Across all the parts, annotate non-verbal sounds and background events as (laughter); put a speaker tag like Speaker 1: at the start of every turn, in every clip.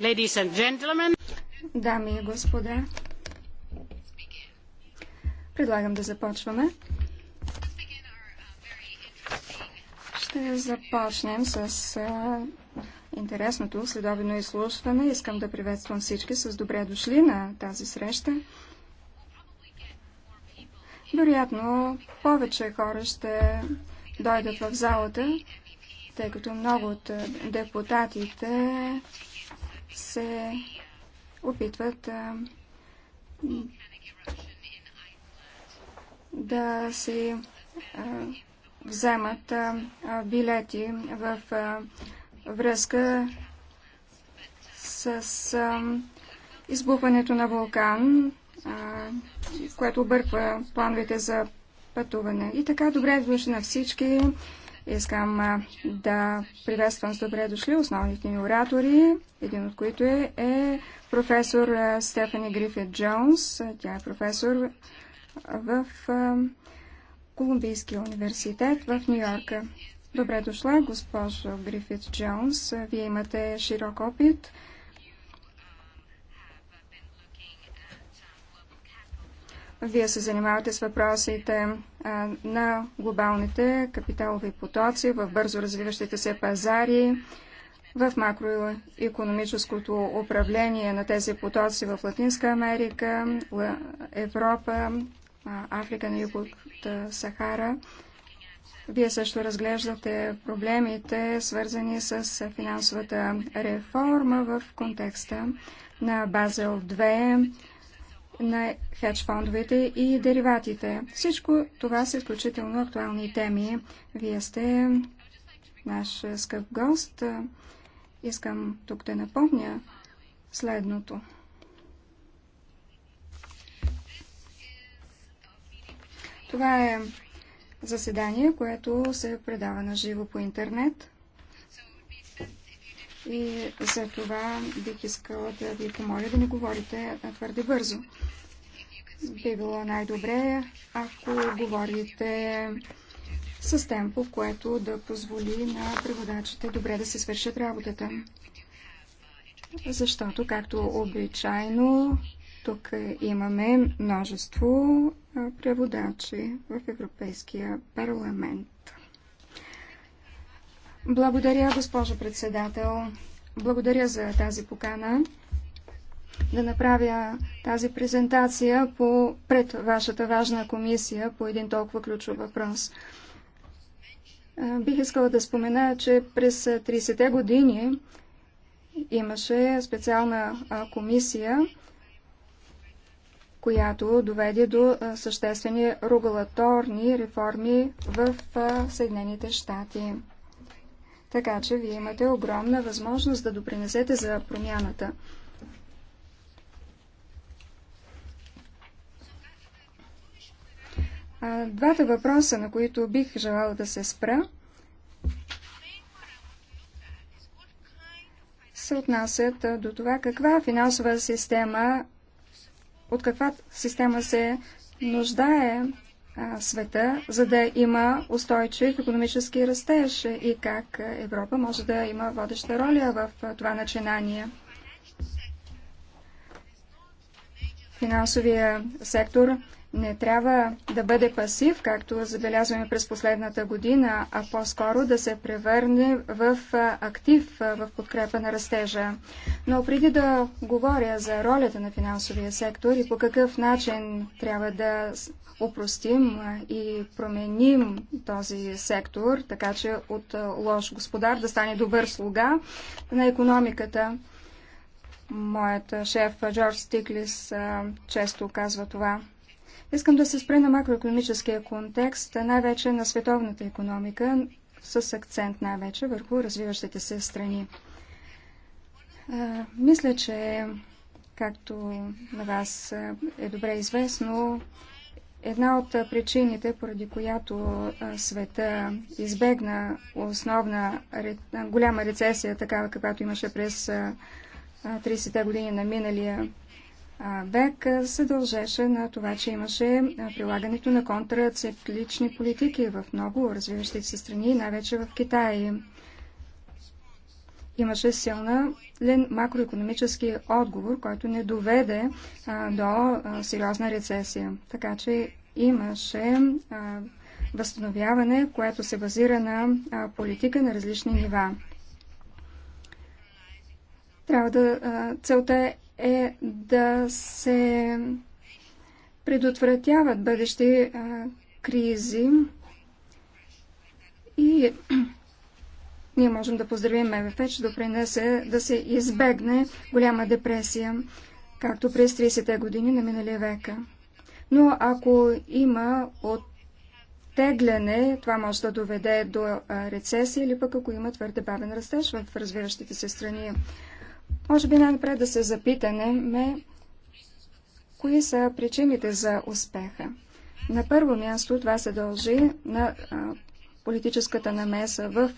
Speaker 1: Ladies and gentlemen. Дами и господа, Предлагам да започваме. Ще започнем с а, интересното следобедно изслушване. Искам да приветствам всички с добре дошли на тази среща. Вероятно, повече хора ще дойдат в залата, тъй като много от депутатите се опитват а, да си вземат билети в връзка с избухването на вулкан, което обърква плановете за пътуване. И така, добре дошли на всички. Искам да приветствам с добре дошли основните ни оратори, един от които е, е професор Стефани Грифет Джонс. Тя е професор в Колумбийския университет в Нью-Йорка. Добре дошла, госпожо Грифит Джонс. Вие имате широк опит. Вие се занимавате с въпросите на глобалните капиталови потоци в бързо развиващите се пазари, в макроекономическото управление на тези потоци в Латинска Америка, Европа, Африка, на юг от Сахара. Вие също разглеждате проблемите, свързани с финансовата реформа в контекста на Базел 2, на хедж фондовете и дериватите. Всичко това са изключително актуални теми. Вие сте наш скъп гост. Искам тук да напомня следното. Това е заседание, което се предава на живо по интернет. И за това бих искала да ви помоля да не говорите твърде бързо. Би било най-добре, ако говорите с темпо, което да позволи на преводачите добре да се свършат работата. Защото, както обичайно, тук имаме множество преводачи в Европейския парламент. Благодаря, госпожо председател. Благодаря за тази покана да направя тази презентация по, пред вашата важна комисия по един толкова ключов въпрос. Бих искала да спомена, че през 30-те години имаше специална комисия, която доведе до съществени регулаторни реформи в Съединените щати. Така че вие имате огромна възможност да допринесете за промяната. Двата въпроса, на които бих желала да се спра, се отнасят до това каква финансова система от каква система се нуждае а, света, за да има устойчив економически растеж и как Европа може да има водеща роля в това начинание. Финансовия сектор не трябва да бъде пасив, както забелязваме през последната година, а по-скоро да се превърне в актив в подкрепа на растежа. Но преди да говоря за ролята на финансовия сектор и по какъв начин трябва да упростим и променим този сектор, така че от лош господар да стане добър слуга на економиката. Моят шеф Джордж Стиклис често казва това. Искам да се спре на макроекономическия контекст, най-вече на световната економика, с акцент най-вече върху развиващите се страни. Мисля, че, както на вас е добре известно, една от причините, поради която света избегна основна голяма рецесия, такава каквато имаше през 30-те години на миналия век се дължеше на това, че имаше прилагането на контрациклични политики в много развиващи се страни, най-вече в Китай. Имаше силна макроекономически отговор, който не доведе до сериозна рецесия. Така че имаше възстановяване, което се базира на политика на различни нива. Трябва да целта е е да се предотвратяват бъдещи а, кризи и (clears throat) ние можем да поздравим МВФ, че допринесе да се избегне голяма депресия, както през 30-те години на миналия века. Но ако има оттегляне, това може да доведе до рецесия или пък ако има твърде бавен растеж в развиващите се страни. Може би най-напред да се запитаме, кои са причините за успеха. На първо място това се дължи на политическата намеса в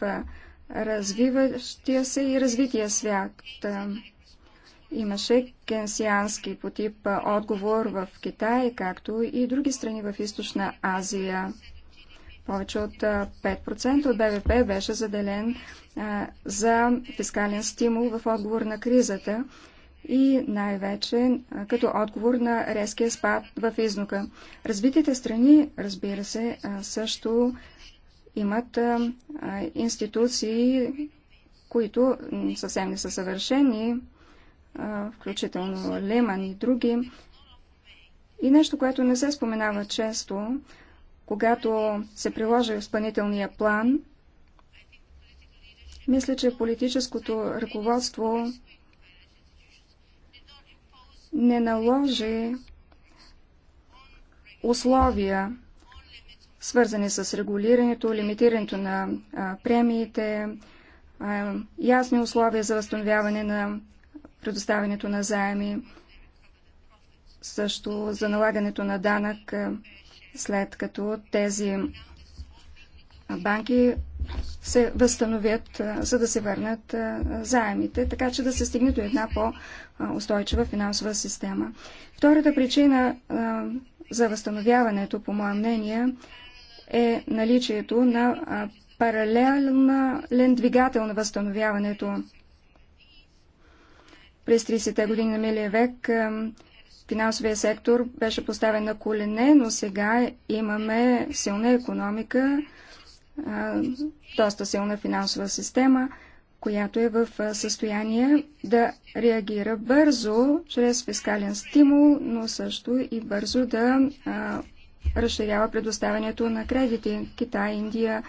Speaker 1: развиващия се и развития свят. Имаше кенсиански по тип отговор в Китай, както и други страни в Източна Азия повече от 5% от БВП беше заделен за фискален стимул в отговор на кризата и най-вече като отговор на резкия спад в изнука. Развитите страни, разбира се, също имат институции, които съвсем не са съвършени, включително Леман и други. И нещо, което не се споменава често, когато се приложи изпълнителния план, мисля, че политическото ръководство не наложи условия, свързани с регулирането, лимитирането на а, премиите, а, ясни условия за възстановяване на предоставянето на заеми, също за налагането на данък след като тези банки се възстановят, за да се върнат заемите, така че да се стигне до една по-устойчива финансова система. Втората причина за възстановяването, по мое мнение, е наличието на паралелен двигател на възстановяването. През 30-те години на милия век Финансовия сектор беше поставен на колене, но сега имаме силна економика, доста силна финансова система, която е в състояние да реагира бързо чрез фискален стимул, но също и бързо да разширява предоставянето на кредити. Китай, Индия,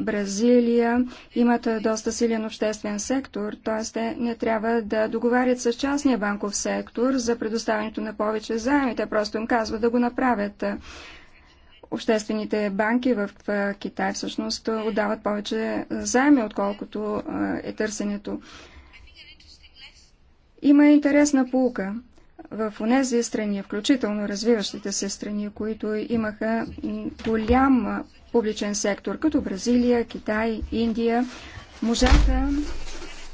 Speaker 1: Бразилия имат доста силен обществен сектор, т.е. те не трябва да договарят с частния банков сектор за предоставянето на повече заеми. Те просто им казват да го направят. Обществените банки в Китай всъщност отдават повече заеми, отколкото е търсенето. Има интересна полука – в тези страни, включително развиващите се страни, които имаха голям публичен сектор, като Бразилия, Китай, Индия, можаха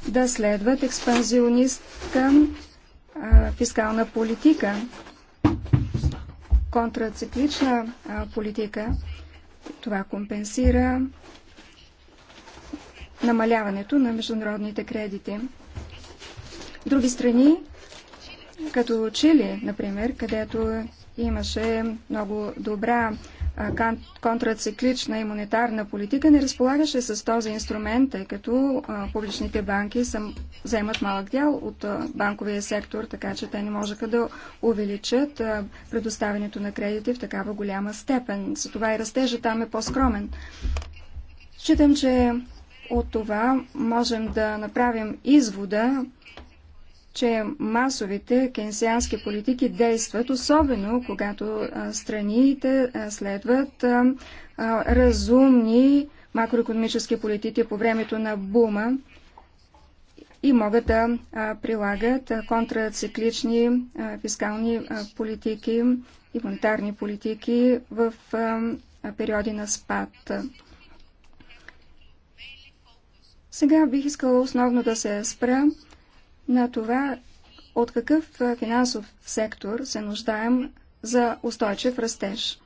Speaker 1: да следват експанзионистка фискална политика, контрациклична политика. Това компенсира намаляването на международните кредити. Други страни като Чили, например, където имаше много добра контрациклична имунитарна политика, не разполагаше с този инструмент, тъй като публичните банки съм, вземат малък дял от банковия сектор, така че те не можеха да увеличат предоставянето на кредити в такава голяма степен. Затова и растежа там е по-скромен. Считам, че от това можем да направим извода, че масовите кенсиански политики действат, особено когато страните следват разумни макроекономически политики по времето на бума и могат да прилагат контрациклични фискални политики и монетарни политики в периоди на спад. Сега бих искала основно да се спра на това от какъв финансов сектор се нуждаем за устойчив растеж.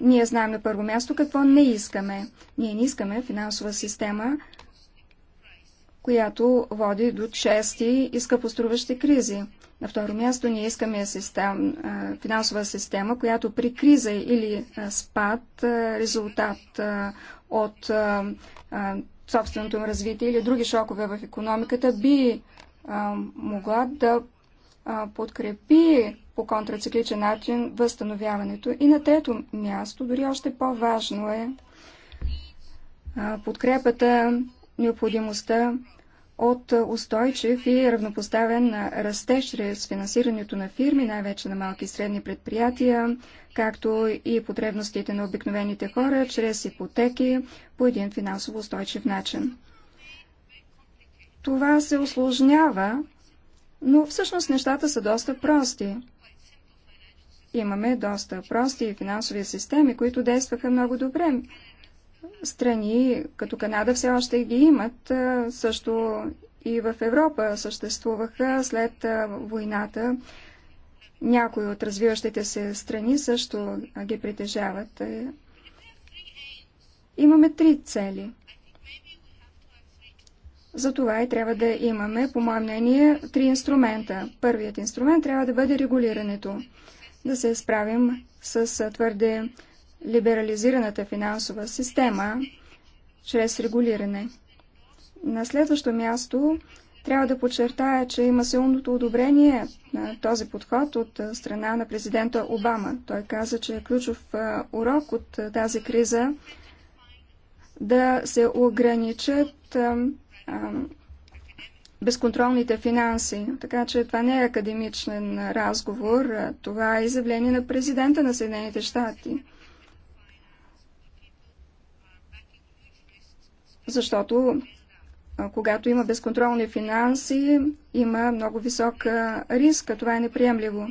Speaker 1: Ние знаем на първо място какво не искаме. Ние не искаме финансова система, която води до чести и скъпоструващи кризи. На второ място ние искаме систем, финансова система, която при криза или спад, резултат от собственото им развитие или други шокове в економиката, би а, могла да а, подкрепи по контрацикличен начин възстановяването. И на трето място, дори още по-важно е а, подкрепата, необходимостта от устойчив и равнопоставен растеж чрез финансирането на фирми, най-вече на малки и средни предприятия, както и потребностите на обикновените хора чрез ипотеки по един финансово устойчив начин. Това се осложнява, но всъщност нещата са доста прости. Имаме доста прости финансови системи, които действаха много добре страни като Канада все още ги имат. Също и в Европа съществуваха след войната. Някои от развиващите се страни също ги притежават. Е, имаме три цели. За това и трябва да имаме, по мое мнение, три инструмента. Първият инструмент трябва да бъде регулирането. Да се справим с твърде либерализираната финансова система чрез регулиране. На следващо място трябва да подчертая, че има силното одобрение на този подход от страна на президента Обама. Той каза, че е ключов урок от тази криза да се ограничат безконтролните финанси. Така че това не е академичен разговор, това е изявление на президента на Съединените щати. защото когато има безконтролни финанси, има много висок риск, а това е неприемливо.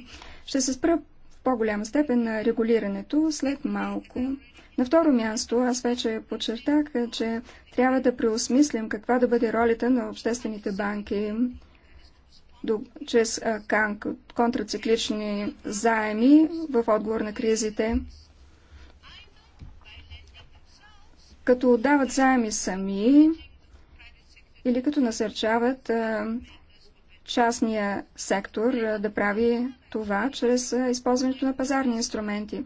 Speaker 1: Ще се спра в по-голяма степен на регулирането след малко. На второ място, аз вече подчертах, че трябва да преосмислим каква да бъде ролята на обществените банки до, чрез контрациклични заеми в отговор на кризите. като дават заеми сами или като насърчават частния сектор да прави това чрез използването на пазарни инструменти.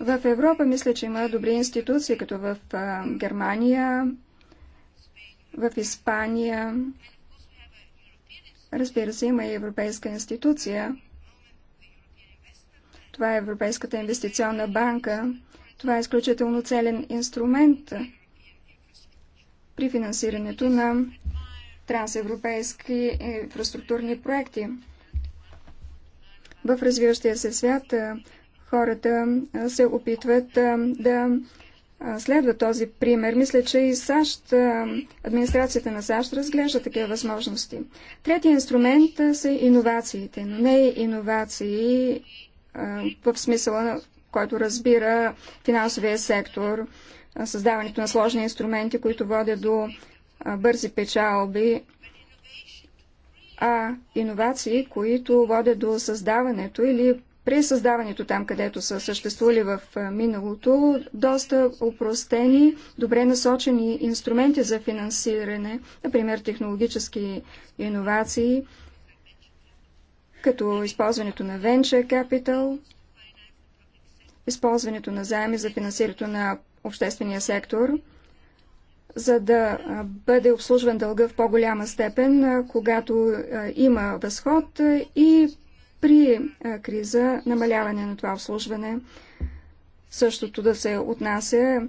Speaker 1: В Европа мисля, че има добри институции, като в Германия, в Испания. Разбира се, има и Европейска институция. Това е Европейската инвестиционна банка. Това е изключително целен инструмент, при финансирането на трансевропейски инфраструктурни проекти. В развиващия се свят хората се опитват да следва този пример. Мисля, че и САЩ, администрацията на САЩ разглежда такива възможности. Третия инструмент са иновациите, но не иновации в смисъла, който разбира финансовия сектор създаването на сложни инструменти, които водят до бързи печалби, а иновации, които водят до създаването или при създаването там, където са съществували в миналото, доста упростени, добре насочени инструменти за финансиране, например технологически иновации, като използването на Venture Capital, използването на заеми за финансирането на обществения сектор, за да бъде обслужван дълга в по-голяма степен, когато има възход и при криза намаляване на това обслужване. Същото да се отнася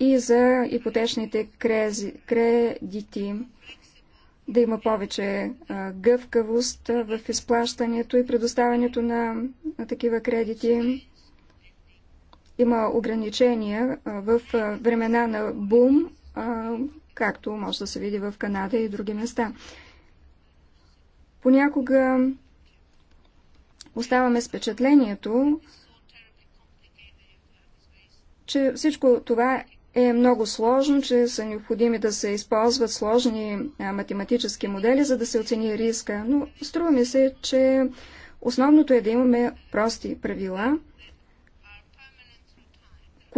Speaker 1: и за ипотечните кредити, да има повече гъвкавост в изплащането и предоставянето на, на такива кредити има ограничения в времена на бум, както може да се види в Канада и други места. Понякога оставаме с впечатлението, че всичко това е много сложно, че са необходими да се използват сложни математически модели, за да се оцени риска. Но струва ми се, че основното е да имаме прости правила –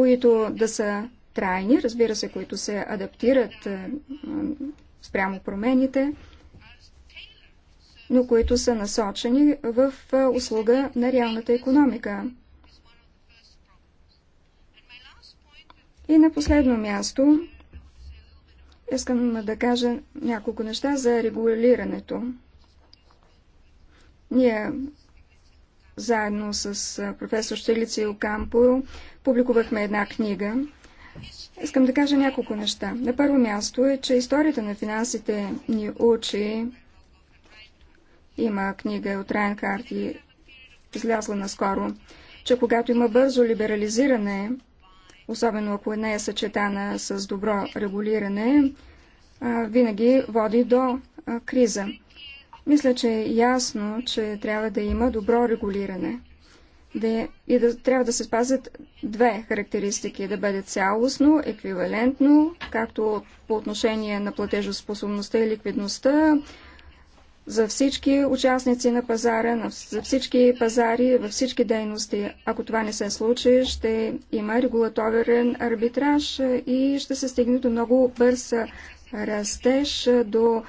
Speaker 1: които да са трайни, разбира се, които се адаптират е, спрямо промените, но които са насочени в е, услуга на реалната економика. И на последно място искам да кажа няколко неща за регулирането. Ние заедно с професор Штелица и Окампо публикувахме една книга. Искам да кажа няколко неща. На първо място е, че историята на финансите ни учи. Има книга от Райан Карти излязла наскоро, че когато има бързо либерализиране, особено ако не е съчетана с добро регулиране, винаги води до криза. Мисля, че е ясно, че трябва да има добро регулиране да, е- и да трябва да се спазят две характеристики. Да бъде цялостно, еквивалентно, както по отношение на платежоспособността и ликвидността, за всички участници на пазара, за всички пазари, във всички дейности. Ако това не се случи, ще има регулаторен арбитраж е, и ще се стигне до много бърз е, растеж, до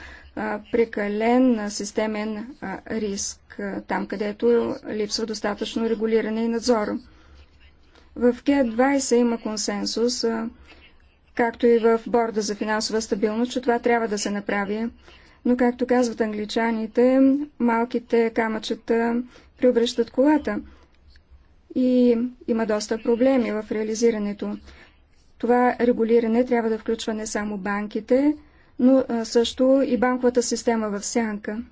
Speaker 1: прекален системен риск, там където липсва достатъчно регулиране и надзор. В к 20 има консенсус, както и в Борда за финансова стабилност, че това трябва да се направи. Но, както казват англичаните, малките камъчета преобръщат колата и има доста проблеми в реализирането. Това регулиране трябва да включва не само банките, но също и банковата система в сянка.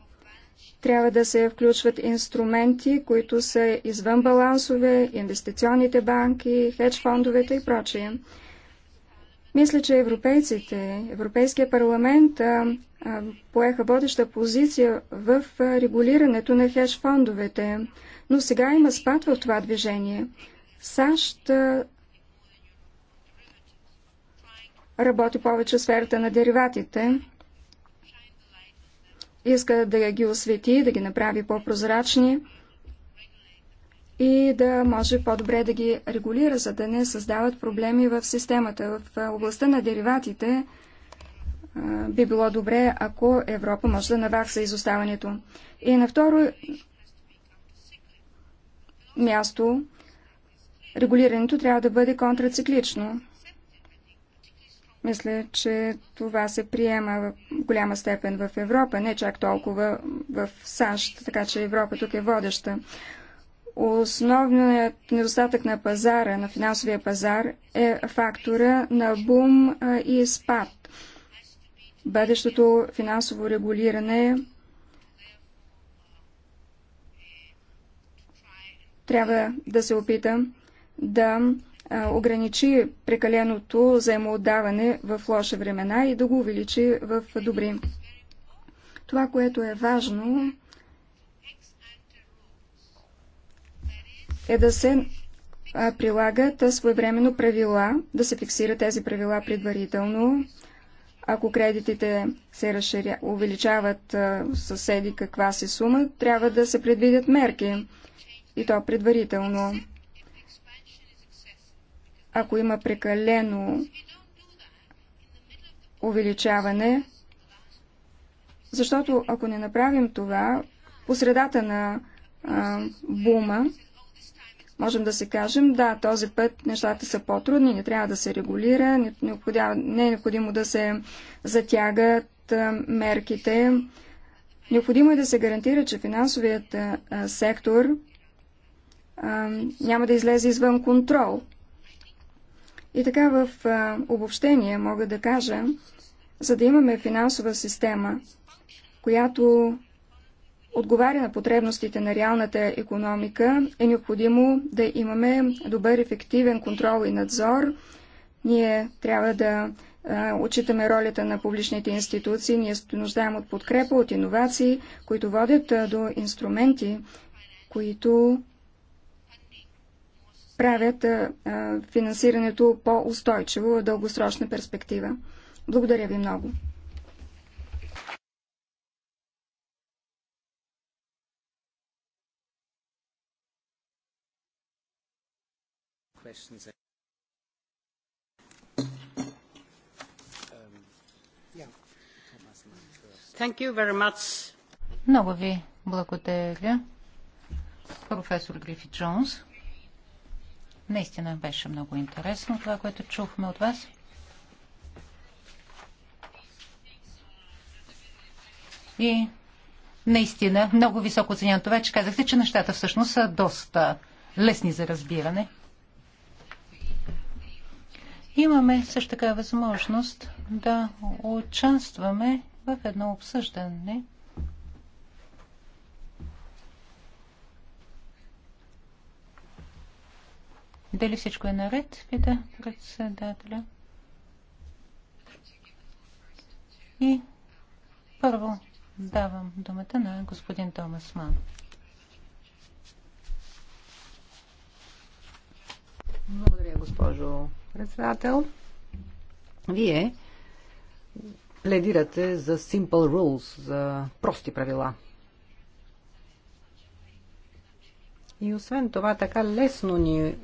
Speaker 1: Трябва да се включват инструменти, които са извън балансове, инвестиционните банки, хедж фондовете и прочие. Мисля, че европейците, Европейския парламент а, а, поеха водеща позиция в регулирането на хедж фондовете, но сега има спад в това движение. САЩ работи повече в сферата на дериватите. Иска да ги освети, да ги направи по-прозрачни и да може по-добре да ги регулира, за да не създават проблеми в системата. В областта на дериватите би било добре, ако Европа може да навакса изоставането. И на второ място, регулирането трябва да бъде контрациклично. Мисля, че това се приема в голяма степен в Европа, не чак толкова в САЩ, така че Европа тук е водеща. Основният недостатък на пазара, на финансовия пазар, е фактора на бум и спад. Бъдещото финансово регулиране трябва да се опита да ограничи прекаленото взаимоотдаване в лоши времена и да го увеличи в добри. Това, което е важно, е да се прилагат своевременно правила, да се фиксират тези правила предварително. Ако кредитите се разширя, увеличават съседи каква си сума, трябва да се предвидят мерки и то предварително ако има прекалено увеличаване, защото ако не направим това, по средата на а, бума, можем да се кажем, да, този път нещата са по-трудни, не трябва да се регулира, не, не е необходимо да се затягат а, мерките. Необходимо е да се гарантира, че финансовият а, сектор а, няма да излезе извън контрол – и така в обобщение мога да кажа, за да имаме финансова система, която отговаря на потребностите на реалната економика, е необходимо да имаме добър ефективен контрол и надзор. Ние трябва да отчитаме ролята на публичните институции, ние се нуждаем от подкрепа, от иновации, които водят до инструменти, които правят финансирането по-устойчиво в дългосрочна перспектива. Благодаря ви много. Um,
Speaker 2: Thank you
Speaker 3: very much. Много ви благодаря, професор Грифи Джонс. Наистина беше много интересно това, което чухме от вас. И наистина много високо оценявам това, че казахте, че нещата всъщност са доста лесни за разбиране. Имаме също така възможност да участваме в едно обсъждане – Дали всичко е наред, пита председателя. И първо давам думата на господин Томас Ман.
Speaker 2: Благодаря, госпожо председател. Вие пледирате за simple rules, за прости правила. И освен това, така лесно ни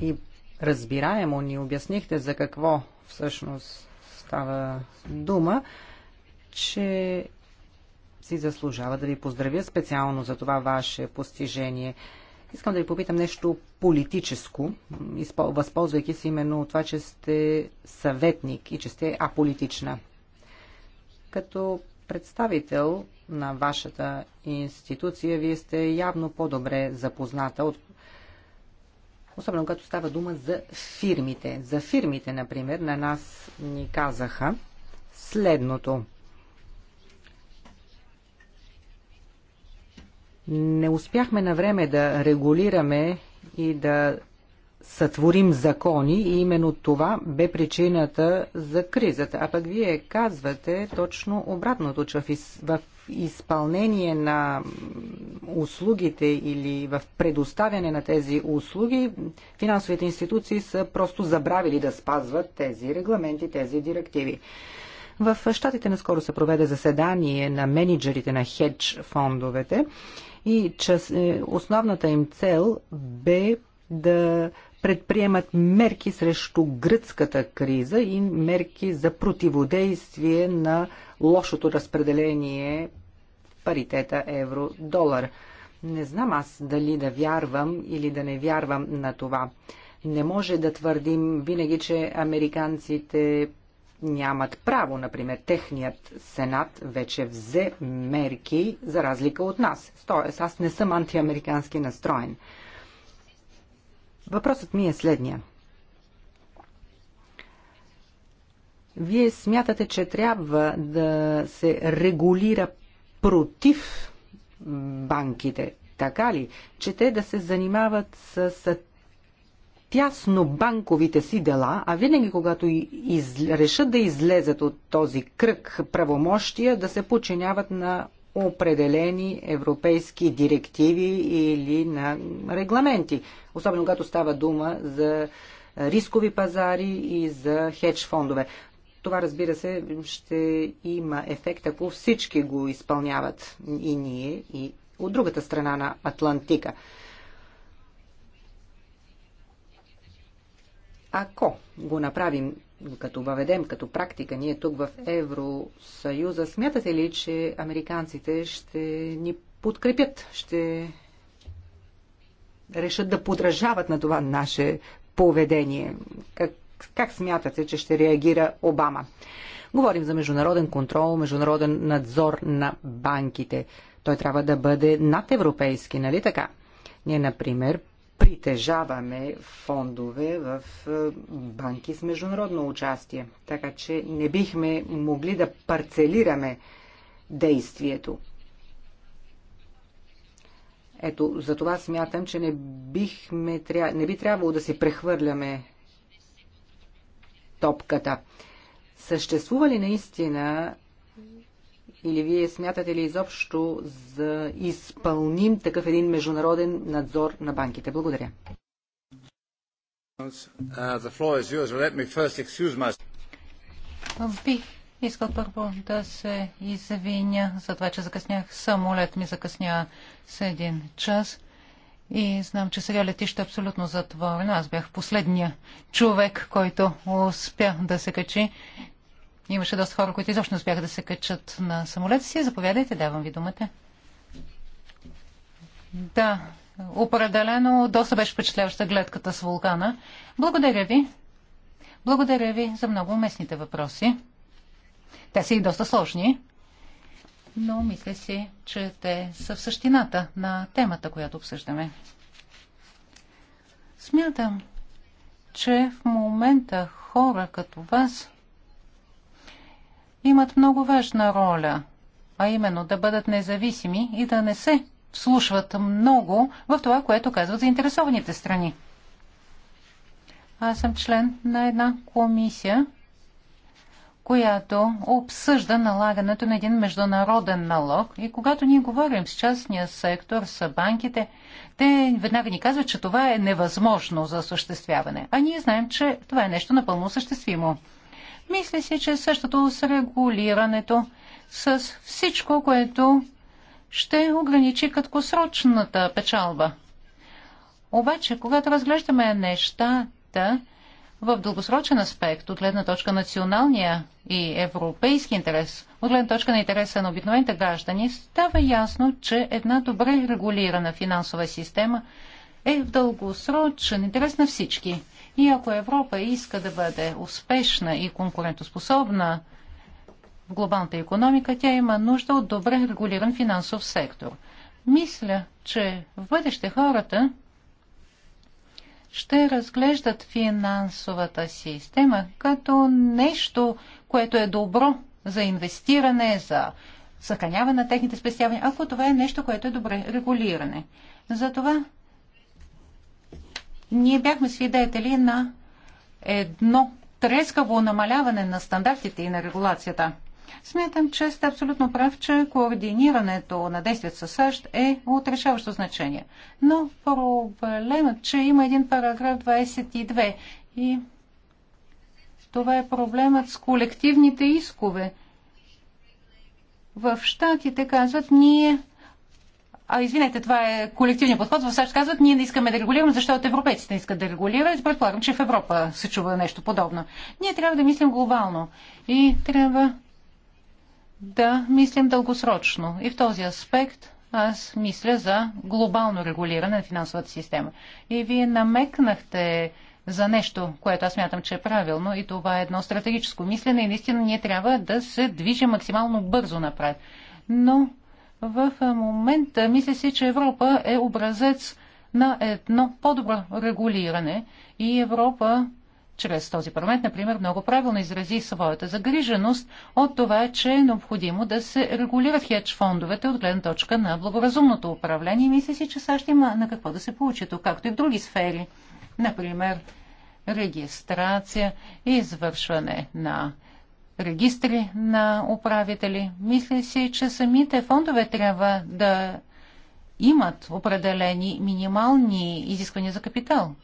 Speaker 2: и разбираемо ни обяснихте за какво всъщност става дума, че си заслужава да ви поздравя специално за това ваше постижение. Искам да ви попитам нещо политическо, възползвайки се именно от това, че сте съветник и че сте аполитична. Като представител на вашата институция, вие сте явно по-добре запозната от особено като става дума за фирмите. За фирмите, например, на нас ни казаха следното. Не успяхме на време да регулираме и да сътворим закони и именно това бе причината за кризата. А пък вие казвате точно обратното, че в изпълнение на услугите или в предоставяне на тези услуги, финансовите институции са просто забравили да спазват тези регламенти, тези директиви. В щатите наскоро се проведе заседание на менеджерите на хедж фондовете и е, основната им цел бе да предприемат мерки срещу гръцката криза и мерки за противодействие на лошото разпределение паритета евро-долар. Не знам аз дали да вярвам или да не вярвам на това. Не може да твърдим винаги, че американците нямат право. Например, техният сенат вече взе мерки за разлика от нас. Тоест, аз не съм антиамерикански настроен. Въпросът ми е следния. Вие смятате, че трябва да се регулира против банките, така ли? Че те да се занимават с, с тясно банковите си дела, а винаги когато из, решат да излезат от този кръг правомощия, да се подчиняват на определени европейски директиви или на регламенти. Особено когато става дума за рискови пазари и за хедж фондове това разбира се ще има ефект, ако всички го изпълняват и ние, и от другата страна на Атлантика. Ако го направим като въведем като практика ние тук в Евросъюза, смятате ли, че американците ще ни подкрепят, ще решат да подражават на това наше поведение? Как как смятате, че ще реагира Обама? Говорим за международен контрол, международен надзор на банките. Той трябва да бъде надевропейски, нали така? Ние, например, притежаваме фондове в е, банки с международно участие, така че не бихме могли да парцелираме действието. Ето, за това смятам, че не, бихме, не би трябвало да се прехвърляме топката. Съществува ли наистина или вие смятате ли изобщо за изпълним такъв един международен надзор на банките? Благодаря.
Speaker 4: Uh,
Speaker 3: Бих искал първо да се извиня за това, че закъснях. Самолет ми закъсня с един час. И знам, че сега летище е абсолютно затворено. Аз бях последния човек, който успя да се качи. Имаше доста хора, които изобщо не успяха да се качат на самолета си. Заповядайте, давам ви думата. Да, определено доста беше впечатляваща гледката с вулкана. Благодаря ви. Благодаря ви за много уместните въпроси. Те са и доста сложни но мисля си, че те са в същината на темата, която обсъждаме. Смятам, че в момента хора като вас имат много важна роля, а именно да бъдат независими и да не се вслушват много в това, което казват заинтересованите страни. Аз съм член на една комисия, която обсъжда налагането на един международен налог. И когато ние говорим с частния сектор, с банките, те веднага ни казват, че това е невъзможно за осъществяване. А ние знаем, че това е нещо напълно осъществимо. Мисля си, че същото с регулирането, с всичко, което ще ограничи краткосрочната печалба. Обаче, когато разглеждаме нещата, в дългосрочен аспект, от гледна точка националния и европейски интерес, от гледна точка на интереса на обикновените граждани, става ясно, че една добре регулирана финансова система е в дългосрочен интерес на всички. И ако Европа иска да бъде успешна и конкурентоспособна в глобалната економика, тя има нужда от добре регулиран финансов сектор. Мисля, че в бъдеще хората ще разглеждат финансовата система като нещо, което е добро за инвестиране, за съхраняване на техните спестявания, ако това е нещо, което е добре регулиране. Затова ние бяхме свидетели на едно трескаво намаляване на стандартите и на регулацията. Смятам, че сте абсолютно прав, че координирането на действията с САЩ е от решаващо значение. Но проблемът, че има един параграф 22 и това е проблемът с колективните искове. В щатите казват, ние а, извинете, това е колективният подход. В САЩ казват, ние не искаме да регулираме, защото европейците не искат да регулират. Предполагам, че в Европа се чува нещо подобно. Ние трябва да мислим глобално и трябва да мислим дългосрочно. И в този аспект аз мисля за глобално регулиране на финансовата система. И вие намекнахте за нещо, което аз мятам, че е правилно и това е едно стратегическо мислене и наистина ние трябва да се движим максимално бързо напред. Но в момента мисля си, че Европа е образец на едно по-добро регулиране и Европа чрез този парламент, например, много правилно изрази своята загриженост от това, че е необходимо да се регулират хедж фондовете от гледна точка на благоразумното управление. И мисля си, че САЩ има на какво да се получи, то, както и в други сфери. Например, регистрация и извършване на регистри на управители. Мисля си, че самите фондове трябва да имат определени минимални изисквания за капитал.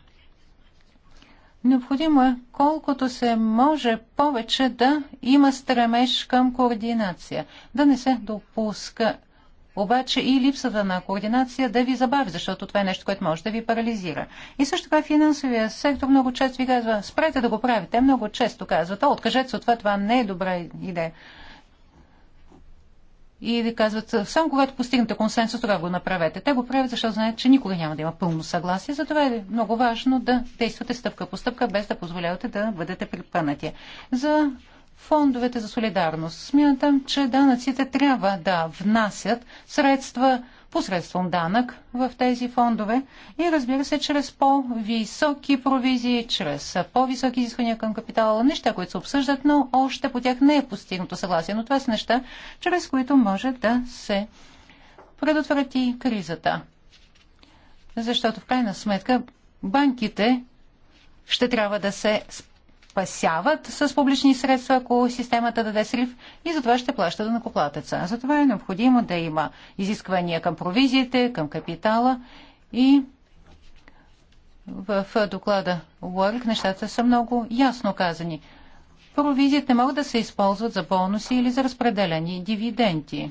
Speaker 3: Необходимо е колкото се може повече да има стремеж към координация. Да не се допуска обаче и липсата на координация да ви забави, защото това е нещо, което може да ви парализира. И също така финансовия сектор много често ви казва, спрете да го правите. Много често казват, откажете се от това, това не е добра идея и ви казват, само когато постигнете консенсус, тогава го направете. Те го правят, защото знаят, че никога няма да има пълно съгласие. Затова е много важно да действате стъпка по стъпка, без да позволявате да бъдете припънати. За фондовете за солидарност смятам, че данъците трябва да внасят средства посредством данък в тези фондове и разбира се, чрез по-високи провизии, чрез по-високи изисквания към капитала, неща, които се обсъждат, но още по тях не е постигнато съгласие. Но това са неща, чрез които може да се предотврати кризата. Защото в крайна сметка банките ще трябва да се спасяват с публични средства, ако системата даде срив и затова ще плаща да накоплатеца. Затова е необходимо да има изисквания към провизиите, към капитала и в доклада Уорк нещата са много ясно казани. Провизиите могат да се използват за бонуси или за разпределени дивиденти.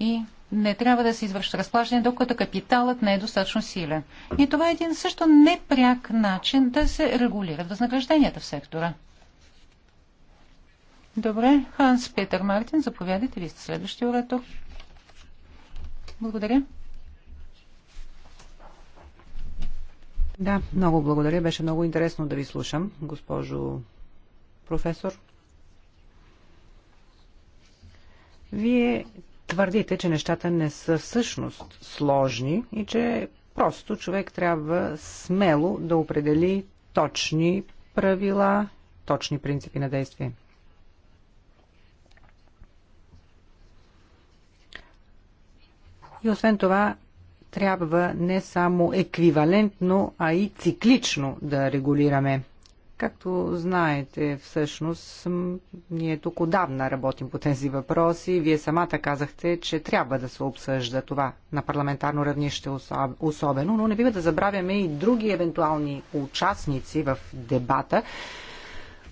Speaker 3: И не трябва да се извършат разплащане, докато капиталът не е достатъчно силен. И това е един също непряк начин да се регулират възнагражденията в сектора. Добре, Ханс Петър Мартин, заповядайте,
Speaker 2: вие сте следващия оратор. Благодаря. Да, много благодаря. Беше много интересно да ви слушам, госпожо професор. Вие твърдите, че нещата не са всъщност сложни и че просто човек трябва смело да определи точни правила, точни принципи на действие. И освен това, трябва не само еквивалентно, а и циклично да регулираме. Както знаете, всъщност, ние тук отдавна работим по тези въпроси. Вие самата казахте, че трябва да се обсъжда това на парламентарно равнище особено, но не бива да забравяме и други евентуални участници в дебата,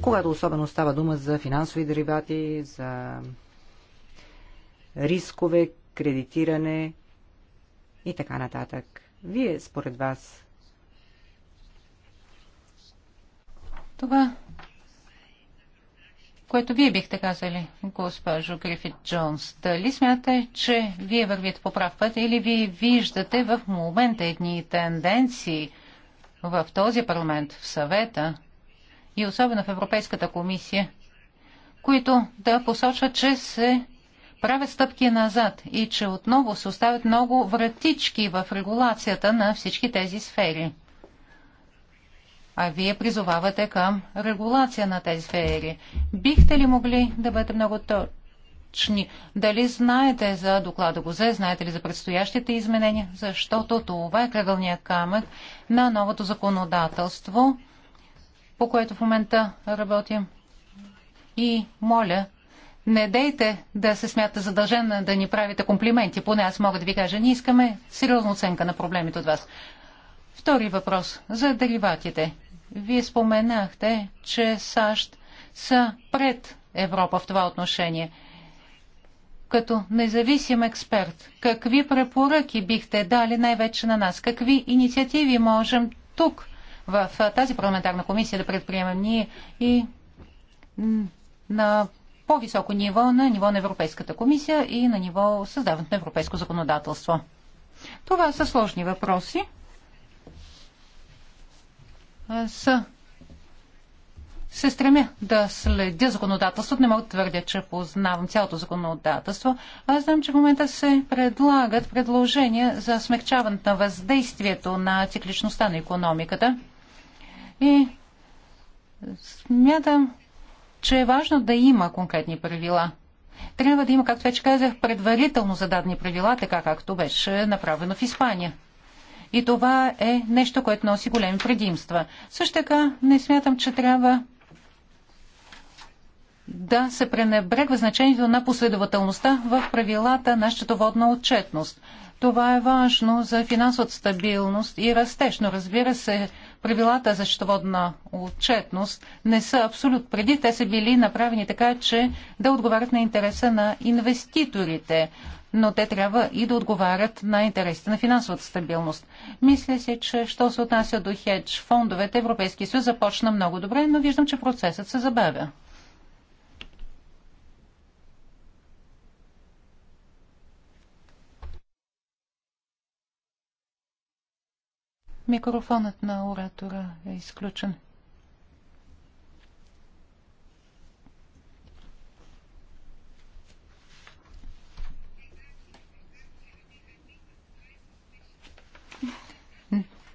Speaker 2: когато особено става дума за финансови деривати, за рискове, кредитиране и така нататък. Вие, според вас,
Speaker 3: Това, което вие бихте казали, госпожо Грифит Джонс, дали смятате, че вие вървите по прав път или вие виждате в момента едни тенденции в този парламент, в съвета и особено в Европейската комисия, които да посочват, че се правят стъпки назад и че отново се оставят много вратички в регулацията на всички тези сфери а вие призовавате към регулация на тези сфери. Бихте ли могли да бъдете много точни? Дали знаете за доклада ГОЗЕ, знаете ли за предстоящите изменения? Защото това е кръгълния камък на новото законодателство, по което в момента работим. И моля, не дейте да се смята задължена да ни правите комплименти. Поне аз мога да ви кажа, ние искаме сериозна оценка на проблемите от вас. Втори въпрос за дериватите. Вие споменахте, че САЩ са пред Европа в това отношение. Като независим експерт, какви препоръки бихте дали най-вече на нас? Какви инициативи можем тук, в тази парламентарна комисия, да предприемем ние и на по-високо ниво, на ниво на Европейската комисия и на ниво създаването на европейско законодателство? Това са сложни въпроси са се стремя да следя законодателството. Не мога да твърдя, че познавам цялото законодателство. Аз знам, че в момента се предлагат предложения за смягчаването на въздействието на цикличността на економиката. И смятам, че е важно да има конкретни правила. Трябва да има, както вече казах, предварително зададени правила, така както беше направено в Испания. И това е нещо, което носи големи предимства. Също така не смятам, че трябва да се пренебрегва значението на последователността в правилата на счетоводна отчетност. Това е важно за финансовата стабилност и растеж, но разбира се, правилата за счетоводна отчетност не са абсолют. Преди те са били направени така, че да отговарят на интереса на инвеститорите но те трябва и да отговарят на интересите на финансовата стабилност. Мисля се, че що се отнася до хедж фондовете, Европейския съюз започна много добре, но виждам, че процесът се забавя. Микрофонът на оратора е изключен.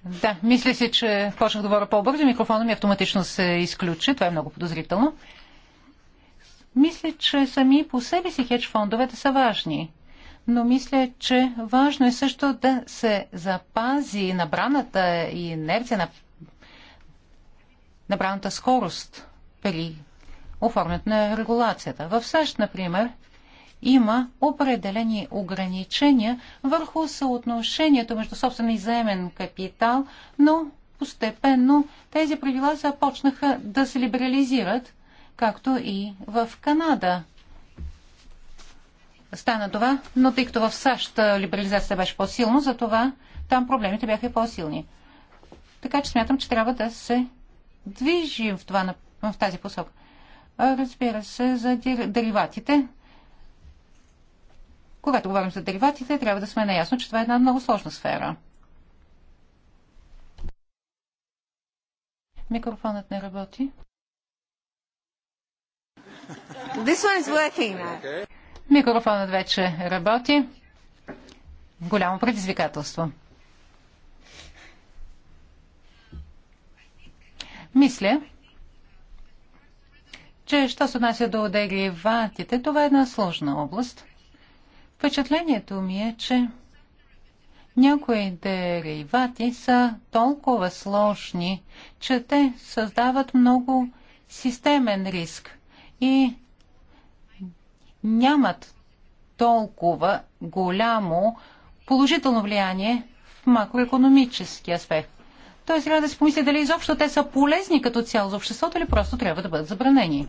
Speaker 3: Да, мисля си, че почнах да говоря по-бързо. Микрофона ми автоматично се изключи. Това е много подозрително. Мисля, че сами по себе си хедж фондовете са важни. Но мисля, че важно е също да се запази набраната инерция, на... набраната скорост при оформят на регулацията. В САЩ, например, има определени ограничения върху съотношението между собствен и заемен капитал, но постепенно тези правила започнаха да се либерализират, както и в Канада. Стана това, но тъй като в САЩ либерализацията беше по-силна, затова там проблемите бяха и по-силни. Така че смятам, че трябва да се движим в, това, в тази посока. Разбира се, за дериватите. Когато говорим за деривациите, трябва да сме наясно, че това е една много сложна сфера. Микрофонът не работи. This one is working Микрофонът вече работи. Голямо предизвикателство. Мисля, че що се отнася до дериватите, това е една сложна област – Впечатлението ми е, че някои деривати са толкова сложни, че те създават много системен риск и нямат толкова голямо положително влияние в макроекономически аспект. Тоест трябва да се помисли дали изобщо те са полезни като цяло за обществото или просто трябва да бъдат забранени.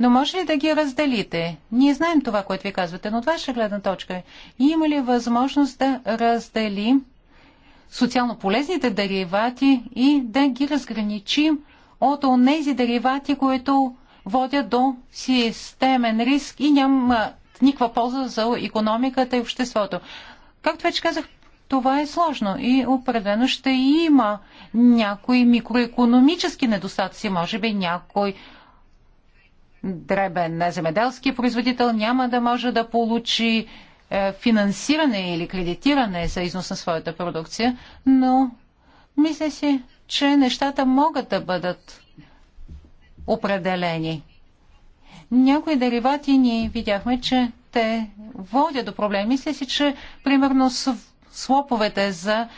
Speaker 3: Но може ли да ги разделите? Ние знаем това, което ви казвате, но от ваша гледна точка има ли възможност да разделим социално полезните деривати и да ги разграничим от онези деривати, които водят до системен риск и няма никаква полза за економиката и обществото. Както вече казах, това е сложно и определено ще има някои микроекономически недостатъци, може би някои дребен земеделски производител няма да може да получи е, финансиране или кредитиране за износ на своята продукция, но мисля си, че нещата могат да бъдат определени. Някои деривати ние видяхме, че те водят до проблеми. Мисля си, че примерно слоповете за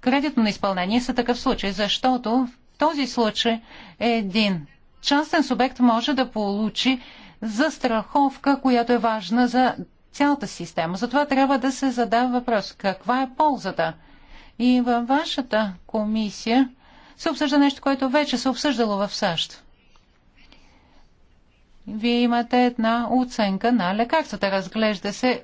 Speaker 3: кредитно изпълнение са такъв случай, защото в този случай е един частен субект може да получи застраховка, която е важна за цялата система. Затова трябва да се задава въпрос каква е ползата. И във вашата комисия се обсъжда нещо, което вече се обсъждало в САЩ. Вие имате една оценка на лекарствата. Разглежда се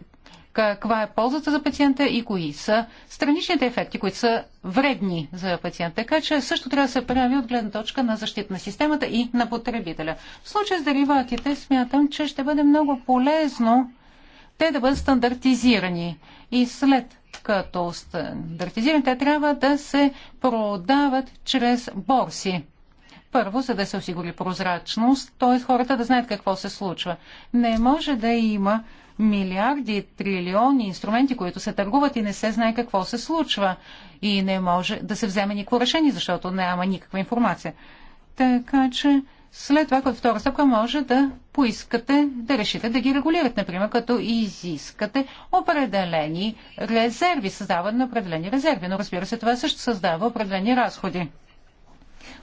Speaker 3: каква е ползата за пациента и кои са страничните ефекти, които са вредни за пациента. Така че също трябва да се прави от гледна точка на защита на системата и на потребителя. В случай с дериватите смятам, че ще бъде много полезно те да бъдат стандартизирани. И след като стандартизирани, те трябва да се продават чрез борси. Първо, за да се осигури прозрачност, т.е. хората да знаят какво се случва. Не може да има милиарди, трилиони инструменти, които се търгуват и не се знае какво се случва. И не може да се вземе никакво решение, защото няма никаква информация. Така че след това, като втора стъпка, може да поискате да решите да ги регулирате, например, като изискате определени резерви, създаване на определени резерви. Но разбира се, това също създава определени разходи.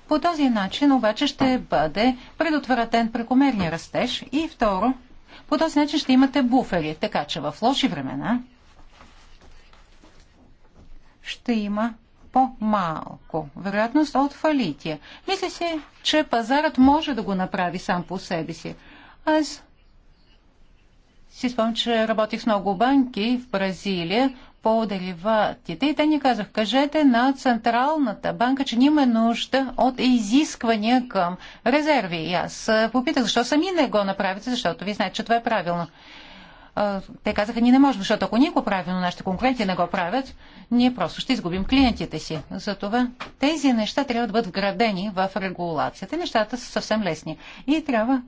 Speaker 3: По този начин обаче ще бъде предотвратен прекомерния растеж и второ, по този начин ще имате буфери, така че в лоши времена ще има по-малко вероятност от фалития. Мисля си, че пазарът може да го направи сам по себе си. Аз си спомням, че работих с много банки в Бразилия, по дериватите и те ни казах, кажете на Централната банка, че няма нужда от изисквания към резерви. И аз попитах, защо сами не го направите, защото ви знаете, че това е правилно. Те казаха, ние не можем, защото ако ние го правим, но нашите конкуренти не го правят, ние просто ще изгубим клиентите си. Затова тези неща трябва да бъдат вградени в регулацията. Нещата са съвсем лесни. И трябва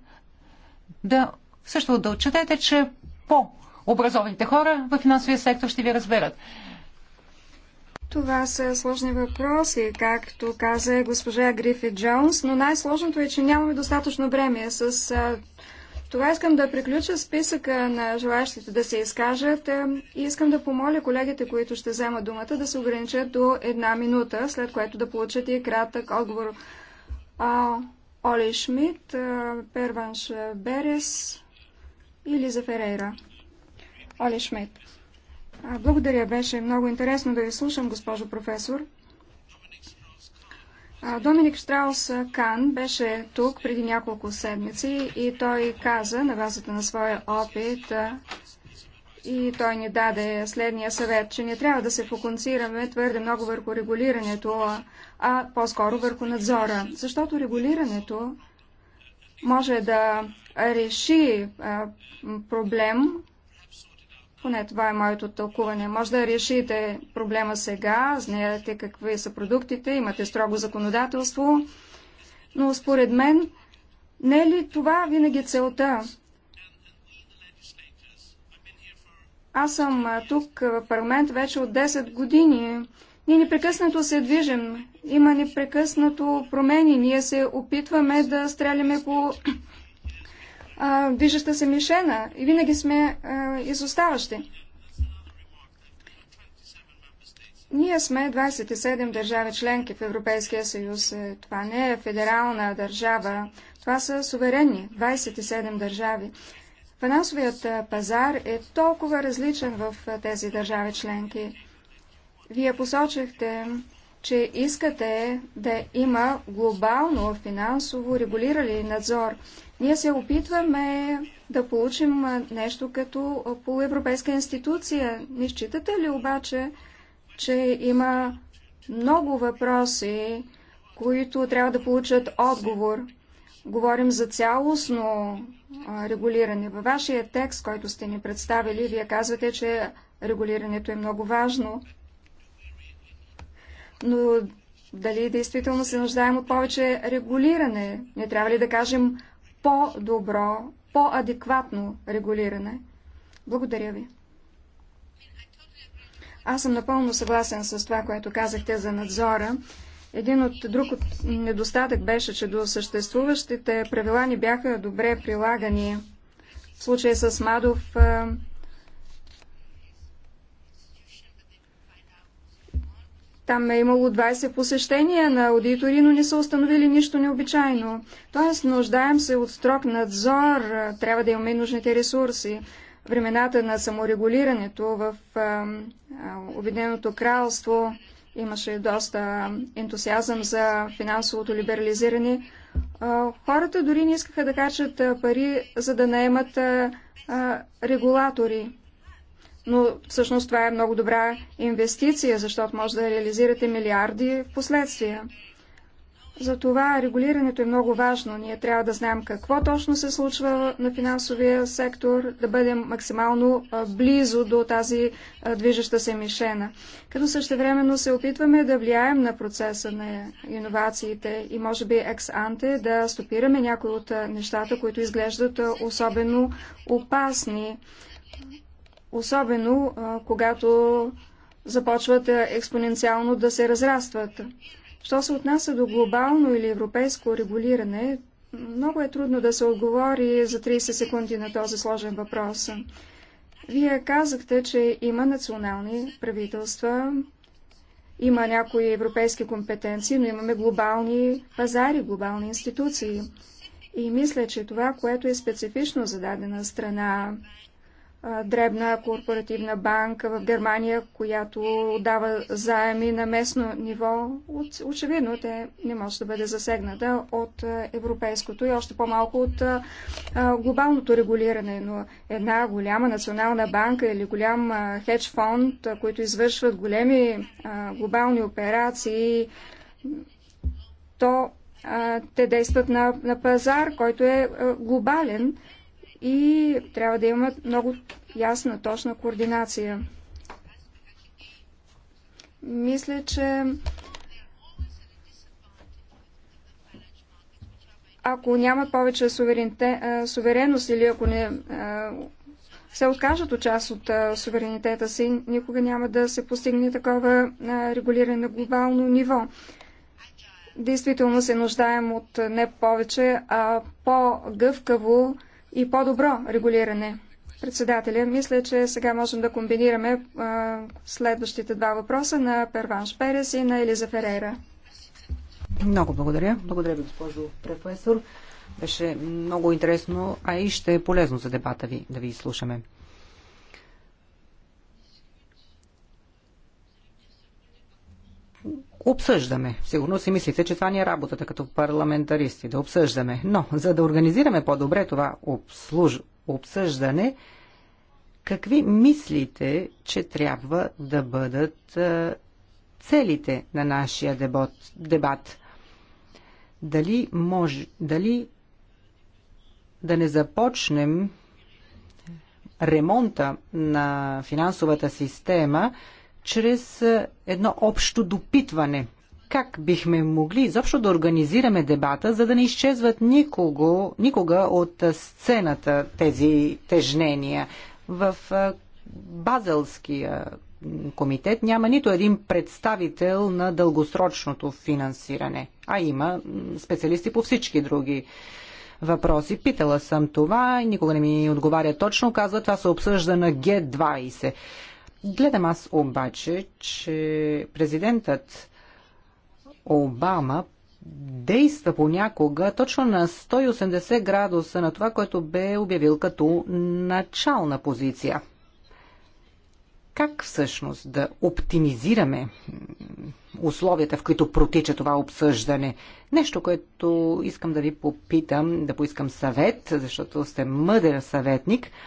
Speaker 3: да също да отчетете, че по образованите хора в финансовия сектор ще ви разберат.
Speaker 1: Това са сложни въпроси, както каза госпожа Грифит Джонс, но най-сложното е, че нямаме достатъчно време. С това искам да приключа списъка на желащите да се изкажат е, и искам да помоля колегите, които ще вземат думата, да се ограничат до една минута, след което да получат и кратък отговор. А, Оли Шмидт, е, Перванш Берес и Лиза Ферейра. Оле Шмет. Благодаря, беше много интересно да ви слушам, госпожо професор. Доминик Штраус Кан беше тук преди няколко седмици и той каза на базата на своя опит и той ни даде следния съвет, че не трябва да се фокусираме твърде много върху регулирането, а по-скоро върху надзора. Защото регулирането може да реши проблем, поне това е моето тълкуване. Може да решите проблема сега, знаете какви са продуктите, имате строго законодателство, но според мен не е ли това винаги целта? Аз съм тук в парламент вече от 10 години. Ние непрекъснато се движим, има непрекъснато промени. Ние се опитваме да стреляме по Виждаща движеща се мишена и винаги сме а, изоставащи. Ние сме 27 държави членки в Европейския съюз. Е, това не е федерална държава. Това са суверенни 27 държави. Финансовият пазар е толкова различен в тези държави членки. Вие посочихте, че искате да има глобално финансово регулирали надзор. Ние се опитваме да получим нещо като полуевропейска институция. Не считате ли обаче, че има много въпроси, които трябва да получат отговор? Говорим за цялостно регулиране. Във вашия текст, който сте ни представили, вие казвате, че регулирането е много важно. Но дали действително се нуждаем от повече регулиране? Не трябва ли да кажем по-добро, по-адекватно регулиране. Благодаря ви. Аз съм напълно съгласен с това, което казахте за надзора. Един от друг от недостатък беше, че до съществуващите правила не бяха добре прилагани. В случая с Мадов Там е имало 20 посещения на аудитори, но не са установили нищо необичайно. Тоест, нуждаем се от строг надзор, трябва да имаме нужните ресурси. Времената на саморегулирането в Обединеното кралство имаше доста ентусиазъм за финансовото либерализиране. Хората дори не искаха да качат пари, за да наемат регулатори но всъщност това е много добра инвестиция, защото може да реализирате милиарди в последствия. Затова регулирането е много важно. Ние трябва да знаем какво точно се случва на финансовия сектор, да бъдем максимално близо до тази движеща се мишена. Като същевременно се опитваме да влияем на процеса на иновациите и може би екс-анте да стопираме някои от нещата, които изглеждат особено опасни особено когато започват експоненциално да се разрастват. Що се отнася до глобално или европейско регулиране, много е трудно да се отговори за 30 секунди на този сложен въпрос. Вие казахте, че има национални правителства, има някои европейски компетенции, но имаме глобални пазари, глобални институции. И мисля, че това, което е специфично за дадена страна, дребна корпоративна банка в Германия, която дава заеми на местно ниво, очевидно те не може да бъде засегната от европейското и още по-малко от глобалното регулиране. Но една голяма национална банка или голям хедж фонд, които извършват големи глобални операции, то те действат на, на пазар, който е глобален и трябва да има много ясна, точна координация. Мисля, че ако нямат повече суверенност или ако не се откажат от част от суверенитета си, никога няма да се постигне такова регулиране на глобално ниво. Действително се нуждаем от не повече, а по-гъвкаво и по-добро регулиране. Председателя, мисля, че сега можем да комбинираме а, следващите два въпроса на Перванш Перес и на Елиза Ферейра.
Speaker 2: Много благодаря. Благодаря ви, госпожо професор. Беше много интересно, а и ще е полезно за дебата ви да ви слушаме. обсъждаме. Сигурно си мислите, че това ни е работата като парламентаристи, да обсъждаме. Но, за да организираме по-добре това обслуж... обсъждане, какви мислите, че трябва да бъдат е, целите на нашия дебот, дебат? Дали, може, дали да не започнем ремонта на финансовата система, чрез е, едно общо допитване. Как бихме могли изобщо да организираме дебата, за да не изчезват никого, никога от е, сцената тези тежнения? В е, Базелския комитет няма нито един представител на дългосрочното финансиране, а има специалисти по всички други въпроси. Питала съм това и никога не ми отговаря точно. Казва, това се обсъжда на Г20. Гледам аз обаче, че президентът Обама действа понякога точно на 180 градуса на това, което бе обявил като начална позиция. Как всъщност да оптимизираме условията, в които протича това обсъждане? Нещо, което искам да ви попитам, да поискам съвет, защото сте мъдър съветник –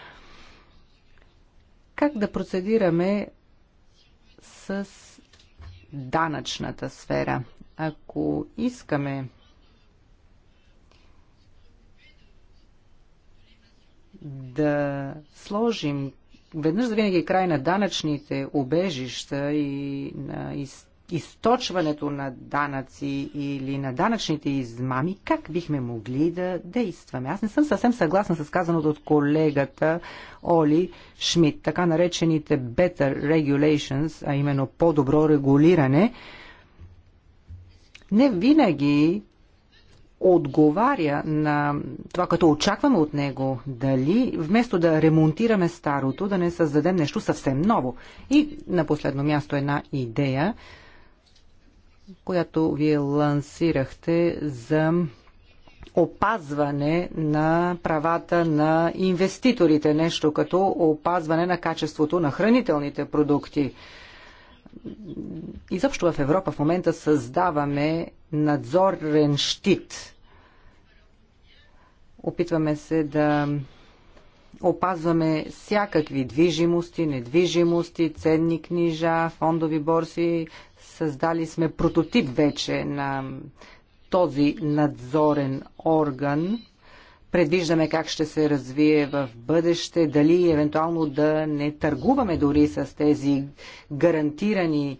Speaker 2: как да процедираме с данъчната сфера. Ако искаме да сложим веднъж за винаги край на данъчните убежища и на изтърпението, източването на данъци или на данъчните измами, как бихме могли да действаме? Аз не съм съвсем съгласна с казаното от колегата Оли Шмидт. Така наречените better regulations, а именно по-добро регулиране, не винаги отговаря на това, като очакваме от него, дали вместо да ремонтираме старото, да не създадем нещо съвсем ново. И на последно място една идея, която вие лансирахте за опазване на правата на инвеститорите, нещо като опазване на качеството на хранителните продукти. Изобщо в Европа в момента създаваме надзорен щит. Опитваме се да опазваме всякакви движимости, недвижимости, ценни книжа, фондови борси, Създали сме прототип вече на този надзорен орган. Предвиждаме как ще се развие в бъдеще, дали евентуално да не търгуваме дори с тези гарантирани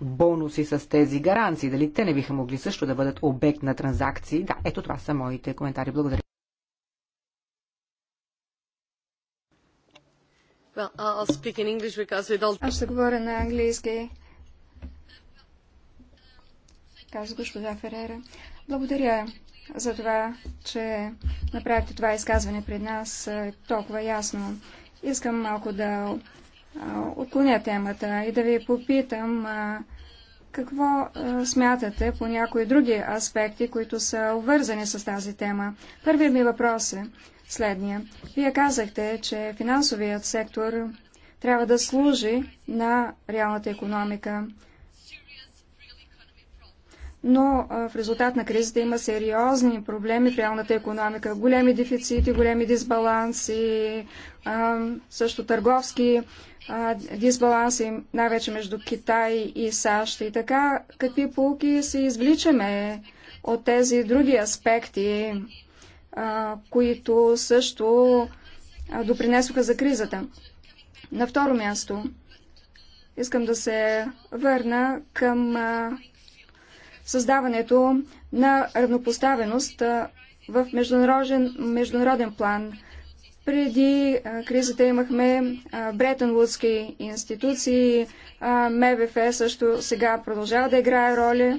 Speaker 2: бонуси с тези гаранции. Дали те не биха могли също да бъдат обект на транзакции? Да, ето това са моите коментари. Благодаря.
Speaker 1: Well, I'll speak in English because we don't... Аз ще говоря на английски. Каза госпожа Ферера. Благодаря за това, че направихте това изказване пред нас е толкова ясно. Искам малко да отклоня темата и да ви попитам какво а, е, смятате по някои други аспекти, които са вързани с тази тема? Първият ми въпрос е следния. Вие казахте, че финансовият сектор трябва да служи на реалната економика но в резултат на кризата има сериозни проблеми в реалната економика. Големи дефицити, големи дисбаланси, също търговски дисбаланси, най-вече между Китай и САЩ. И така, какви полки се извличаме от тези други аспекти, които също допринесоха за кризата. На второ място, искам да се върна към създаването на равнопоставеност в международен, международен план. Преди кризата имахме Бретънвудски институции, МВФ също сега продължава да играе роля.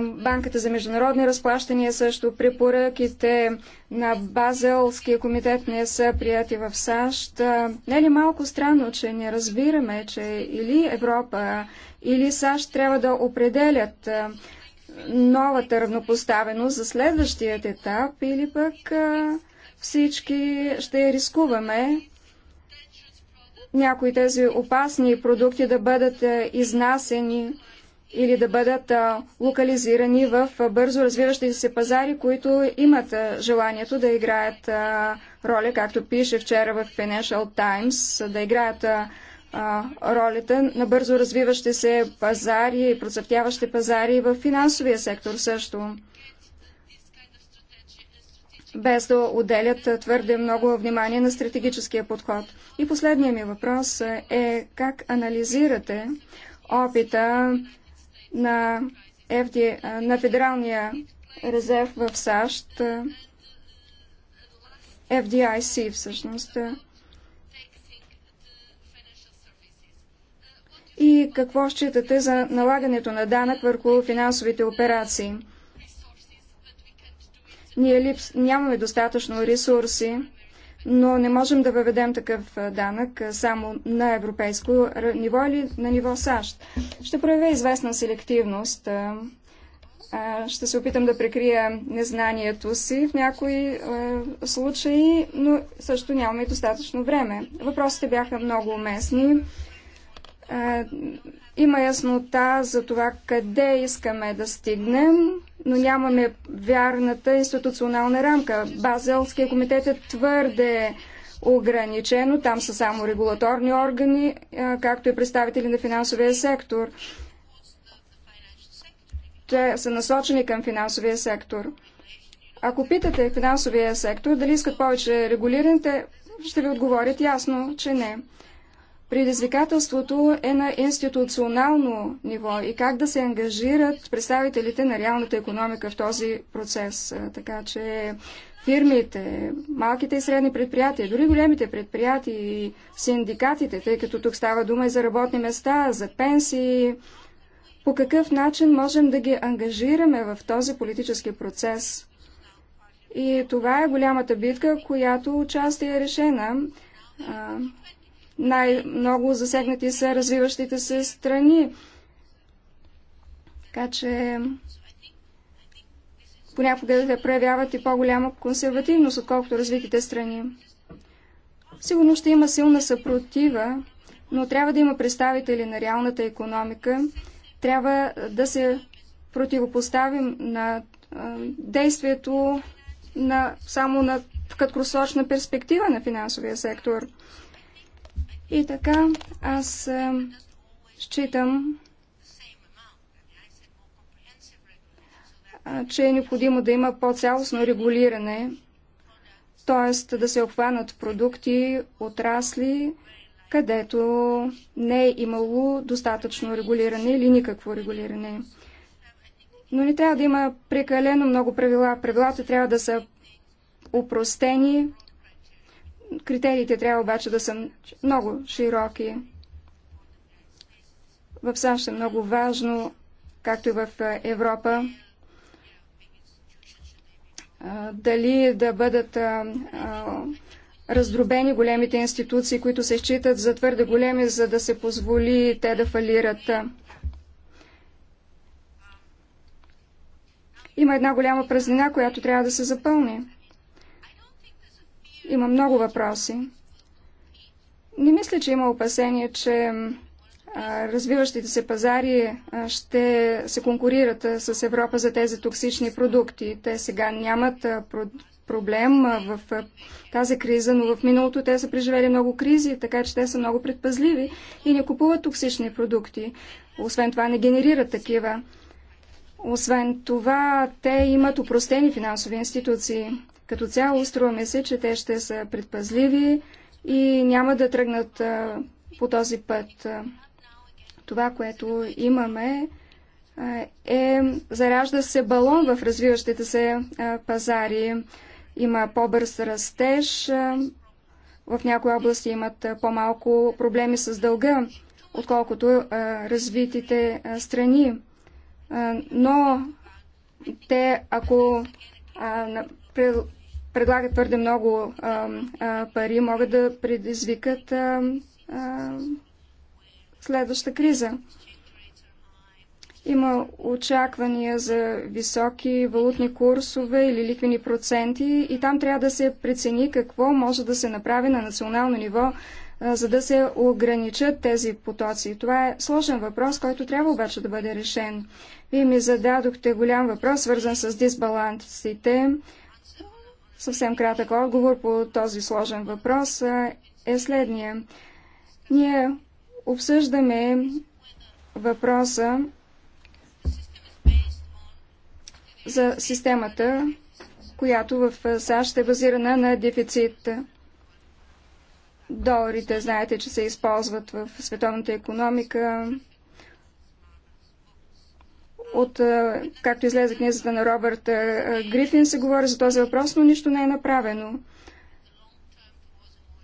Speaker 1: Банката за международни разплащания също препоръките на Базелския комитет не са прияти в САЩ. Не е ли малко странно, че не разбираме, че или Европа, или САЩ трябва да определят новата равнопоставеност за следващия етап или пък всички ще рискуваме някои тези опасни продукти да бъдат изнасени или да бъдат локализирани в бързо развиващи се пазари, които имат желанието да играят роля, както пише вчера в Financial Times, да играят ролята на бързо развиващи се пазари и процъфтяващи пазари в финансовия сектор също. Без да отделят твърде много внимание на стратегическия подход. И последният ми въпрос е как анализирате опита на, FD, на Федералния резерв в САЩ, FDIC всъщност. И какво считате за налагането на данък върху финансовите операции? Ние липс... нямаме достатъчно ресурси, но не можем да въведем такъв данък само на европейско ниво или на ниво САЩ. Ще проявя известна селективност. Ще се опитам да прикрия незнанието си в някои случаи, но също нямаме достатъчно време. Въпросите бяха много уместни има яснота за това къде искаме да стигнем, но нямаме вярната институционална рамка. Базелския комитет е твърде ограничено, там са само регулаторни органи, както и представители на финансовия сектор. Те са насочени към финансовия сектор. Ако питате финансовия сектор дали искат повече регулиране, ще ви отговорят ясно, че не. Предизвикателството е на институционално ниво и как да се ангажират представителите на реалната економика в този процес. Така че фирмите, малките и средни предприятия, дори големите предприятия и синдикатите, тъй като тук става дума и за работни места, за пенсии, по какъв начин можем да ги ангажираме в този политически процес. И това е голямата битка, която участие е решена най-много засегнати са развиващите се страни. Така че понякога да проявяват и по-голяма консервативност, отколкото развитите страни. Сигурно ще има силна съпротива, но трябва да има представители на реалната економика. Трябва да се противопоставим на а, действието на, само на краткосрочна перспектива на финансовия сектор. И така аз считам, че е необходимо да има по-цялостно регулиране, т.е. да се обхванат продукти, отрасли, където не е имало достатъчно регулиране или никакво регулиране. Но не трябва да има прекалено много правила. Правилата трябва да са упростени, Критериите трябва обаче да са много широки. В САЩ е много важно, както и в е, Европа, дали да бъдат раздробени големите институции, които се считат за твърде големи, за да се позволи те да фалират. Има една голяма празнина, която трябва да се запълни. Има много въпроси. Не мисля, че има опасение, че развиващите се пазари ще се конкурират с Европа за тези токсични продукти. Те сега нямат проблем в тази криза, но в миналото те са преживели много кризи, така че те са много предпазливи и не купуват токсични продукти. Освен това не генерират такива. Освен това, те имат упростени финансови институции. Като цяло струваме се, че те ще са предпазливи и няма да тръгнат по този път. Това, което имаме, е заражда се балон в развиващите се пазари. Има по-бърз растеж, в някои области имат по-малко проблеми с дълга, отколкото развитите страни. Но те, ако предлагат твърде много а, а, пари, могат да предизвикат а, а, следваща криза. Има очаквания за високи валутни курсове или ликвени проценти и там трябва да се прецени какво може да се направи на национално ниво, а, за да се ограничат тези потоци. Това е сложен въпрос, който трябва обаче да бъде решен. Вие ми зададохте голям въпрос, свързан с дисбалансите Съвсем кратък отговор по този сложен въпрос е следния. Ние обсъждаме въпроса за системата, която в САЩ е базирана на дефицит. Доларите, знаете, че се използват в световната економика, от, е, както излезе книзата на Робърт е, е, Грифин, се говори за този въпрос, но нищо не е направено.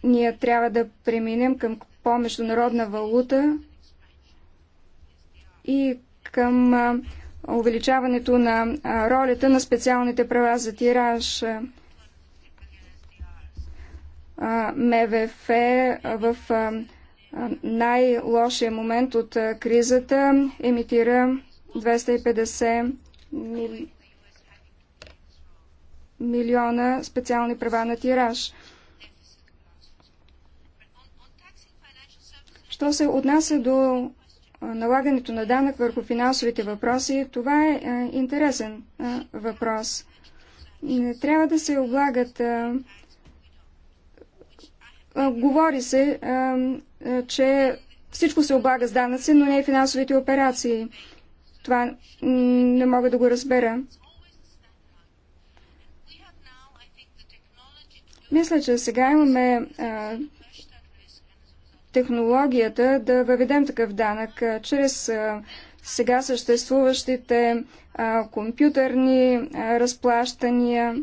Speaker 1: Ние трябва да преминем към по-международна валута и към увеличаването на ролята на специалните права за тираж. МВФ в най-лошия момент от кризата емитира 250 мили... милиона специални права на тираж. Що се отнася до налагането на данък върху финансовите въпроси, това е интересен въпрос. Не трябва да се облагат. Говори се, че всичко се облага с данъци, но не и финансовите операции. Това не мога да го разбера. Мисля, че сега имаме а, технологията да въведем такъв данък а, чрез а, сега съществуващите а, компютърни а, разплащания,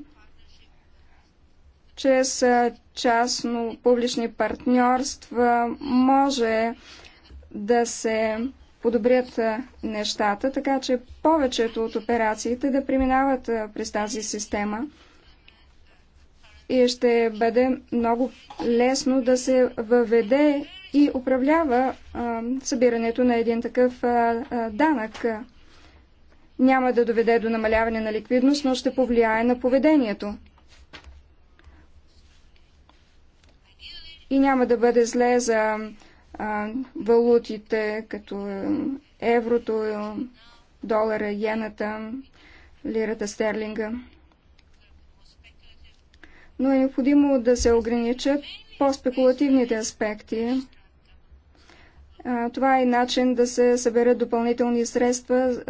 Speaker 1: чрез а, частно-публични партньорства може да се подобрят нещата, така че повечето от операциите да преминават през тази система и ще бъде много лесно да се въведе и управлява събирането на един такъв данък. Няма да доведе до намаляване на ликвидност, но ще повлияе на поведението. И няма да бъде зле за валутите, като еврото, долара, йената, лирата, стерлинга. Но е необходимо да се ограничат по-спекулативните аспекти. Това е начин да се съберат допълнителни средства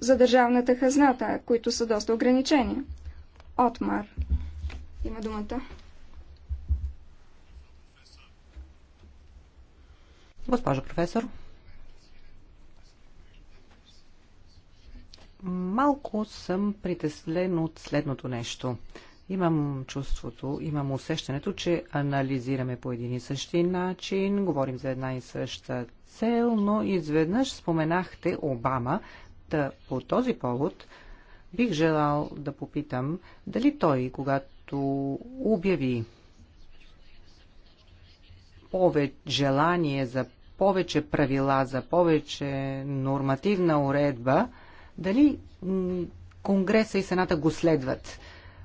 Speaker 1: за държавната хазната, които са доста ограничени. Отмар. Има думата.
Speaker 2: Госпожо професор. Малко съм притеснен от следното нещо. Имам чувството, имам усещането, че анализираме по един и същи начин, говорим за една и съща цел, но изведнъж споменахте Обама, да по този повод бих желал да попитам дали той, когато обяви повече желание за повече правила, за повече нормативна уредба, дали Конгреса и Сената го следват?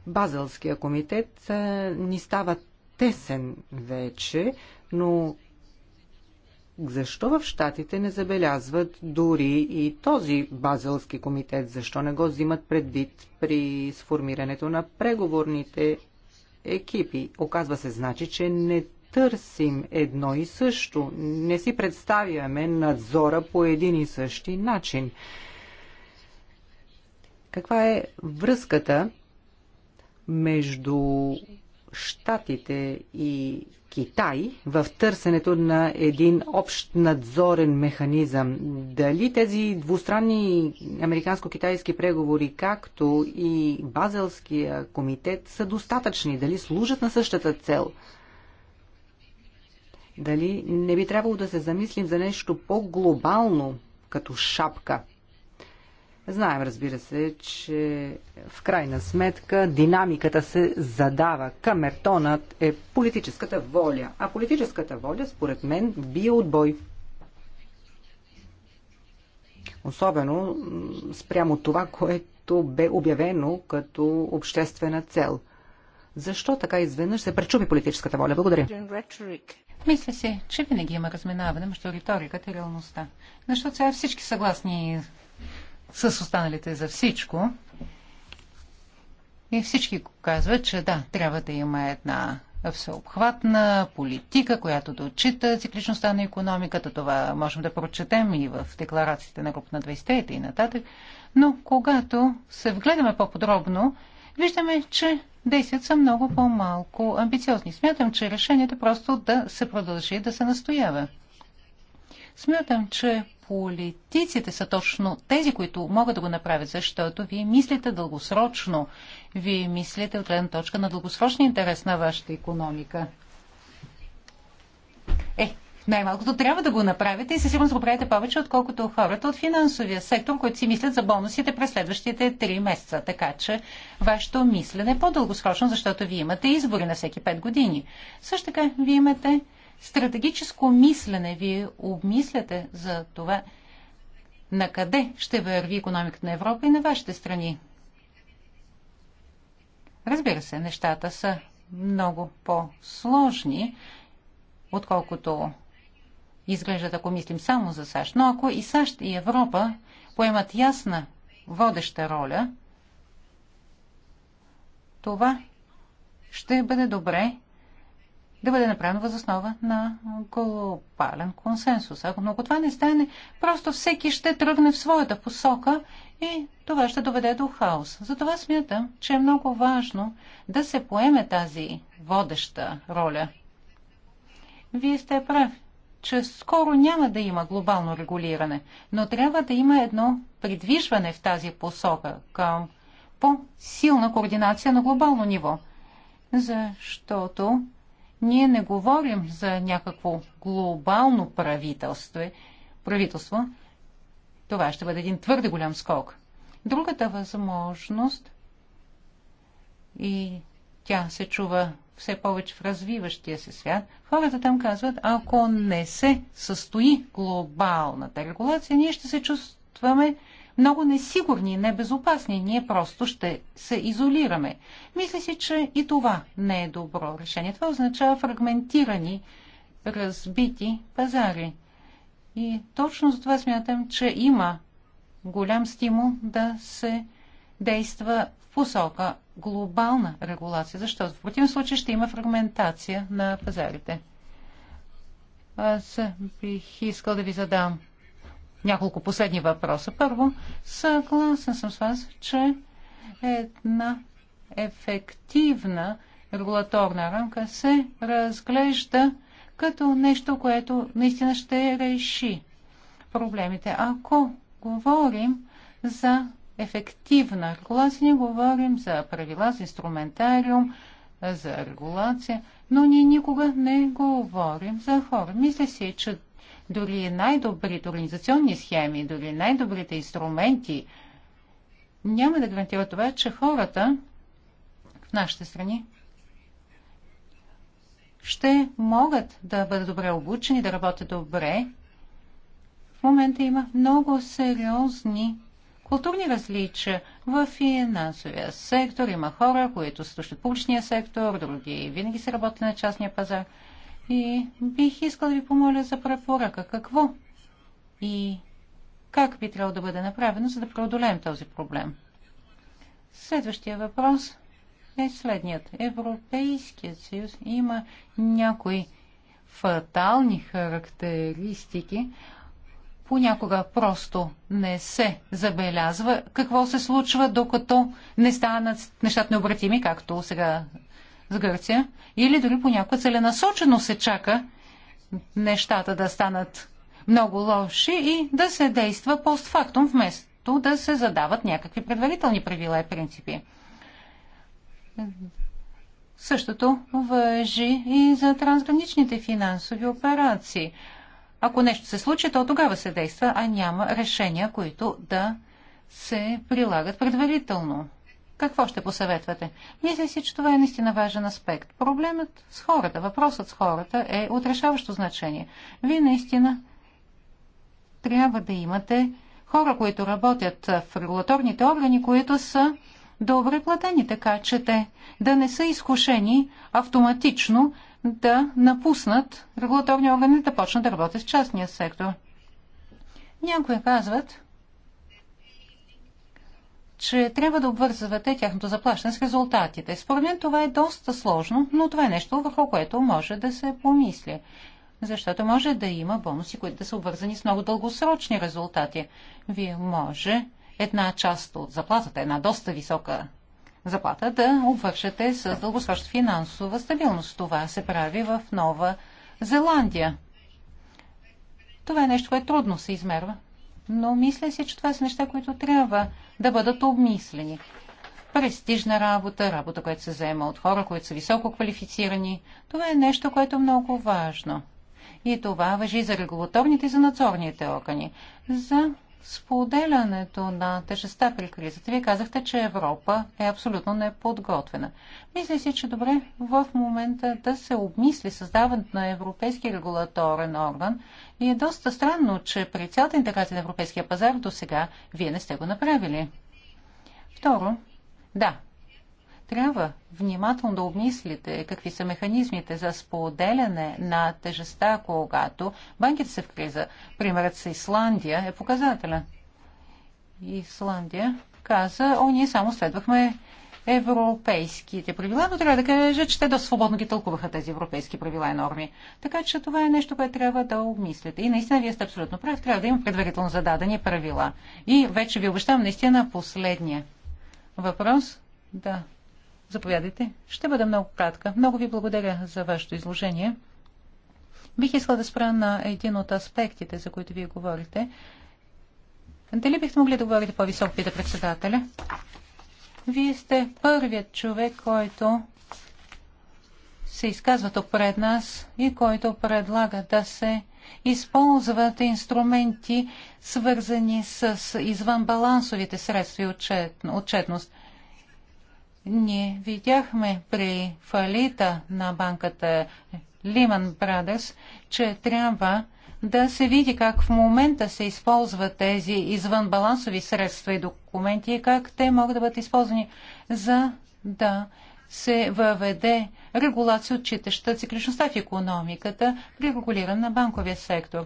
Speaker 2: Базълския комитет ни става тесен вече, но защо в щатите не забелязват дори и този базълски комитет? Защо не го взимат предвид при сформирането на преговорните екипи? Оказва се значи, че не търсим едно и също. Не си представяме надзора по един и същи начин. Каква е връзката между Штатите и Китай в търсенето на един общ надзорен механизъм. Дали тези двустранни американско-китайски преговори, както и Базелския комитет, са достатъчни? Дали служат на същата цел? Дали не би трябвало да се замислим за нещо по-глобално, като шапка? Знаем, разбира се, че в крайна сметка динамиката се задава. Камертонът е политическата воля. А политическата воля, според мен, бие отбой. Особено спрямо това, което бе обявено като обществена цел. Защо така изведнъж се пречупи политическата воля? Благодаря.
Speaker 3: Мисля си, че винаги има разминаване между риториката и реалността. Защото сега всички съгласни с останалите за всичко. И всички казват, че да, трябва да има една всеобхватна политика, която да отчита цикличността на економиката. Това можем да прочетем и в декларациите на група на 20-те и нататък. Но когато се вгледаме по-подробно, виждаме, че 10 са много по-малко амбициозни. Смятам, че решението е просто да се продължи да се настоява. Смятам, че политиците са точно тези, които могат да го направят, защото вие мислите дългосрочно. Вие мислите от гледна точка на дългосрочния интерес на вашата економика. Е, най-малкото трябва да го направите и със сигурност го правите повече, отколкото хората от финансовия сектор, които си мислят за бонусите през следващите 3 месеца. Така че вашето мислене е по-дългосрочно, защото вие имате избори на всеки 5 години. Също така, вие имате стратегическо мислене. Вие обмисляте за това на къде ще върви економиката на Европа и на вашите страни. Разбира се, нещата са много по-сложни, отколкото изглеждат, ако мислим само за САЩ. Но ако и САЩ и Европа поемат ясна водеща роля, това ще бъде добре да бъде направено възоснова на глобален консенсус. Ако много това не стане, просто всеки ще тръгне в своята посока и това ще доведе до хаос. Затова смятам, че е много важно да се поеме тази водеща роля. Вие сте прави че скоро няма да има глобално регулиране, но трябва да има едно придвижване в тази посока към по-силна координация на глобално ниво. Защото ние не говорим за някакво глобално правителство. правителство. Това ще бъде един твърде голям скок. Другата възможност, и тя се чува все повече в развиващия се свят, хората там казват, ако не се състои глобалната регулация, ние ще се чувстваме много несигурни и небезопасни. Ние просто ще се изолираме. Мисля си, че и това не е добро решение. Това означава фрагментирани, разбити пазари. И точно за това смятам, че има голям стимул да се действа в посока глобална регулация, защото в противен случай ще има фрагментация на пазарите. Аз бих искал да ви задам няколко последни въпроса. Първо, съгласен съм с вас, че една ефективна регулаторна рамка се разглежда като нещо, което наистина ще реши проблемите. Ако говорим за ефективна регулация. Ние говорим за правила, за инструментариум, за регулация, но ние никога не говорим за хора. Мисля си, че дори най-добрите организационни схеми, дори най-добрите инструменти няма да гарантира това, че хората в нашите страни ще могат да бъдат добре обучени, да работят добре. В момента има много сериозни културни различия. В финансовия сектор има хора, които слушат публичния сектор, други винаги са работили на частния пазар. И бих искал да ви помоля за препоръка. Какво и как би трябвало да бъде направено, за да преодолеем този проблем? Следващия въпрос е следният. Европейският съюз има някои фатални характеристики, понякога просто не се забелязва какво се случва, докато не станат нещата необратими, както сега с Гърция, или дори понякога целенасочено се чака нещата да станат много лоши и да се действа постфактум, вместо да се задават някакви предварителни правила и принципи. Същото въжи и за трансграничните финансови операции. Ако нещо се случи, то тогава се действа, а няма решения, които да се прилагат предварително. Какво ще посъветвате? Мисля си, че това е наистина важен аспект. Проблемът с хората, въпросът с хората е отрешаващо значение. Вие наистина трябва да имате хора, които работят в регулаторните органи, които са добре платени, така че те да не са изкушени автоматично да напуснат регулаторни органи да почнат да работят в частния сектор. Някои казват, че трябва да обвързвате тяхното заплащане с резултатите. Според мен това е доста сложно, но това е нещо, върху което може да се помисли. Защото може да има бонуси, които да са обвързани с много дългосрочни резултати. Вие може една част от заплатата, една доста висока заплата, да обвършате с дългосрочна финансова стабилност. Това се прави в Нова Зеландия. Това е нещо, което трудно се измерва. Но мисля си, че това са неща, които трябва да бъдат обмислени. Престижна работа, работа, която се заема от хора, които са високо квалифицирани. Това е нещо, което е много важно. И това въжи за регулаторните и за надзорните органи. За споделянето на тежестта при кризата. Вие казахте, че Европа е абсолютно неподготвена. Мисля си, че добре в момента да се обмисли създаването на Европейски регулаторен орган и е доста странно, че при цялата интеграция на европейския пазар до сега вие не сте го направили. Второ, да, трябва внимателно да обмислите какви са механизмите за споделяне на тежеста, когато банките са в криза. Примерът с Исландия е показателен. Исландия каза, о, ние само следвахме европейските правила, но трябва да кажа, че те доста свободно ги тълкуваха тези европейски правила и норми. Така че това е нещо, което трябва да обмислите. И наистина вие сте абсолютно прав, трябва да има предварително зададени правила. И вече ви обещавам наистина последния въпрос. Да, Заповядайте. Ще бъда много кратка. Много ви благодаря за вашето изложение. Бих искала да спра на един от аспектите, за които вие говорите. Дали бихте могли да говорите по-висок, пита председателя? Вие сте първият човек, който се изказва тук пред нас и който предлага да се използват инструменти, свързани с извънбалансовите средства и отчетност – ние видяхме при фалита на банката Lehman Brothers, че трябва да се види как в момента се използват тези извънбалансови средства и документи и как те могат да бъдат използвани за да се въведе регулация, отчитаща цикличността в економиката при регулиране на банковия сектор.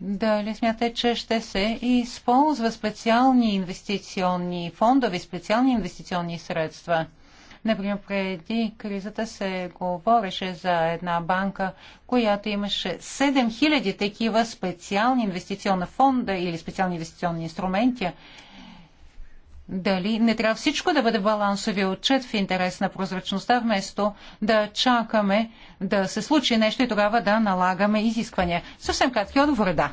Speaker 3: Дали смятате, че ще се използва специални инвестиционни фондове, специални инвестиционни средства? Например, преди кризата се говореше за една банка, която имаше 7000 такива специални инвестиционни фонда или специални инвестиционни инструменти дали не трябва всичко да бъде балансови отчет в интерес на прозрачността, вместо да чакаме да се случи нещо и тогава да налагаме изисквания. Съвсем кратки отговор, да.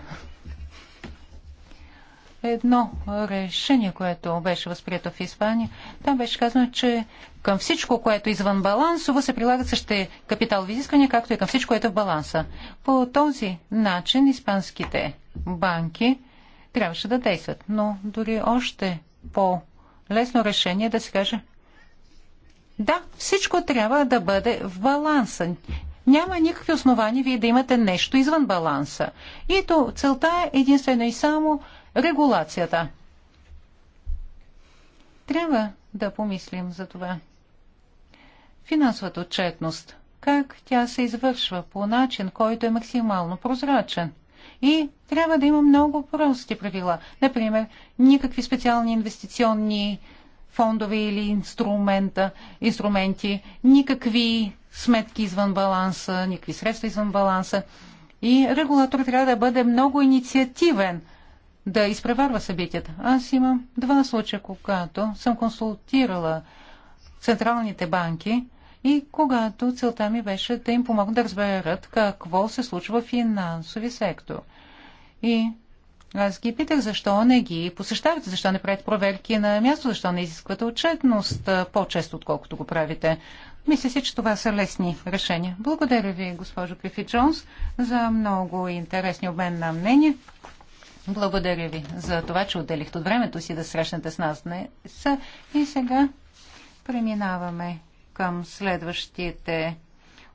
Speaker 3: Едно решение, което беше възприето в Испания, там беше казано, че към всичко, което е извън балансово, се прилагат същите капиталови изисквания, както и към всичко, което е в баланса. По този начин испанските банки трябваше да действат. Но дори още по-лесно решение да се каже да, всичко трябва да бъде в баланса. Няма никакви основания вие да имате нещо извън баланса. И то целта е единствено и само регулацията. Трябва да помислим за това. Финансовата отчетност. Как тя се извършва по начин, който е максимално прозрачен? И трябва да има много прости правила. Например, никакви специални инвестиционни фондове или инструмента, инструменти, никакви сметки извън баланса, никакви средства извън баланса. И регулатор трябва да бъде много инициативен да изпреварва събитията. Аз имам два случая, когато съм консултирала централните банки и когато целта ми беше да им помогна да разберат какво се случва в финансови сектор. И аз ги питах защо не ги посещавате, защо не правите проверки на място, защо не изисквате отчетност по-често, отколкото го правите. Мисля си, че това са лесни решения. Благодаря ви, госпожо Пифи Джонс, за много интересни обмен на мнение. Благодаря ви за това, че отделихте от времето си да срещнете с нас днес. И сега преминаваме към следващите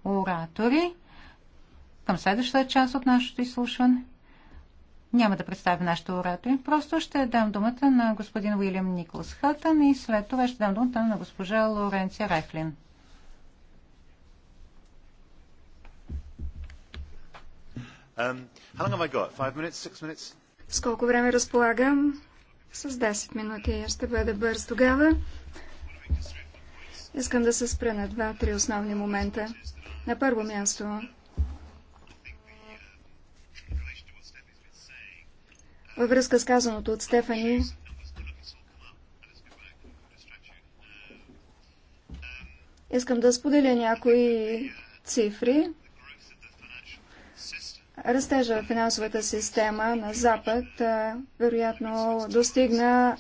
Speaker 3: оратори, към следващата част от нашето изслушване. Няма да представя нашите оратори. Просто ще дам думата на господин Уилям Николс Хатън и след това ще дам думата на госпожа Лоренция Райфлин.
Speaker 5: Um, minutes, minutes?
Speaker 1: С колко време разполагам? С 10 минути. я ще бъда бърз тогава. Искам да се спра на два-три основни момента. На първо място, във връзка с казаното от Стефани, искам да споделя някои цифри. Растежа в финансовата система на Запад вероятно достигна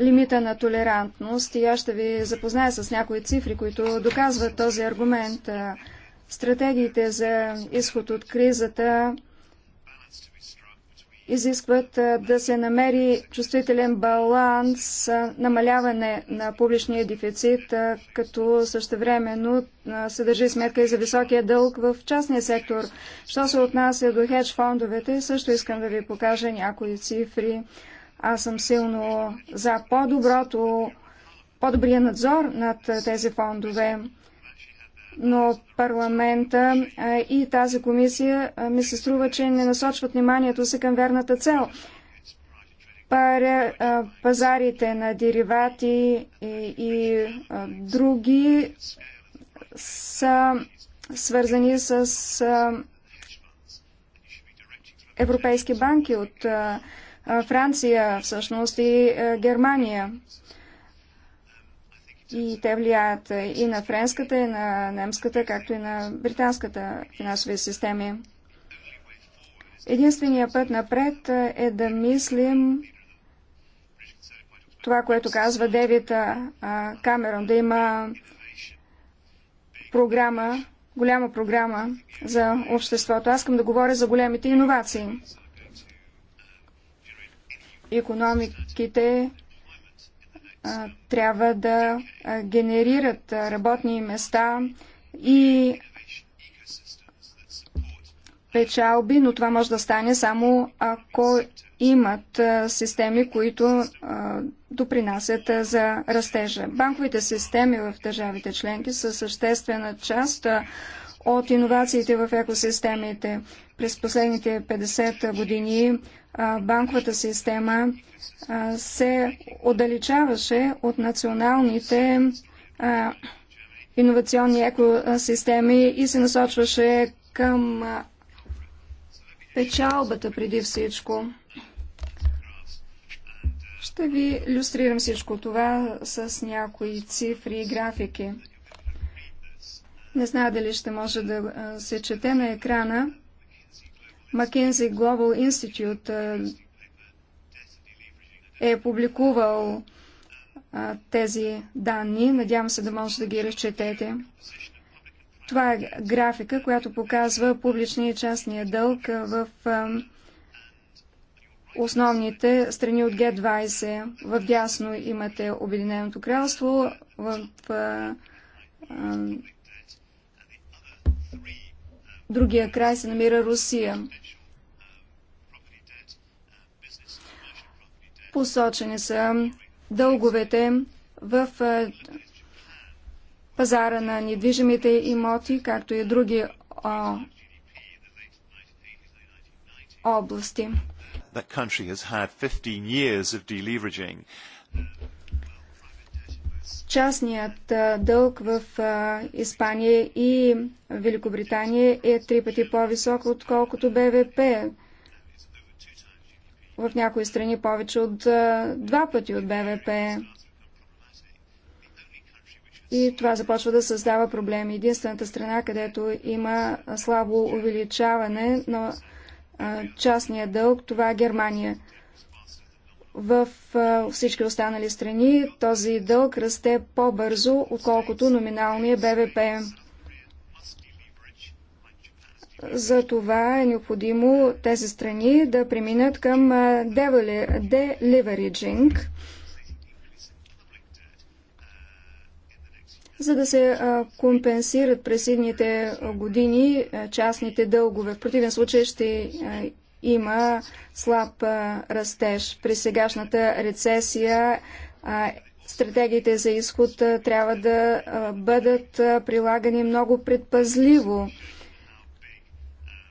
Speaker 1: лимита на толерантност и аз ще ви запозная с някои цифри, които доказват този аргумент. Стратегиите за изход от кризата изискват да се намери чувствителен баланс, намаляване на публичния дефицит, като същевременно се държи сметка и за високия дълг в частния сектор. Що се отнася до хедж фондовете, също искам да ви покажа някои цифри. Аз съм силно за по-доброто, по-добрия надзор над тези фондове. Но парламента и тази комисия ми се струва, че не насочват вниманието си към верната цел. Пазарите на деривати и, и други са свързани с европейски банки от Франция всъщност и е, Германия. И те влияят е, и на френската, и на немската, както и на британската финансови системи. Единственият път напред е, е да мислим това, което казва Девита Камерон, да има програма, голяма програма за обществото. Аз искам да говоря за големите иновации економиките трябва да генерират работни места и печалби, но това може да стане само ако имат системи, които допринасят за растежа. Банковите системи в държавите членки са съществена част от иновациите в екосистемите. През последните 50 години банковата система се отдалечаваше от националните иновационни екосистеми и се насочваше към печалбата преди всичко. Ще ви иллюстрирам всичко това с някои цифри и графики. Не знам дали ще може да се чете на екрана. McKinsey Global Institute е, е публикувал тези данни. Надявам се да можете да ги разчетете. Това е графика, която показва публичния и частния дълг в основните страни от Г-20. В дясно имате Обединеното кралство, в другия край се намира Русия. Посочени са дълговете в е, пазара на недвижимите имоти, както и други а, области.
Speaker 5: That country has had 15 years of deleveraging
Speaker 1: Частният дълг в Испания и Великобритания е три пъти по-висок, отколкото БВП. В някои страни повече от два пъти от БВП. И това започва да създава проблеми. Единствената страна, където има слабо увеличаване на частния дълг, това е Германия. В всички останали страни този дълг расте по-бързо, отколкото номиналния БВП. За това е необходимо тези страни да преминат към делевериджинг, за да се компенсират през едните години частните дългове. В противен случай ще има слаб растеж. При сегашната рецесия стратегиите за изход трябва да бъдат прилагани много предпазливо.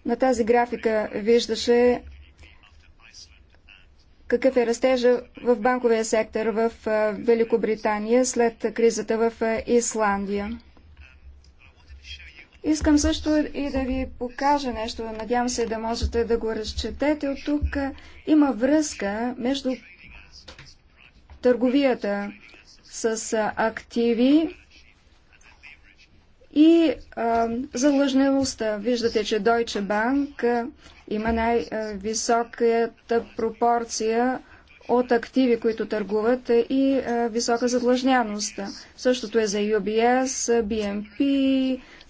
Speaker 1: На тази графика виждаше какъв е растежа в банковия сектор в Великобритания след кризата в Исландия. Искам също и да ви покажа нещо. Надявам се да можете да го разчетете. От тук има връзка между търговията с активи и залъжнелостта. Виждате, че Deutsche Bank има най-високата пропорция от активи, които търгуват и висока задлъжняност. Същото е за UBS, BNP,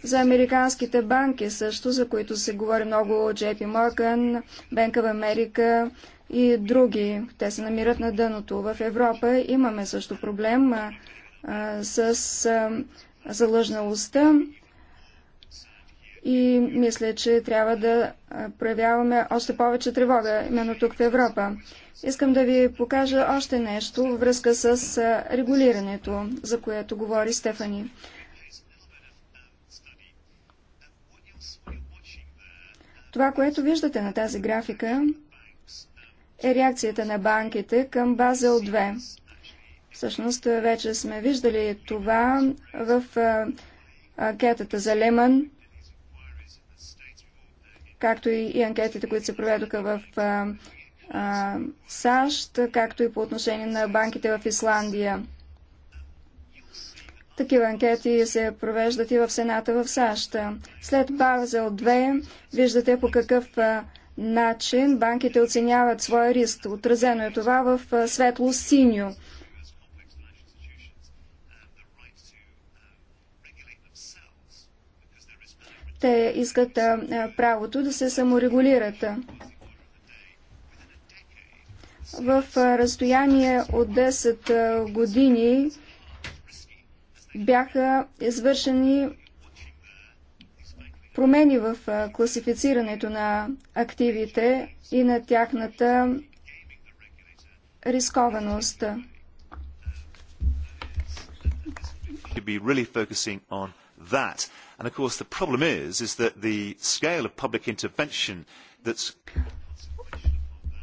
Speaker 1: за американските банки е също, за които се говори много JP Morgan, Bank of America и други. Те се намират на дъното. В Европа имаме също проблем а, с а, залъжналостта и мисля, че трябва да проявяваме още повече тревога именно тук в Европа. Искам да ви покажа още нещо във връзка с регулирането, за което говори Стефани. Това, което виждате на тази графика, е реакцията на банките към Базел 2. Всъщност, е, вече сме виждали това в е, анкетата за Леман, както и анкетите, които се проведоха в е, САЩ, както и по отношение на банките в Исландия. Такива анкети се провеждат и в Сената в САЩ. След Базел 2 виждате по какъв начин банките оценяват своя риск. Отразено е това в светло-синьо. Те искат правото да се саморегулират. В разстояние от 10 години бяха извършени промени в класифицирането на активите и на тяхната рискованост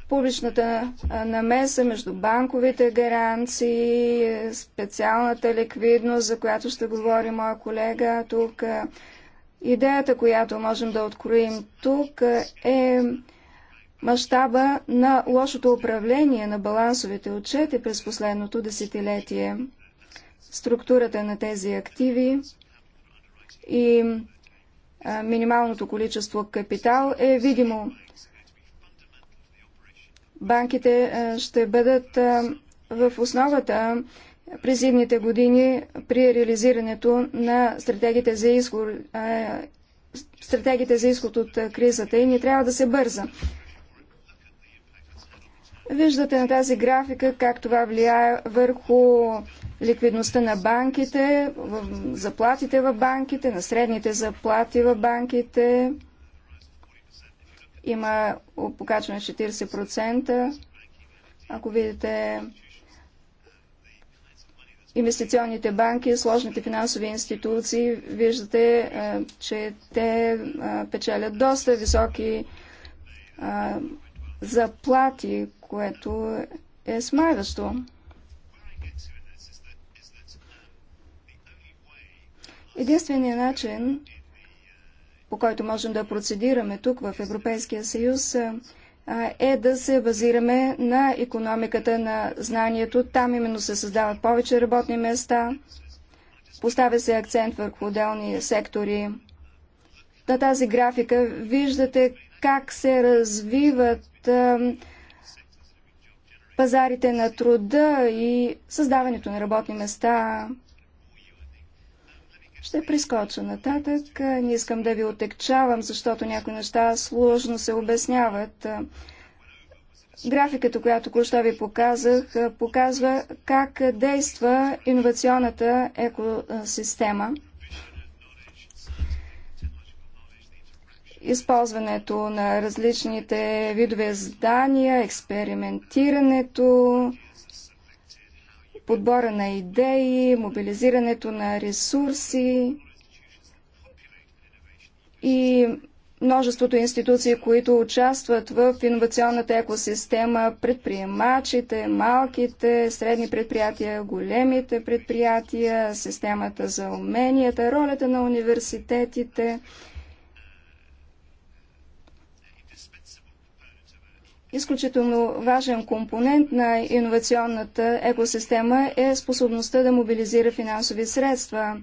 Speaker 1: публичната намеса между банковите гаранции, специалната ликвидност, за която ще говори моя колега тук. Идеята, която можем да откроим тук е мащаба на лошото управление на балансовите отчети през последното десетилетие, структурата на тези активи и минималното количество капитал е видимо банките е, ще бъдат е, в основата през идните години при реализирането на стратегията за изход, е, стратегията за изход от кризата и не трябва да се бърза. Виждате на тази графика как това влияе върху ликвидността на банките, заплатите в банките, на средните заплати в банките, има покачване 40%. Ако видите инвестиционните банки, сложните финансови институции, виждате, е, че те е, печелят доста високи е, заплати, което е смайващо. Единственият начин по който можем да процедираме тук в Европейския съюз, е да се базираме на економиката на знанието. Там именно се създават повече работни места, поставя се акцент върху отделни сектори. На тази графика виждате как се развиват пазарите на труда и създаването на работни места, ще прескоча нататък. Не искам да ви отекчавам, защото някои неща сложно се обясняват. Графиката, която току-що ви показах, показва как действа инновационната екосистема. Използването на различните видове здания, експериментирането, подбора на идеи, мобилизирането на ресурси и множеството институции, които участват в инновационната екосистема, предприемачите, малките, средни предприятия, големите предприятия, системата за уменията, ролята на университетите – Изключително важен компонент на иновационната екосистема е способността да мобилизира финансови средства.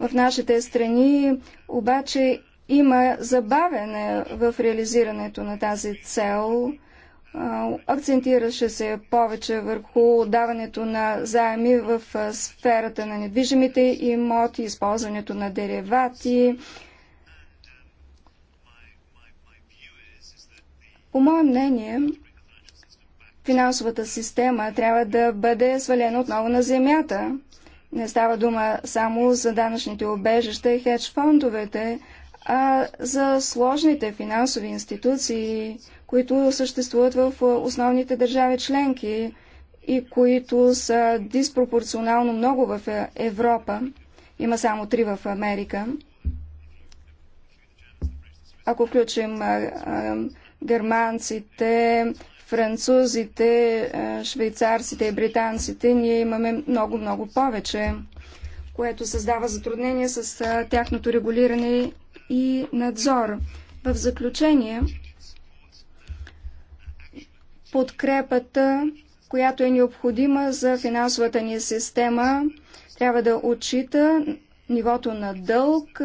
Speaker 1: В нашите страни обаче има забавене в реализирането на тази цел. Акцентираше се повече върху даването на заеми в сферата на недвижимите имоти, използването на деривати, По мое мнение, финансовата система трябва да бъде свалена отново на земята. Не става дума само за данъчните обежища и хедж фондовете, а за сложните финансови институции, които съществуват в основните държави членки и които са диспропорционално много в Европа. Има само три в Америка. Ако включим а, а, германците, французите, швейцарците и британците, ние имаме много-много повече, което създава затруднение с тяхното регулиране и надзор. В заключение, подкрепата, която е необходима за финансовата ни система, трябва да отчита нивото на дълг,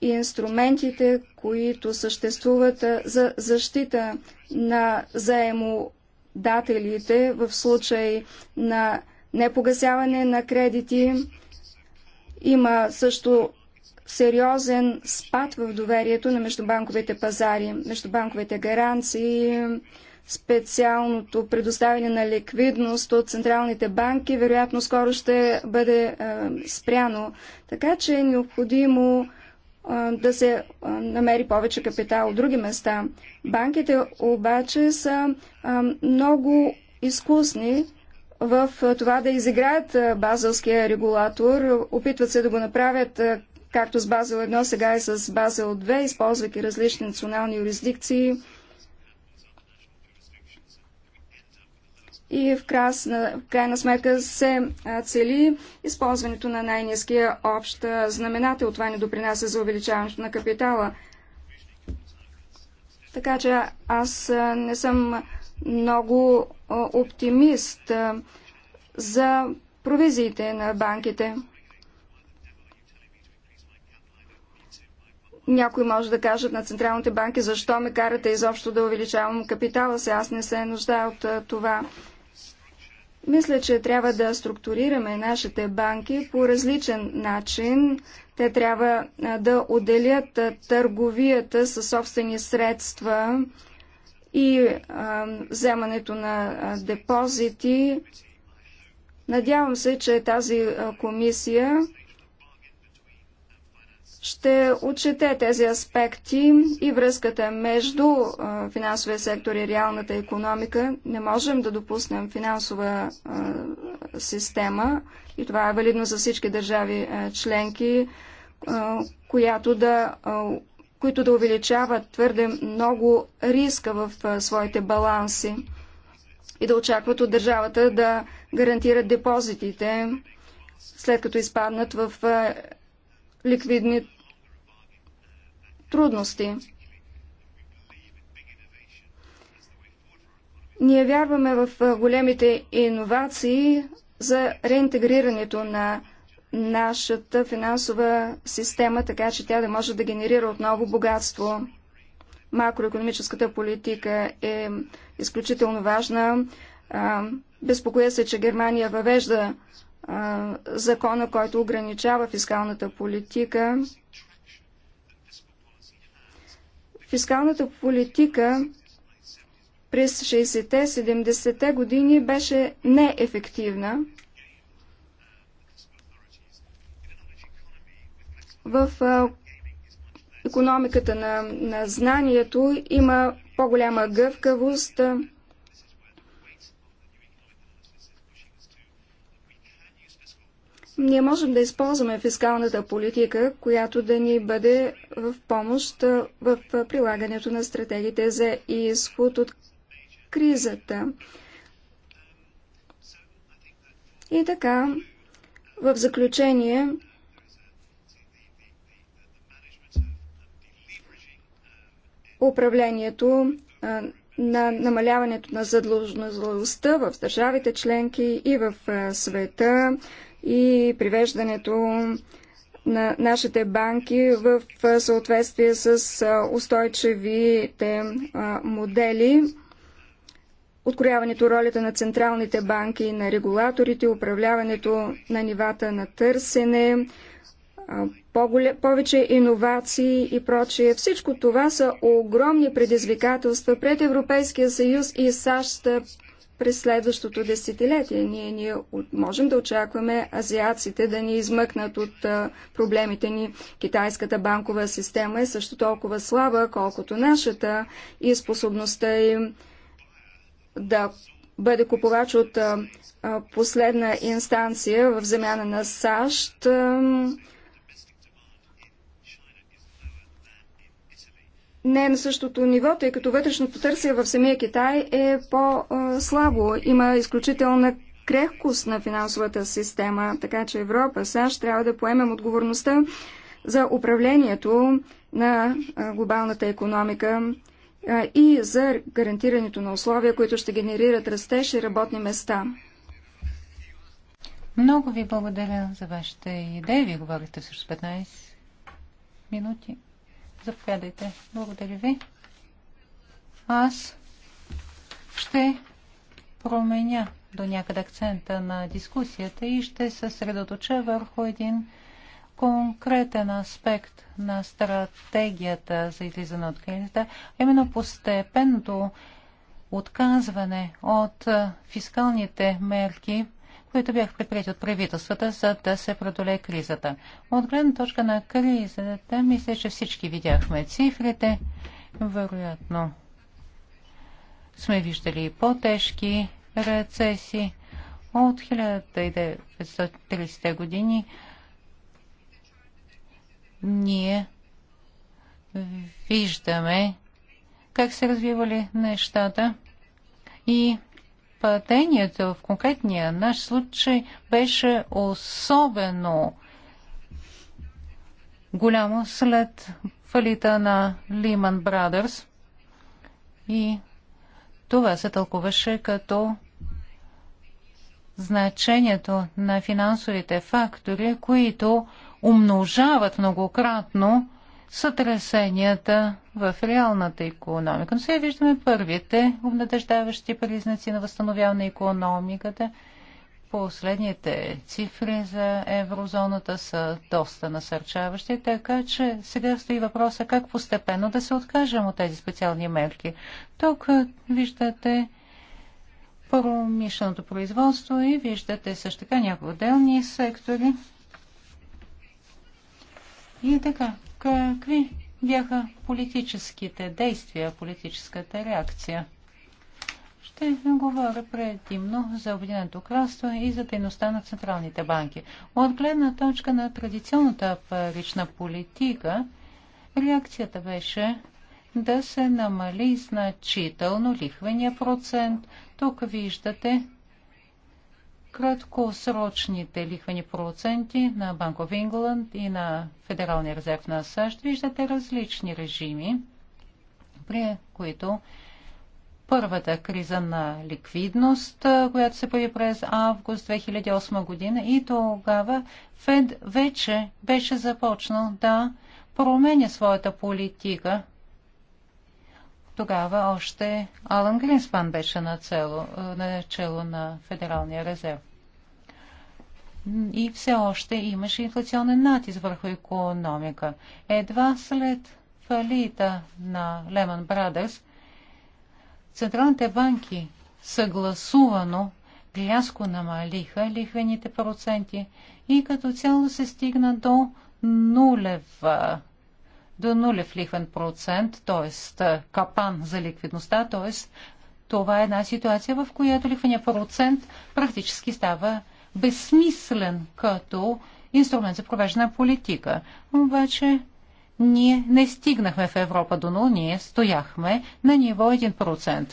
Speaker 1: и инструментите, които съществуват за защита на заемодателите в случай на непогасяване на кредити. Има също сериозен спад в доверието на междубанковите пазари, междубанковите гаранции, специалното предоставяне на ликвидност от централните банки, вероятно скоро ще бъде е, спряно. Така че е необходимо да се намери повече капитал от други места. Банките обаче са много изкусни в това да изиграят базълския регулатор. Опитват се да го направят както с Базел 1, сега и с Базел 2, използвайки различни национални юрисдикции – и в, красна, в крайна сметка се цели използването на най-низкия общ знаменател. Това не допринася за увеличаването на капитала. Така че аз не съм много оптимист за провизиите на банките. Някой може да кажат на централните банки, защо ме карате изобщо да увеличавам капитала си, аз не се нуждая от това. Мисля, че трябва да структурираме нашите банки по различен начин. Те трябва да отделят търговията със собствени средства и вземането на депозити. Надявам се, че тази комисия ще отчете тези аспекти и връзката между финансовия сектор и реалната економика. Не можем да допуснем финансова система, и това е валидно за всички държави членки, която да, които да увеличават твърде много риска в своите баланси и да очакват от държавата да гарантират депозитите, след като изпаднат в ликвидни трудности. Ние вярваме в големите иновации за реинтегрирането на нашата финансова система, така че тя да може да генерира отново богатство. Макроекономическата политика е изключително важна. Безпокоя се, че Германия въвежда закона, който ограничава фискалната политика. Фискалната политика през 60-те, 70-те години беше неефективна. В економиката на, на знанието има по-голяма гъвкавост, ние можем да използваме фискалната политика, която да ни бъде в помощ в прилагането на стратегите за изход от кризата. И така, в заключение, управлението на намаляването на задлъжността в държавите членки и в света, и привеждането на нашите банки в съответствие с устойчивите модели, открояването ролята на централните банки и на регулаторите, управляването на нивата на търсене, повече иновации и прочие. Всичко това са огромни предизвикателства пред Европейския съюз и САЩ през следващото десетилетие. Ние, ние можем да очакваме азиаците да ни измъкнат от проблемите ни. Китайската банкова система е също толкова слаба, колкото нашата и способността им да бъде купувач от последна инстанция в замяна на САЩ не е на същото ниво, тъй като вътрешното търсие в самия Китай е по-слабо. Има изключителна крехкост на финансовата система, така че Европа, САЩ трябва да поемем отговорността за управлението на глобалната економика и за гарантирането на условия, които ще генерират растеж и работни места.
Speaker 3: Много ви благодаря за вашите идеи. Вие говорите също 15 минути. Заповядайте. Благодаря ви. Аз ще променя до някъде акцента на дискусията и ще се средоточа върху един конкретен аспект на стратегията за излизане от кризата, именно постепенното отказване от фискалните мерки които бях предприяти от правителствата, за да се продолее кризата. От гледна точка на кризата, мисля, че всички видяхме цифрите. Вероятно сме виждали и по-тежки рецесии. От 1930 години ние виждаме как се развивали нещата и Падението в конкретния наш случай беше особено голямо след фалита на Lehman Brothers и това се тълкуваше като значението на финансовите фактори, които умножават многократно сътресенията в реалната економика. Но сега виждаме първите обнадеждаващи признаци на възстановяване на економиката. Последните цифри за еврозоната са доста насърчаващи, така че сега стои въпроса как постепенно да се откажем от тези специални мерки. Тук виждате промишленото производство и виждате също така някои отделни сектори. И така, Какви бяха политическите действия, политическата реакция? Ще говоря предимно за Обединеното кралство и за дейността на централните банки. От гледна точка на традиционната парична политика, реакцията беше да се намали значително лихвения процент. Тук виждате краткосрочните лихвени проценти на Банк в Ингланд и на Федералния резерв на САЩ виждате различни режими, при които първата криза на ликвидност, която се появи през август 2008 година и тогава Фед вече беше започнал да променя своята политика. Тогава още Алан Гринспан беше на начало на Федералния резерв и все още имаше инфлационен натиск върху економика. Едва след фалита на Lehman Brothers, централните банки съгласувано рязко намалиха лихвените проценти и като цяло се стигна до нулев, до нулев лихвен процент, т.е. капан за ликвидността, т.е. това е една ситуация, в която лихвения процент практически става безсмислен като инструмент за провеждане политика. Обаче ние не стигнахме в Европа до но ние стояхме на ниво 1%.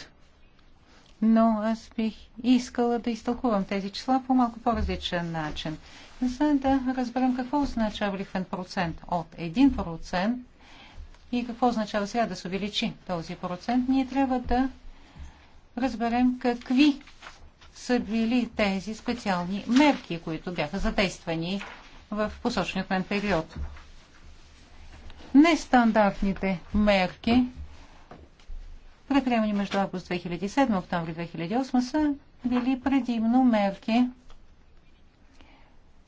Speaker 3: Но аз бих искала да изтълкувам тези числа по малко по-различен начин, за да разберем какво означава лихвен процент от 1% и какво означава сега да се увеличи този процент. Ние трябва да разберем какви са били тези специални мерки, които бяха задействани в посочният мен период. Нестандартните мерки, предприемани между август 2007 и октомври 2008, са били предимно мерки,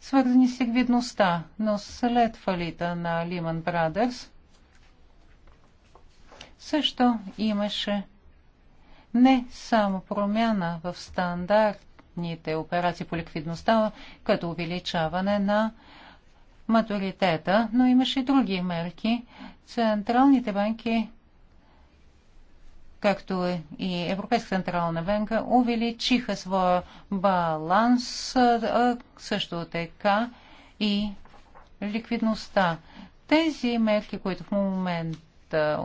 Speaker 3: свързани с ликвидността, но след фалита на Lehman Brothers също имаше не само промяна в стандартните операции по ликвидността, като увеличаване на матуритета, но имаше и други мерки. Централните банки, както и Европейска централна банка, увеличиха своя баланс, също така и ликвидността. Тези мерки, които в момента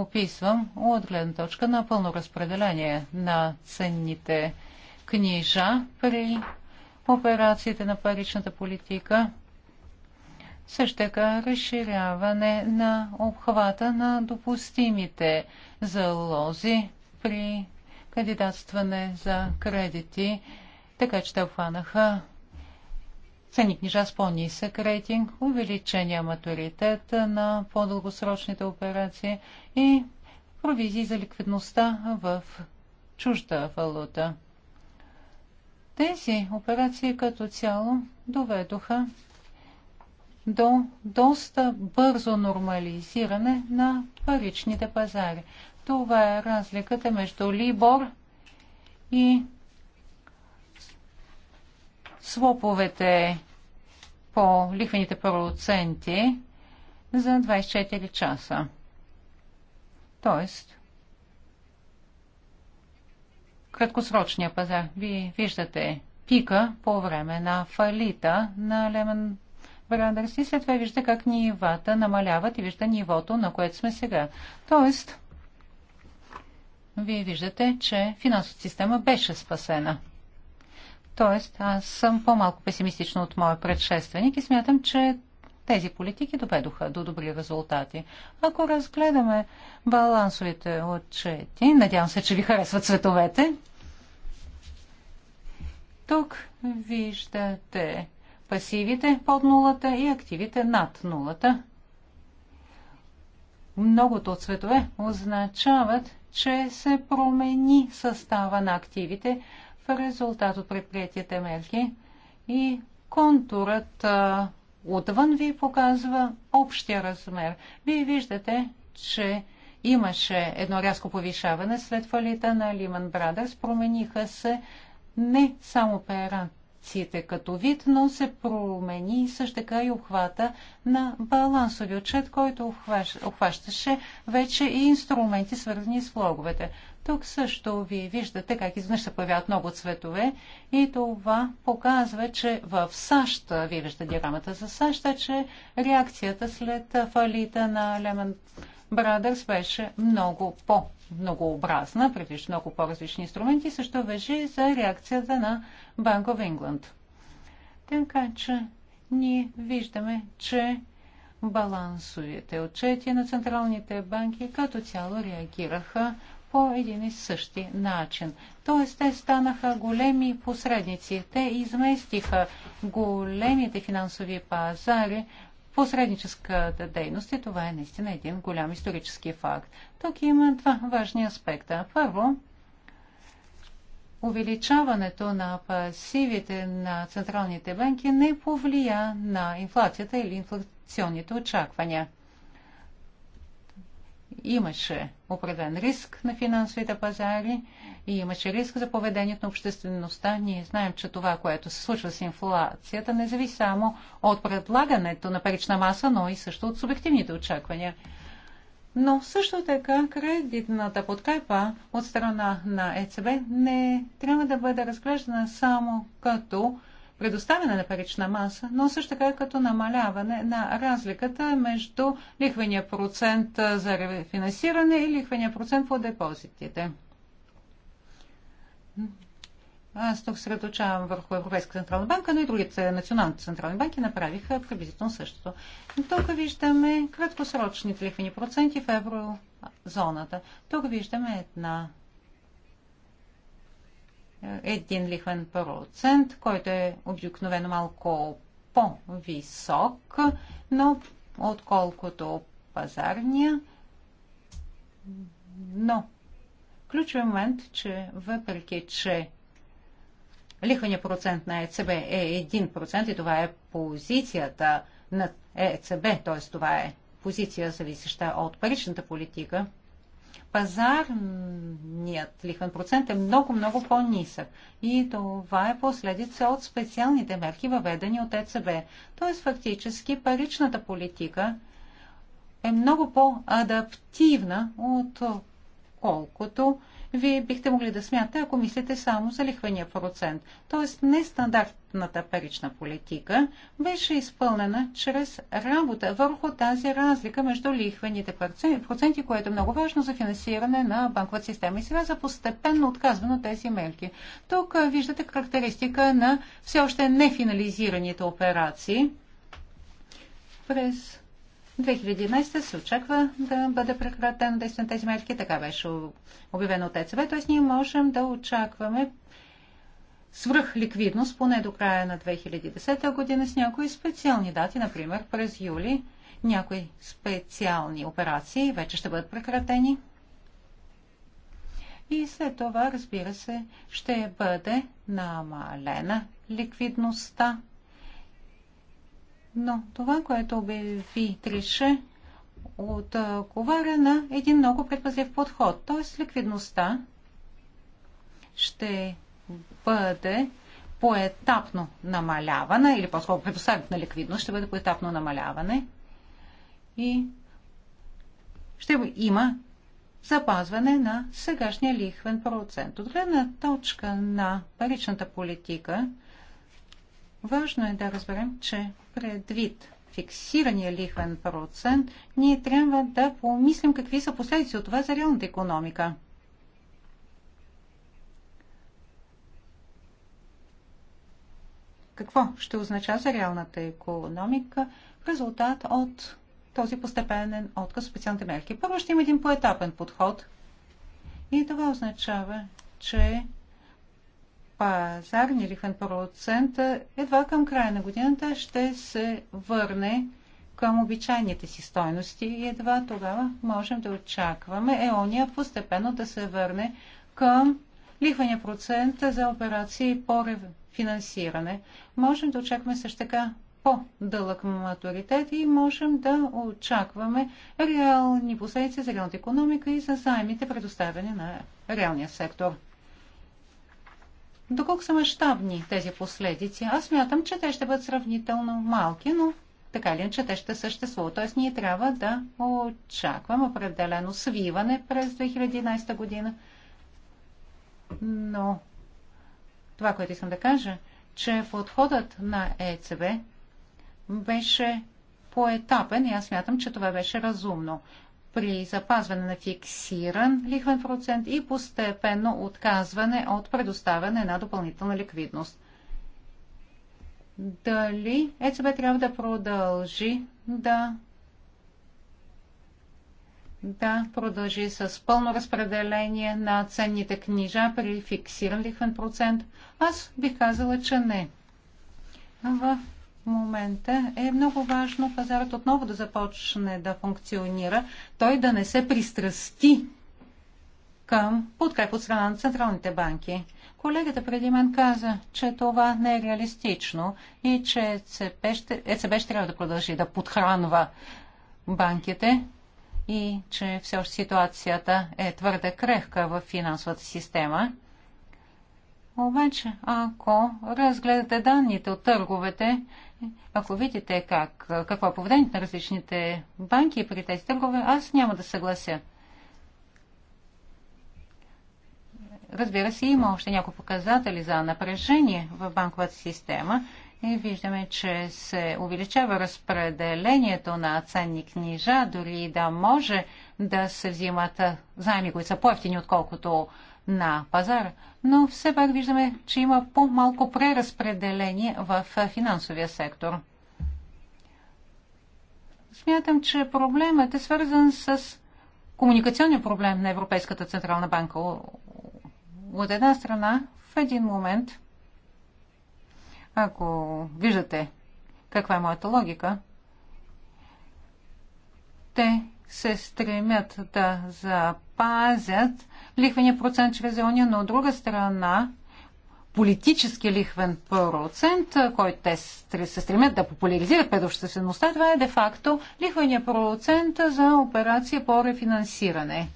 Speaker 3: описвам от гледна точка на пълно разпределение на ценните книжа при операциите на паричната политика. Също така разширяване на обхвата на допустимите залози при кандидатстване за кредити, така че те обхванаха ценни книжа с по-нисък рейтинг, увеличение матуритета на по-дългосрочните операции и провизии за ликвидността в чужда валута. Тези операции като цяло доведоха до доста бързо нормализиране на паричните пазари. Това е разликата между Либор и слоповете по лихвените проценти за 24 часа. Тоест, краткосрочния пазар. Вие виждате пика по време на фалита на Лемен Брандърс и след това виждате как нивата намаляват и вижда нивото, на което сме сега. Тоест, вие виждате, че финансовата система беше спасена. Тоест, аз съм по-малко песимистична от моя предшественик и смятам, че тези политики доведоха до добри резултати. Ако разгледаме балансовите отчети, надявам се, че ви харесват цветовете. Тук виждате пасивите под нулата и активите над нулата. Многото от цветове означават, че се промени състава на активите, в резултат от предприятията мерки и контурът а, отвън ви показва общия размер. Вие виждате, че имаше едно рязко повишаване след фалита на Lehman Brothers. Промениха се не само пера, функциите като вид, но се промени също така и обхвата на балансови отчет, който обхващаше вече и инструменти, свързани с влоговете. Тук също ви виждате как изведнъж се появяват много цветове и това показва, че в САЩ, ви виждате диаграмата за САЩ, че реакцията след фалита на Lehman Brothers беше много по-многообразна, предвиж много по-различни инструменти, също въжи за реакцията на Bank of England. Така че ние виждаме, че балансовите отчети на централните банки като цяло реагираха по един и същи начин. Тоест, те станаха големи посредници. Те изместиха големите финансови пазари посредническата дейност и това е наистина един голям исторически факт. Тук има два важни аспекта. Първо, увеличаването на пасивите на централните банки не повлия на инфлацията или инфлационните очаквания – имаше определен риск на финансовите пазари и имаше риск за поведението на обществеността. Ние знаем, че това, което се случва с инфлацията, не зависи само от предлагането на парична маса, но и също от субективните очаквания. Но също така кредитната подкрепа от страна на ЕЦБ не трябва да бъде разглеждана само като предоставяне на парична маса, но също така като намаляване на разликата между лихвения процент за рефинансиране и лихвения процент по депозитите. Аз тук средочавам върху Европейска централна банка, но и другите национални централни банки направиха приблизително същото. Тук виждаме краткосрочните лихвени проценти в еврозоната. Тук виждаме една един лихвен процент, който е обикновено малко по-висок, но отколкото пазарния. Но ключов момент, че въпреки, че лихвения процент на ЕЦБ е 1% и това е позицията на ЕЦБ, т.е. това е позиция зависеща от паричната политика, пазарният лихвен процент е много-много по-нисък. И това е последица от специалните мерки, въведени от ЕЦБ. Тоест, фактически, паричната политика е много по-адаптивна от колкото вие бихте могли да смятате, ако мислите само за лихвения процент. Тоест нестандартната парична политика беше изпълнена чрез работа върху тази разлика между лихвените проценти, което е много важно за финансиране на банковата система. И сега за постепенно отказване от тези мерки. Тук виждате характеристика на все още нефинализираните операции през 2011 се очаква да бъде прекратено действие на тези мерки. Така беше обявено от ЕЦБ. Тоест ние можем да очакваме свръхликвидност поне до края на 2010 година с някои специални дати, например през юли някои специални операции вече ще бъдат прекратени. И след това, разбира се, ще бъде намалена ликвидността но това, което обяви Трише, ковара на един много предпазлив подход, т.е. ликвидността ще бъде поетапно намалявана, или по-скоро предоставянето на ликвидност ще бъде поетапно намаляване и ще има запазване на сегашния лихвен процент. От гледна точка на паричната политика, Важно е да разберем, че предвид фиксирания лихвен процент, ние трябва да помислим какви са последици от това за реалната економика. Какво ще означава за реалната економика в резултат от този постепенен отказ в специалните мерки? Първо ще има един поетапен подход и това означава, че пазарния лихвен процент едва към края на годината ще се върне към обичайните си стойности и едва тогава можем да очакваме еония постепенно да се върне към лихвения процент за операции по финансиране. Можем да очакваме също така по-дълъг матуритет и можем да очакваме реални последици за реалната економика и за заемите предоставяне на реалния сектор. Доколко са мащабни тези последици? Аз мятам, че те ще бъдат сравнително малки, но така ли, че те ще съществуват. Тоест ние трябва да очакваме определено свиване през 2011 година. Но това, което искам да кажа, че подходът на ЕЦБ беше поетапен и аз мятам, че това беше разумно при запазване на фиксиран лихвен процент и постепенно отказване от предоставяне на допълнителна ликвидност. Дали ЕЦБ трябва да продължи да да продължи с пълно разпределение на ценните книжа при фиксиран лихвен процент? Аз бих казала, че не. В момента е много важно пазарът отново да започне да функционира, той да не се пристрасти към подкреп от страна на централните банки. Колегата преди мен каза, че това не е реалистично и че ЕЦБ ще, ЕЦБ ще трябва да продължи да подхранва банките и че все още ситуацията е твърде крехка в финансовата система. Обаче, ако разгледате данните от търговете, ако видите как, какво е поведението на различните банки при тези търгове, аз няма да съглася. Разбира се, има още някои показатели за напрежение в банковата система и виждаме, че се увеличава разпределението на ценни книжа, дори да може да се взимат заеми, които са по-ефтини, отколкото на пазара, но все пак виждаме, че има по-малко преразпределение в финансовия сектор. Смятам, че проблемът е свързан с комуникационния проблем на Европейската Централна банка. От една страна, в един момент, ако виждате каква е моята логика, те се стремят да за Пазят лихвения процент чрез ония, но от друга страна политически лихвен процент, който те се стремят да популяризират пред обществеността, това е де-факто лихвения процент за операция по рефинансиране.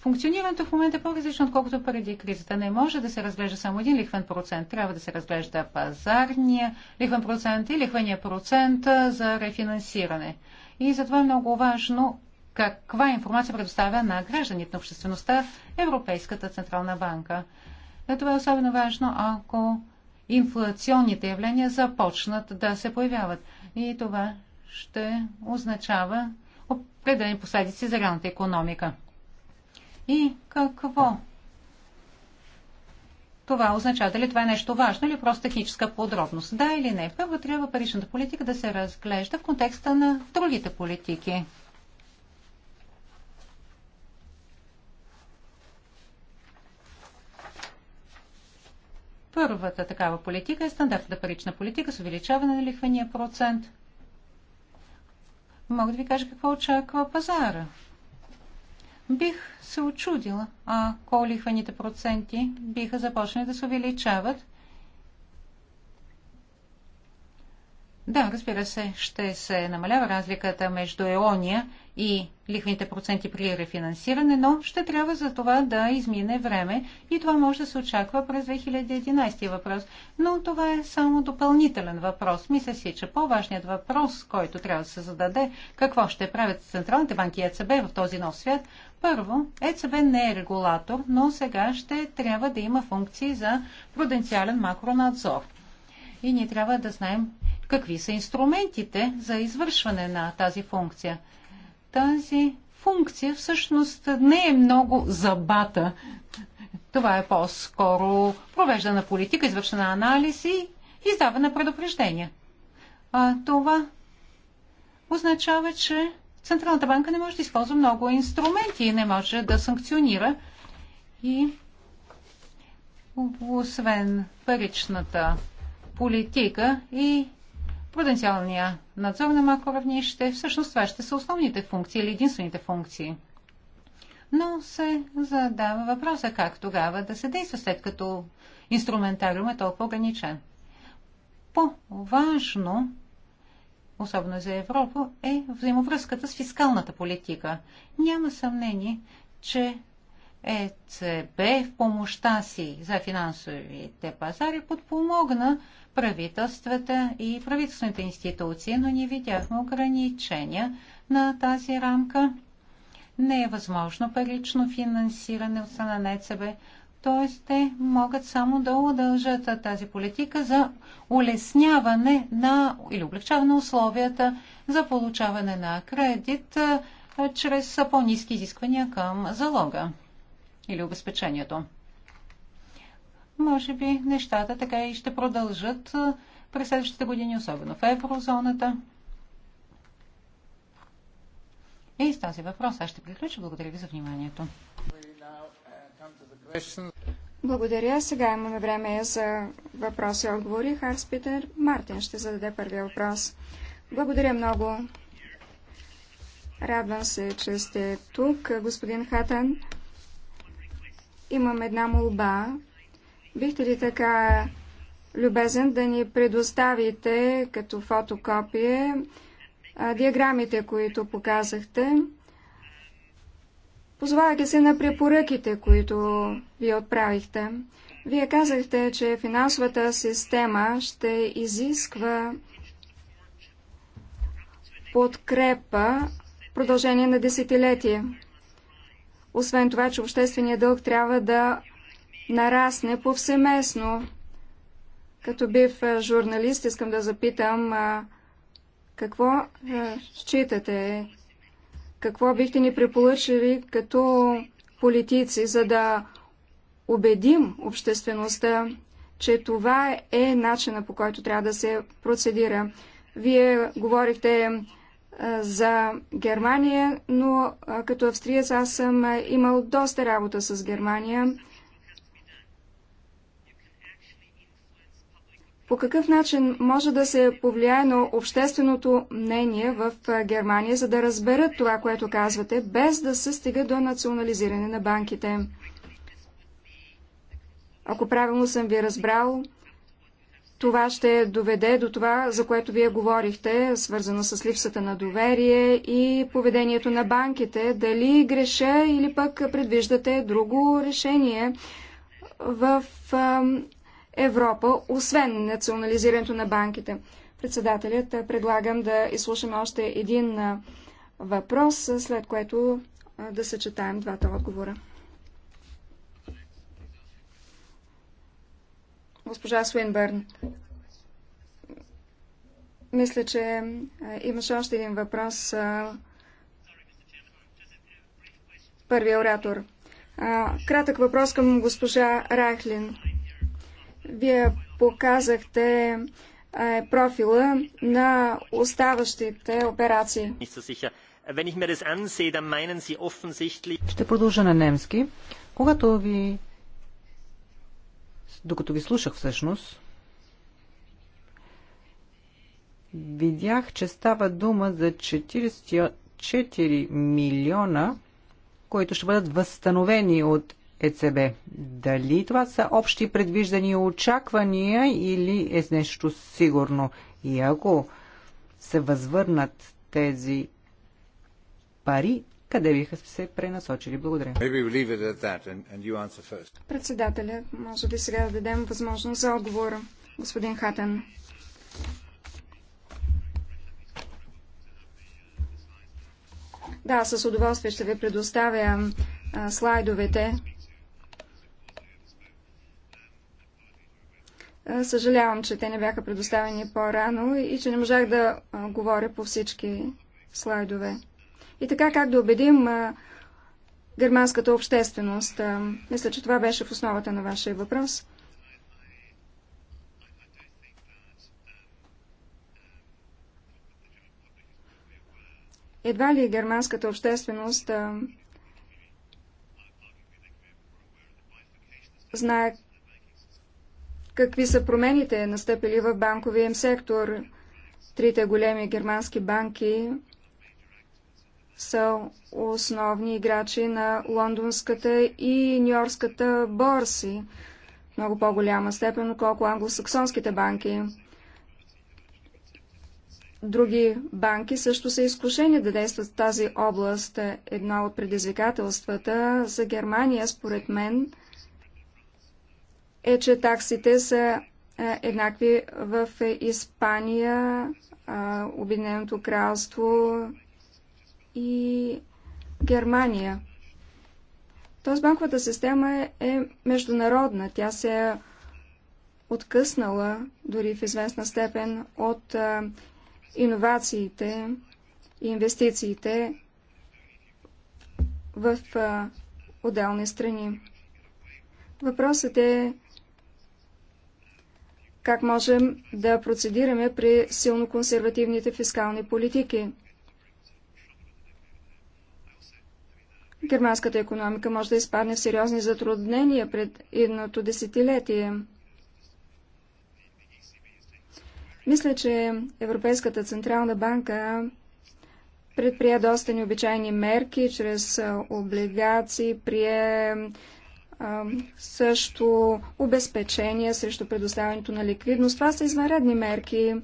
Speaker 3: Функционирането в момента е по-различно, отколкото преди кризата. Не може да се разглежда само един лихвен процент. Трябва да се разглежда пазарния лихвен процент и лихвения процент за рефинансиране. И затова е много важно каква информация предоставя на гражданите на обществеността Европейската Централна банка. Е, това е особено важно, ако инфлационните явления започнат да се появяват. И това ще означава определени последици за реалната економика. И какво? Това означава дали това е нещо важно или просто техническа подробност. Да или не? Първо трябва паричната политика да се разглежда в контекста на другите политики. Първата такава политика е стандартната парична политика с увеличаване на лихвения процент. Мога да ви кажа какво очаква пазара. Бих се очудила, ако лихвените проценти биха започнали да се увеличават Да, разбира се, ще се намалява разликата между еония и лихвените проценти при рефинансиране, но ще трябва за това да измине време и това може да се очаква през 2011 въпрос. Но това е само допълнителен въпрос. Мисля си, че по-важният въпрос, който трябва да се зададе, какво ще правят централните банки и ЕЦБ в този нов свят, първо, ЕЦБ не е регулатор, но сега ще трябва да има функции за пруденциален макронадзор. И ние трябва да знаем какви са инструментите за извършване на тази функция. Тази функция всъщност не е много забата. Това е по-скоро провеждана политика, извършена анализ и издавана на предупреждения. А това означава, че Централната банка не може да използва много инструменти и не може да санкционира. И освен паричната политика и пруденциалния надзор на макроравнище, всъщност това ще са основните функции или единствените функции. Но се задава въпроса как тогава да се действа, след като инструментариум е толкова ограничен. По-важно, особено за Европа, е взаимовръзката с фискалната политика. Няма съмнение, че ЕЦБ в помощта си за финансовите пазари подпомогна правителствата и правителствените институции, но ние видяхме ограничения на тази рамка. Не е възможно парично финансиране от страна на ЕЦБ, т.е. те могат само да удължат тази политика за улесняване на или облегчаване условията за получаване на кредит чрез по-низки изисквания към залога или обезпечението може би нещата така и ще продължат през следващите години, особено в еврозоната. И с този въпрос аз ще приключа. Благодаря ви за вниманието.
Speaker 1: Благодаря. Сега имаме време за въпроси и отговори. Харс Питер Мартин ще зададе първия въпрос. Благодаря много. Радвам се, че сте тук, господин Хатан. Имам една молба Бихте ли така любезен да ни предоставите като фотокопие диаграмите, които показахте, позовавайки се на препоръките, които ви отправихте. Вие казахте, че финансовата система ще изисква подкрепа в продължение на десетилетие. Освен това, че общественият дълг трябва да нарасне повсеместно. Като бив журналист, искам да запитам а, какво а, считате, какво бихте ни препоръчали като политици, за да убедим обществеността, че това е начина по който трябва да се процедира. Вие говорихте за Германия, но като австриец аз съм имал доста работа с Германия. По какъв начин може да се повлияе на общественото мнение в Германия, за да разберат това, което казвате, без да се стига до национализиране на банките? Ако правилно съм ви разбрал, това ще доведе до това, за което вие говорихте, свързано с липсата на доверие и поведението на банките. Дали греша или пък предвиждате друго решение в Европа, освен национализирането на банките. Председателят, предлагам да изслушаме още един въпрос, след което да съчетаем двата отговора. Госпожа Суинбърн, мисля, че имаше още един въпрос. Първият оратор. Кратък въпрос към госпожа Райхлин. Вие показахте е, профила на оставащите
Speaker 4: операции.
Speaker 1: Ще продължа
Speaker 2: на немски. Когато ви... Докато ви слушах всъщност, видях, че става дума за 44 милиона, които ще бъдат възстановени от ЕЦБ. Дали това са общи предвиждани очаквания или е нещо сигурно? И ако се възвърнат тези пари, къде биха се пренасочили? Благодаря.
Speaker 1: Председателя, може би сега да дадем възможност за отговора. Господин Хатен. Да, с удоволствие ще ви предоставя слайдовете Е, съжалявам, че те не бяха предоставени по-рано и че не можах да говоря по всички слайдове. И така как да убедим германската общественост? Мисля, че това беше в основата на вашия въпрос. Едва ли германската общественост знае Какви са промените настъпили в банковия им сектор? Трите големи германски банки са основни играчи на лондонската и нью-йоркската борси, много по-голяма степен, отколко англосаксонските банки. Други банки също са изкушени да действат в тази област. Едно от предизвикателствата за Германия, според мен, е, че таксите са е, еднакви в Испания, Обединеното кралство и Германия. Тоест банковата система е международна. Тя се е откъснала дори в известна степен от иновациите и инвестициите в отделни страни. Въпросът е как можем да процедираме при силно консервативните фискални политики. Германската економика може да изпадне в сериозни затруднения пред едното десетилетие. Мисля, че Европейската Централна банка предприе доста необичайни мерки чрез облигации, прие също обезпечения срещу предоставянето на ликвидност. Това са извънредни мерки.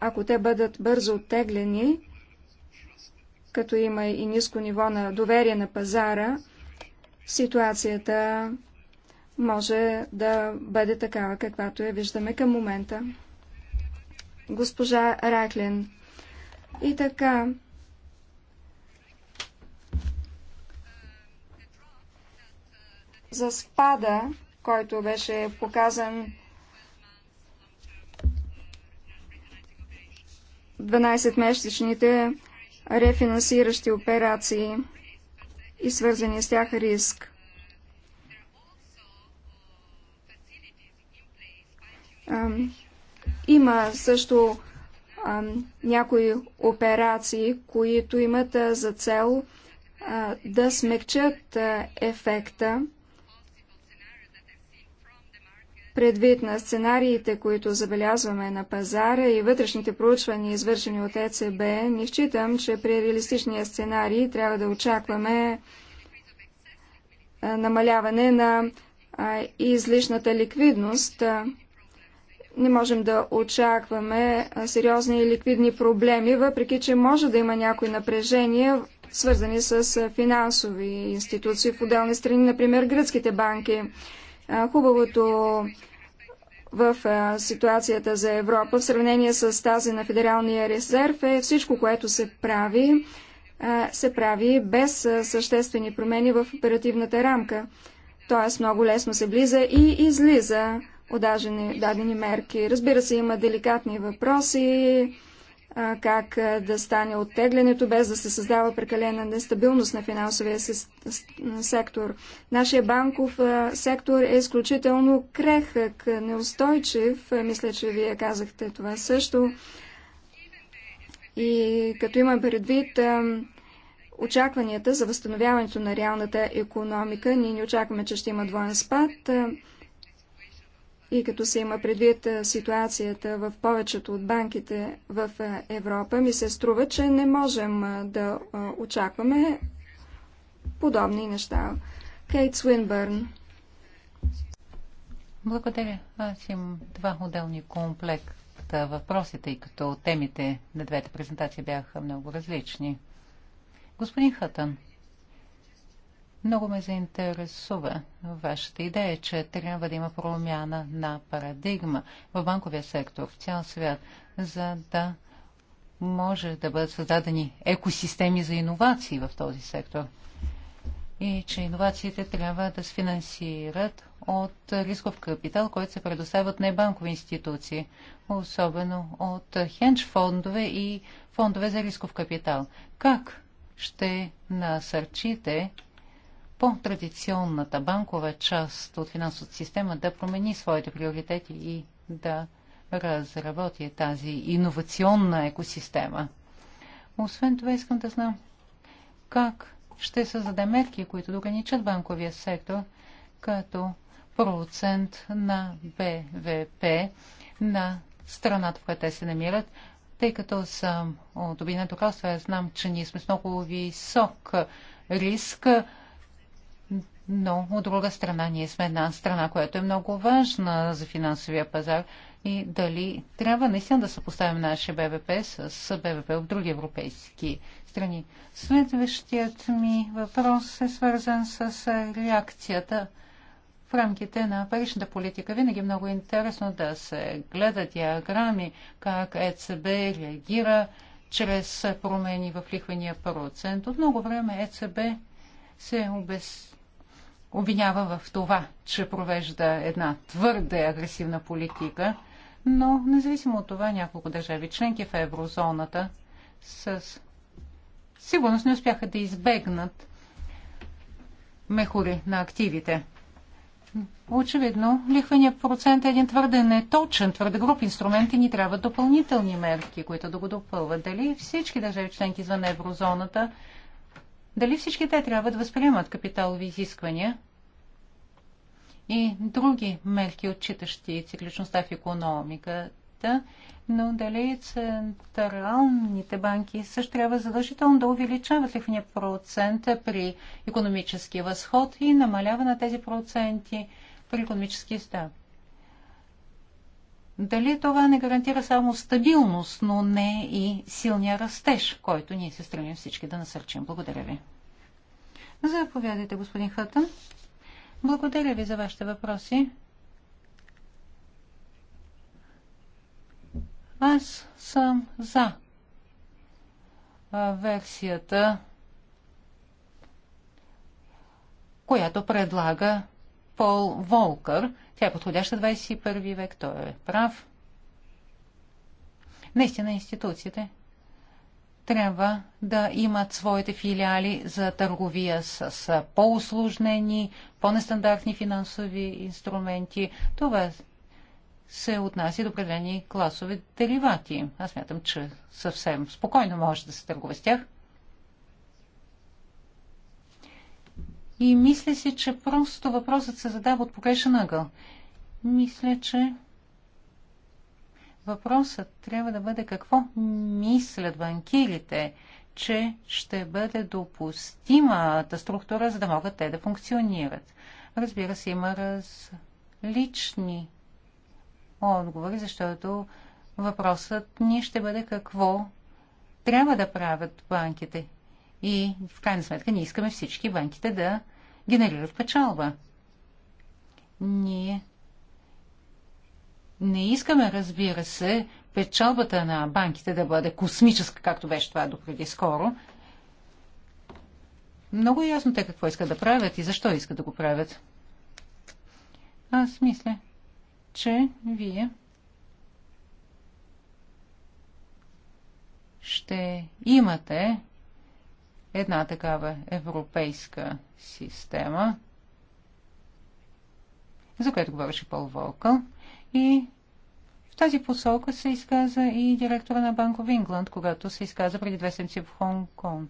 Speaker 1: Ако те бъдат бързо оттеглени, като има и ниско ниво на доверие на пазара, ситуацията може да бъде такава, каквато я виждаме към момента. Госпожа Раклин. И така, за спада, който беше показан 12-месечните рефинансиращи операции и свързани с тях риск. Има също някои операции, които имат за цел да смекчат ефекта Предвид на сценариите, които забелязваме на пазара и вътрешните проучвания, извършени от ЕЦБ, не считам, че при реалистичния сценарий трябва да очакваме намаляване на излишната ликвидност. Не можем да очакваме сериозни ликвидни проблеми, въпреки че може да има някои напрежения, свързани с финансови институции в отделни страни, например гръцките банки. Хубавото в ситуацията за Европа в сравнение с тази на Федералния резерв е всичко, което се прави, се прави без съществени промени в оперативната рамка. Тоест много лесно се влиза и излиза от дадени мерки. Разбира се, има деликатни въпроси, как да стане оттеглянето, без да се създава прекалена нестабилност на финансовия сектор. Нашия банков сектор е изключително крехък, неустойчив. Мисля, че вие казахте това също. И като имам предвид очакванията за възстановяването на реалната економика, ние не очакваме, че ще има двоен спад. И като се има предвид ситуацията в повечето от банките в Европа, ми се струва, че не можем да очакваме подобни неща. Кейт Свинбърн. Благодаря.
Speaker 3: Аз имам два отделни комплекта въпросите, и като темите на двете презентации бяха много различни. Господин Хътън, много ме заинтересува вашата идея, че трябва да има промяна на парадигма в банковия сектор в цял свят, за да може да бъдат създадени екосистеми за иновации в този сектор. И че иновациите трябва да се финансират от рисков капитал, който се предоставят от небанкови институции, особено от хендж фондове и фондове за рисков капитал. Как ще насърчите по-традиционната банкова част от финансовата система да промени своите приоритети и да разработи тази иновационна екосистема. Освен това искам да знам как ще създаде мерки, които да ограничат банковия сектор като процент на БВП на страната, в която те се намират, тъй като съм от Обединеното кралство, знам, че ние сме с много висок риск но от друга страна ние сме една страна, която е много важна за финансовия пазар и дали трябва наистина да съпоставим нашия БВП с БВП от други европейски страни. Следващият ми въпрос е свързан с реакцията в рамките на паричната политика. Винаги е много е интересно да се гледат диаграми, как ЕЦБ реагира чрез промени в лихвения процент. От много време ЕЦБ се обяснява обвинява в това, че провежда една твърде агресивна политика, но независимо от това няколко държави членки в еврозоната с сигурност не успяха да избегнат мехури на активите. Очевидно, лихвеният процент е един твърде неточен, твърде груп инструмент и ни трябва допълнителни мерки, които да го допълват. Дали всички държави членки извън еврозоната дали всички те трябва да възприемат капиталови изисквания и други мерки, отчитащи цикличността в економиката, но дали централните банки също трябва задължително да увеличават лихвения процент при економически възход и намалява на тези проценти при економически стъп. Дали това не гарантира само стабилност, но не и силния растеж, който ние се стремим всички да насърчим? Благодаря ви. Заповядайте, господин Хътън. Благодаря ви за вашите въпроси. Аз съм за версията, която предлага Пол Волкър – тя е подходяща 21 век, той е прав. Наистина институциите трябва да имат своите филиали за търговия с, по услужнени по-нестандартни финансови инструменти. Това се отнася до определени класови деривати. Аз мятам, че съвсем спокойно може да се търгува с тях. И мисля си, че просто въпросът се задава от погрешен ъгъл. Мисля, че въпросът трябва да бъде какво мислят банкирите, че ще бъде допустимата структура, за да могат те да функционират. Разбира се, има различни отговори, защото въпросът ни ще бъде какво трябва да правят банките. И в крайна сметка ние искаме всички банките да генерира в печалба. Ние не искаме, разбира се, печалбата на банките да бъде космическа, както беше това допреди скоро. Много е ясно те какво искат да правят и защо искат да го правят. Аз мисля, че вие ще имате една такава европейска система, за която говореше Пол Волкъл. И в тази посока се изказа и директора на Банк в Ингланд, когато се изказа преди две седмици в Хонг-Конг.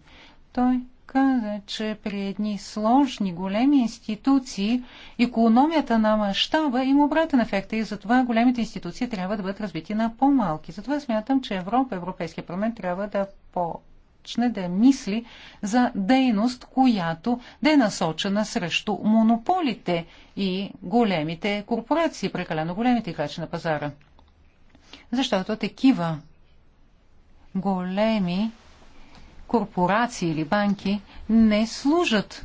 Speaker 3: Той каза, че при едни сложни, големи институции, економията на мащаба има обратен ефект и затова големите институции трябва да бъдат разбити на по-малки. Затова смятам, че Европа, Европейския парламент трябва да по започне да мисли за дейност, която да е насочена срещу монополите и големите корпорации, прекалено големите играчи на пазара. Защото такива големи корпорации или банки не служат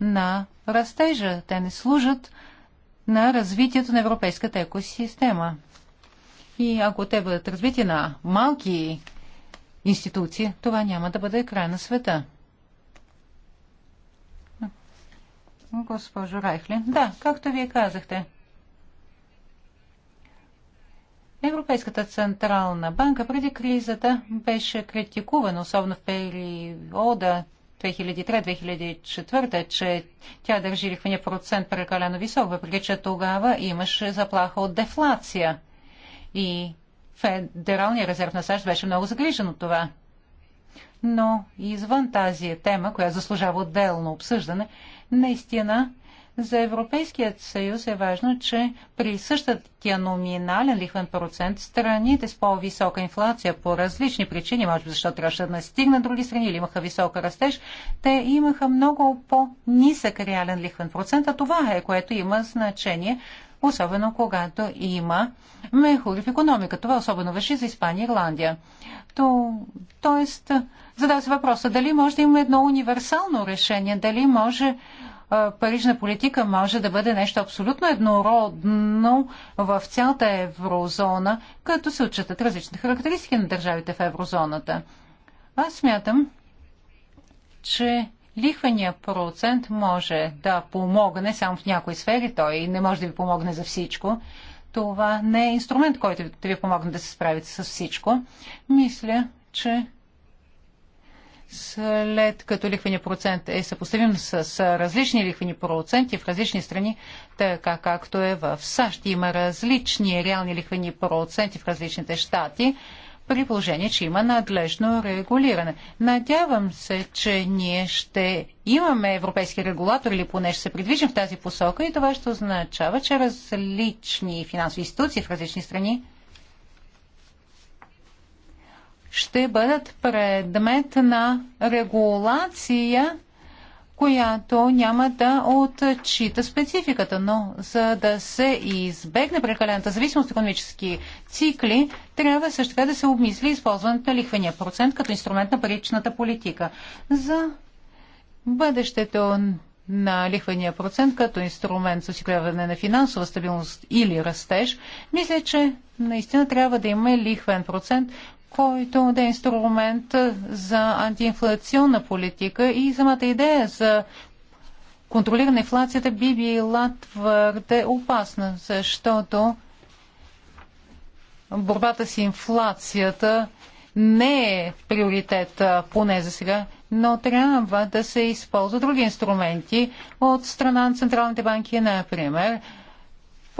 Speaker 3: на растежа, те не служат на развитието на европейската екосистема. И ако те бъдат развити на малки институции, това няма да бъде край на света. Госпожо Райхли, да, както вие казахте. Европейската централна банка преди кризата беше критикувана, особено в периода 2003-2004, че тя държи лихвения процент прекалено висок, въпреки че тогава имаше заплаха от дефлация. И Федералния резерв на САЩ беше много загрижен от това. Но извън тази тема, която заслужава отделно обсъждане, наистина за Европейският съюз е важно, че при същата номинален лихвен процент страните с по-висока инфлация по различни причини, може би защото трябваше да настигнат други страни или имаха висока растеж, те имаха много по-нисък реален лихвен процент, а това е което има значение особено когато има мехури в економика. Това особено върши за Испания и Ирландия. То, тоест, задава се въпроса, дали може да има едно универсално решение, дали може парижна политика може да бъде нещо абсолютно еднородно в цялата еврозона, като се отчитат различни характеристики на държавите в еврозоната. Аз смятам, че лихвения процент може да помогне само в някои сфери, той не може да ви помогне за всичко. Това не е инструмент, който да ви помогне да се справите с всичко. Мисля, че след като лихвения процент е съпоставим с, с различни лихвени проценти в различни страни, така както е в САЩ, има различни реални лихвени проценти в различните щати, при положение, че има надлежно регулиране. Надявам се, че ние ще имаме европейски регулатор или поне ще се придвижим в тази посока и това ще означава, че различни финансови институции в различни страни ще бъдат предмет на регулация която няма да отчита спецификата, но за да се избегне прекалената зависимост от економически цикли, трябва също така да се обмисли използването на лихвения процент като инструмент на паричната политика. За бъдещето на лихвения процент като инструмент за осигуряване на финансова стабилност или растеж, мисля, че наистина трябва да има лихвен процент, който да е инструмент за антиинфлационна политика и самата идея за контролиране на инфлацията би била твърде опасна, защото борбата с инфлацията не е приоритет поне за сега, но трябва да се използват други инструменти от страна на централните банки, например,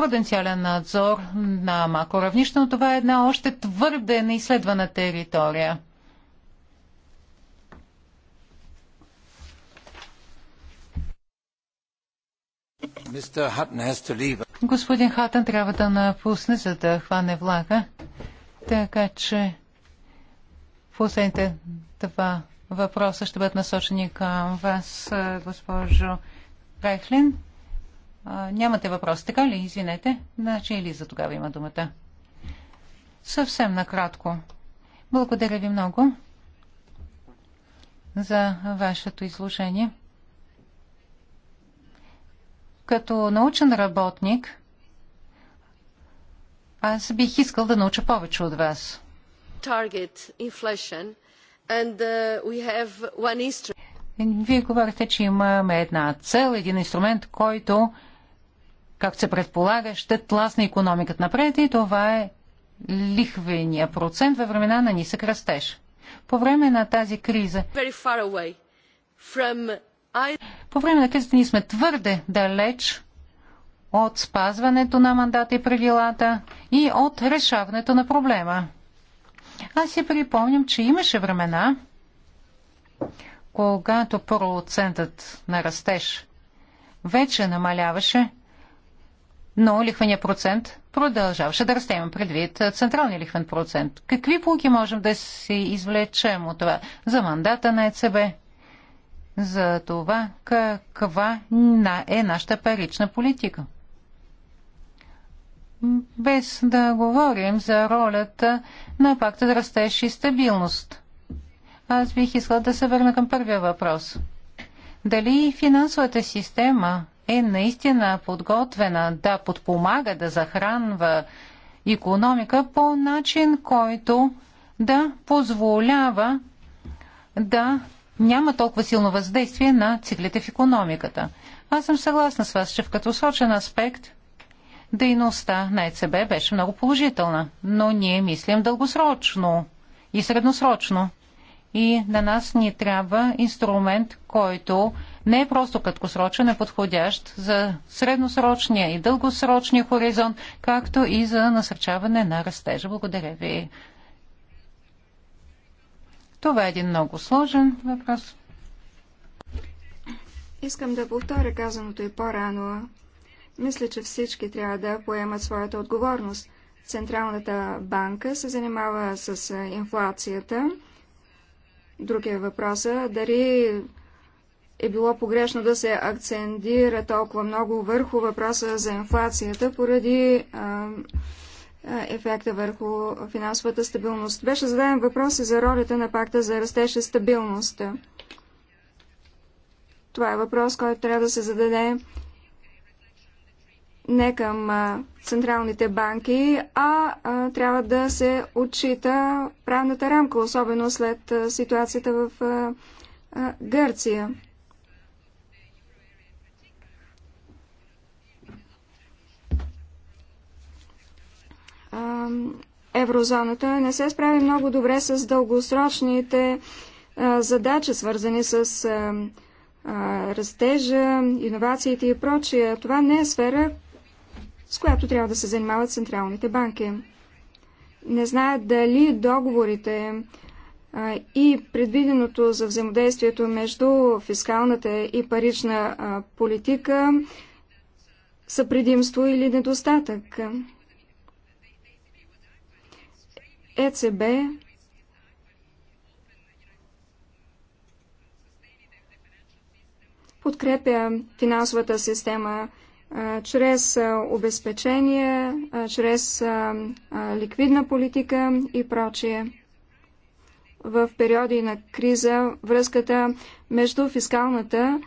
Speaker 3: пруденциален надзор на макоравнище, но това е една още твърде неизследвана територия. Господин Хатън трябва да напусне, за да хване влага. Така че последните два въпроса ще бъдат насочени към вас, госпожо Рехлин. А, нямате въпрос, така ли? Извинете. Значи Елиза тогава има думата. Съвсем накратко. Благодаря ви много за вашето изложение. Като научен работник, аз бих искал да науча повече от вас.
Speaker 5: Uh,
Speaker 3: Вие говорите, че имаме една цел, един инструмент, който както се предполага, ще тласне економиката напред и това е лихвения процент във времена на нисък растеж. По време на тази криза по време на кризата ние сме твърде далеч от спазването на мандата и правилата и от решаването на проблема. Аз си припомням, че имаше времена, когато процентът на растеж вече намаляваше но лихвения процент продължаваше да расте, имам предвид централния лихвен процент. Какви полки можем да си извлечем от това за мандата на ЕЦБ? За това каква е нашата парична политика? Без да говорим за ролята на пакта за растеж и стабилност. Аз бих искала да се върна към първия въпрос. Дали финансовата система е наистина подготвена да подпомага, да захранва економика по начин, който да позволява да няма толкова силно въздействие на циклите в економиката. Аз съм съгласна с вас, че в краткосрочен аспект дейността на ЕЦБ беше много положителна, но ние мислим дългосрочно и средносрочно. И на нас ни трябва инструмент, който не е просто краткосрочен, е подходящ за средносрочния и дългосрочния хоризонт, както и за насърчаване на растежа. Благодаря ви. Това е един много сложен въпрос.
Speaker 1: Искам да повторя казаното и по-рано. Мисля, че всички трябва да поемат своята отговорност. Централната банка се занимава с инфлацията. Другия въпрос е дали е било погрешно да се акцентира толкова много върху въпроса за инфлацията поради а, ефекта върху финансовата стабилност. Беше зададен въпрос и за ролята на пакта за растеж и стабилност. Това е въпрос, който трябва да се зададе не към централните банки, а, а трябва да се отчита правната рамка, особено след ситуацията в а, а, Гърция. еврозоната не се справи много добре с дългосрочните задачи, свързани с растежа, иновациите и прочие. Това не е сфера, с която трябва да се занимават централните банки. Не знаят дали договорите и предвиденото за взаимодействието между фискалната и парична политика са предимство или недостатък. ЕЦБ подкрепя финансовата система чрез обезпечение, чрез ликвидна политика и прочие. В периоди на криза връзката между фискалната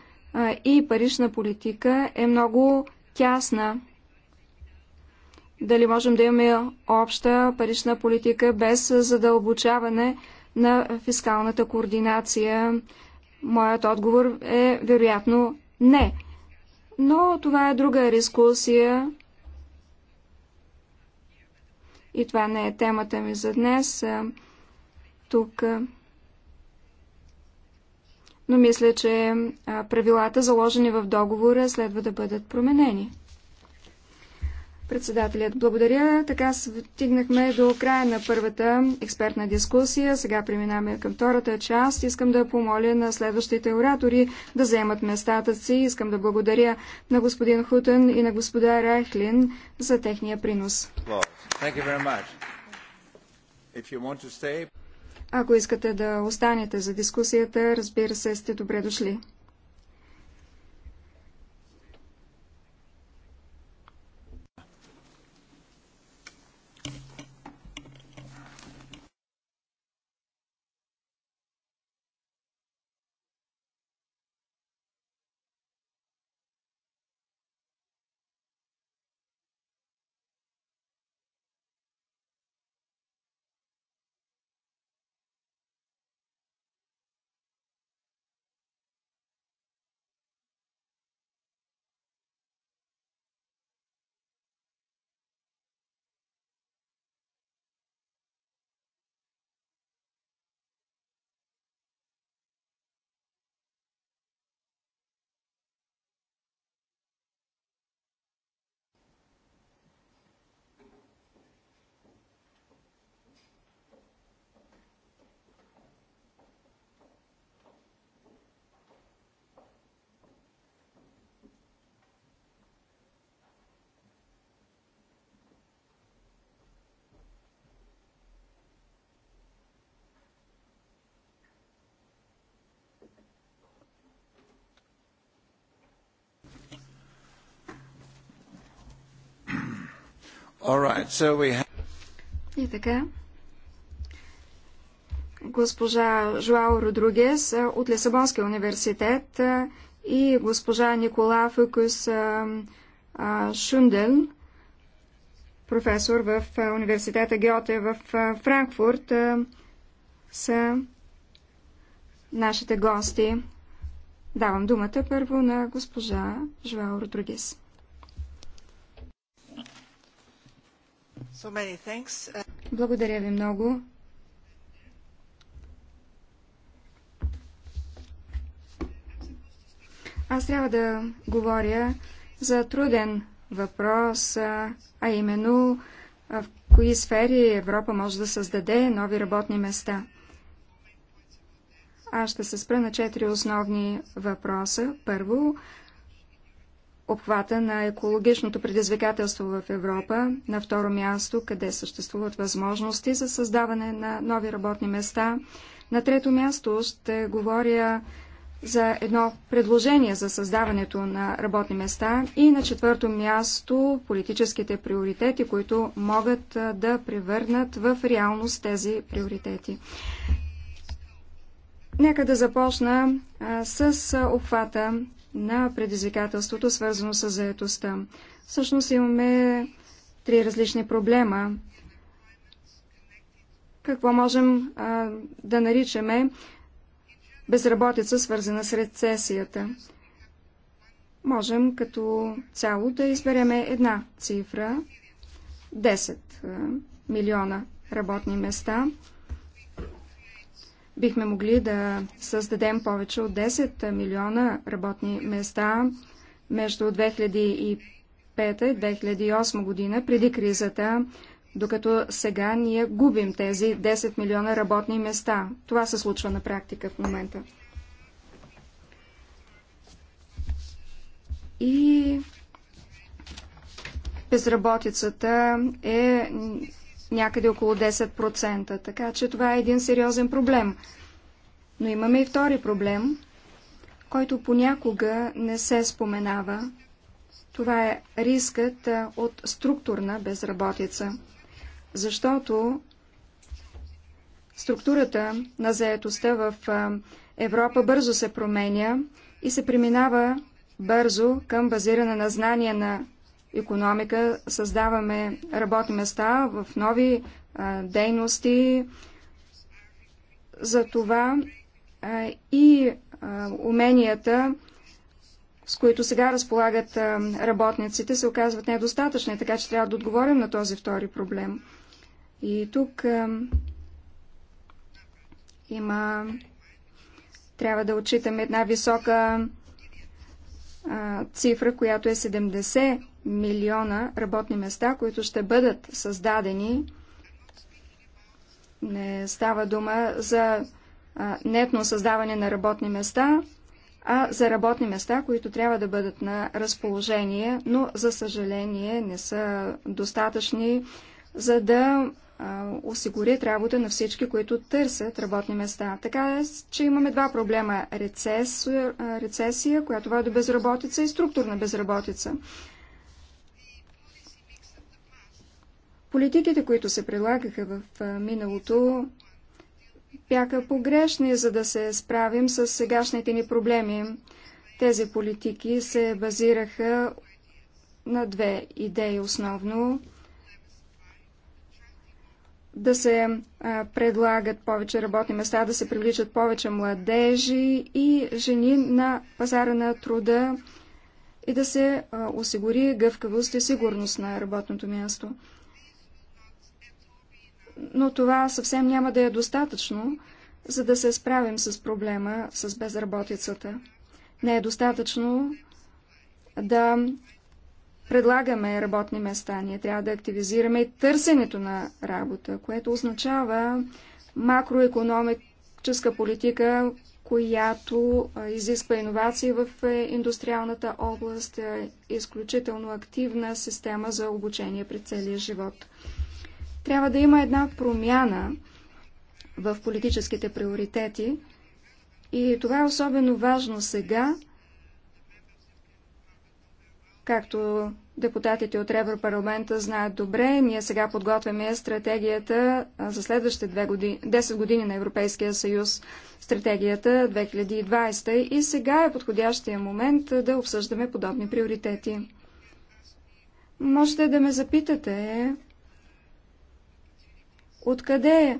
Speaker 1: и парична политика е много тясна дали можем да имаме обща парична политика без задълбочаване на фискалната координация. Моят отговор е вероятно не. Но това е друга дискусия. И това не е темата ми за днес. Тук. Но мисля, че правилата, заложени в договора, следва да бъдат променени. Председателят, благодаря. Така стигнахме до края на първата експертна дискусия. Сега преминаваме към втората част. Искам да помоля на следващите оратори да вземат местата си. Искам да благодаря на господин Хутен и на господа Райхлин за техния принос. Ако искате да останете за дискусията, разбира се, сте добре дошли. И така. Госпожа Жуао Родругес от Лисабонския университет и госпожа Никола Фукус Шунден, професор в университета Геоте в Франкфурт, са нашите гости. Давам думата първо на госпожа Жуао Родругес. Благодаря ви много. Аз трябва да говоря за труден въпрос, а именно в кои сфери Европа може да създаде нови работни места. Аз ще се спра на четири основни въпроса. Първо, обхвата на екологичното предизвикателство в Европа, на второ място, къде съществуват възможности за създаване на нови работни места. На трето място ще говоря за едно предложение за създаването на работни места и на четвърто място политическите приоритети, които могат да превърнат в реалност тези приоритети. Нека да започна а, с обхвата на предизвикателството, свързано с заетостта. Всъщност имаме три различни проблема. Какво можем а, да наричаме безработица, свързана с рецесията? Можем като цяло да избереме една цифра 10 милиона работни места бихме могли да създадем повече от 10 милиона работни места между 2005 и 2008 година, преди кризата, докато сега ние губим тези 10 милиона работни места. Това се случва на практика в момента. И безработицата е някъде около 10%. Така че това е един сериозен проблем. Но имаме и втори проблем, който понякога не се споменава. Това е рискът от структурна безработица. Защото структурата на заетостта в Европа бързо се променя и се преминава бързо към базиране на знания на економика, създаваме работни места в нови а, дейности. За това а, и а, уменията, с които сега разполагат а, работниците, се оказват недостатъчни, така че трябва да отговорим на този втори проблем. И тук а, има. Трябва да отчитаме една висока цифра, която е 70 милиона работни места, които ще бъдат създадени. Не става дума за нетно създаване на работни места, а за работни места, които трябва да бъдат на разположение, но за съжаление не са достатъчни, за да осигурят работа на всички, които търсят работни места. Така е, че имаме два проблема. Рецес, рецесия, която води до безработица и структурна безработица. Политиките, които се прилагаха в миналото, бяха погрешни, за да се справим с сегашните ни проблеми. Тези политики се базираха на две идеи основно. Да се предлагат повече работни места, да се привличат повече младежи и жени на пазара на труда и да се осигури гъвкавост и сигурност на работното място но това съвсем няма да е достатъчно, за да се справим с проблема с безработицата. Не е достатъчно да предлагаме работни места, ние трябва да активизираме и търсенето на работа, което означава макроекономическа политика, която изисква иновации в е, индустриалната област, е, изключително активна система за обучение при целия живот. Трябва да има една промяна в политическите приоритети и това е особено важно сега, както депутатите от Европарламента знаят добре, ние сега подготвяме стратегията за следващите години, 10 години на Европейския съюз, стратегията 2020 и сега е подходящия момент да обсъждаме подобни приоритети. Можете да ме запитате Откъде е,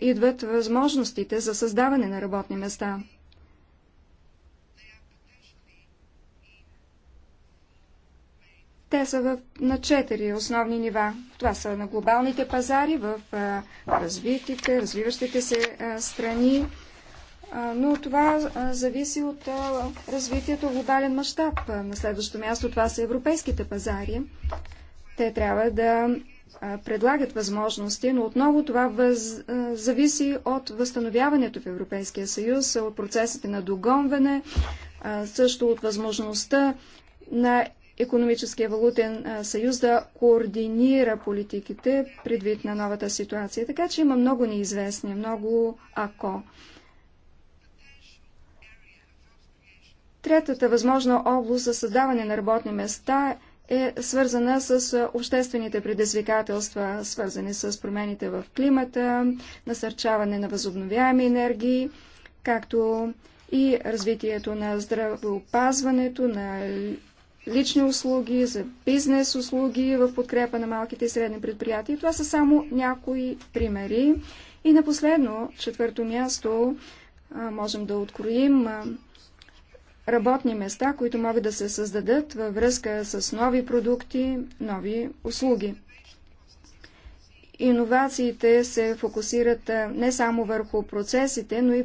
Speaker 1: идват възможностите за създаване на работни места? Те са в, на четири основни нива. Това са на глобалните пазари, в а, развитите, развиващите се а, страни, а, но това а, зависи от а, развитието в глобален мащаб. На следващо място това са европейските пазари. Те трябва да предлагат възможности, но отново това въз, зависи от възстановяването в Европейския съюз, от процесите на догонване, също от възможността на економическия валутен съюз да координира политиките предвид на новата ситуация. Така че има много неизвестни, много ако. Третата възможна област за създаване на работни места е е свързана с обществените предизвикателства, свързани с промените в климата, насърчаване на възобновяеми енергии, както и развитието на здравеопазването, на лични услуги, за бизнес услуги в подкрепа на малките и средни предприятия. Това са само някои примери. И на последно, четвърто място, можем да откроим работни места, които могат да се създадат във връзка с нови продукти, нови услуги. Иновациите се фокусират не само върху процесите, но и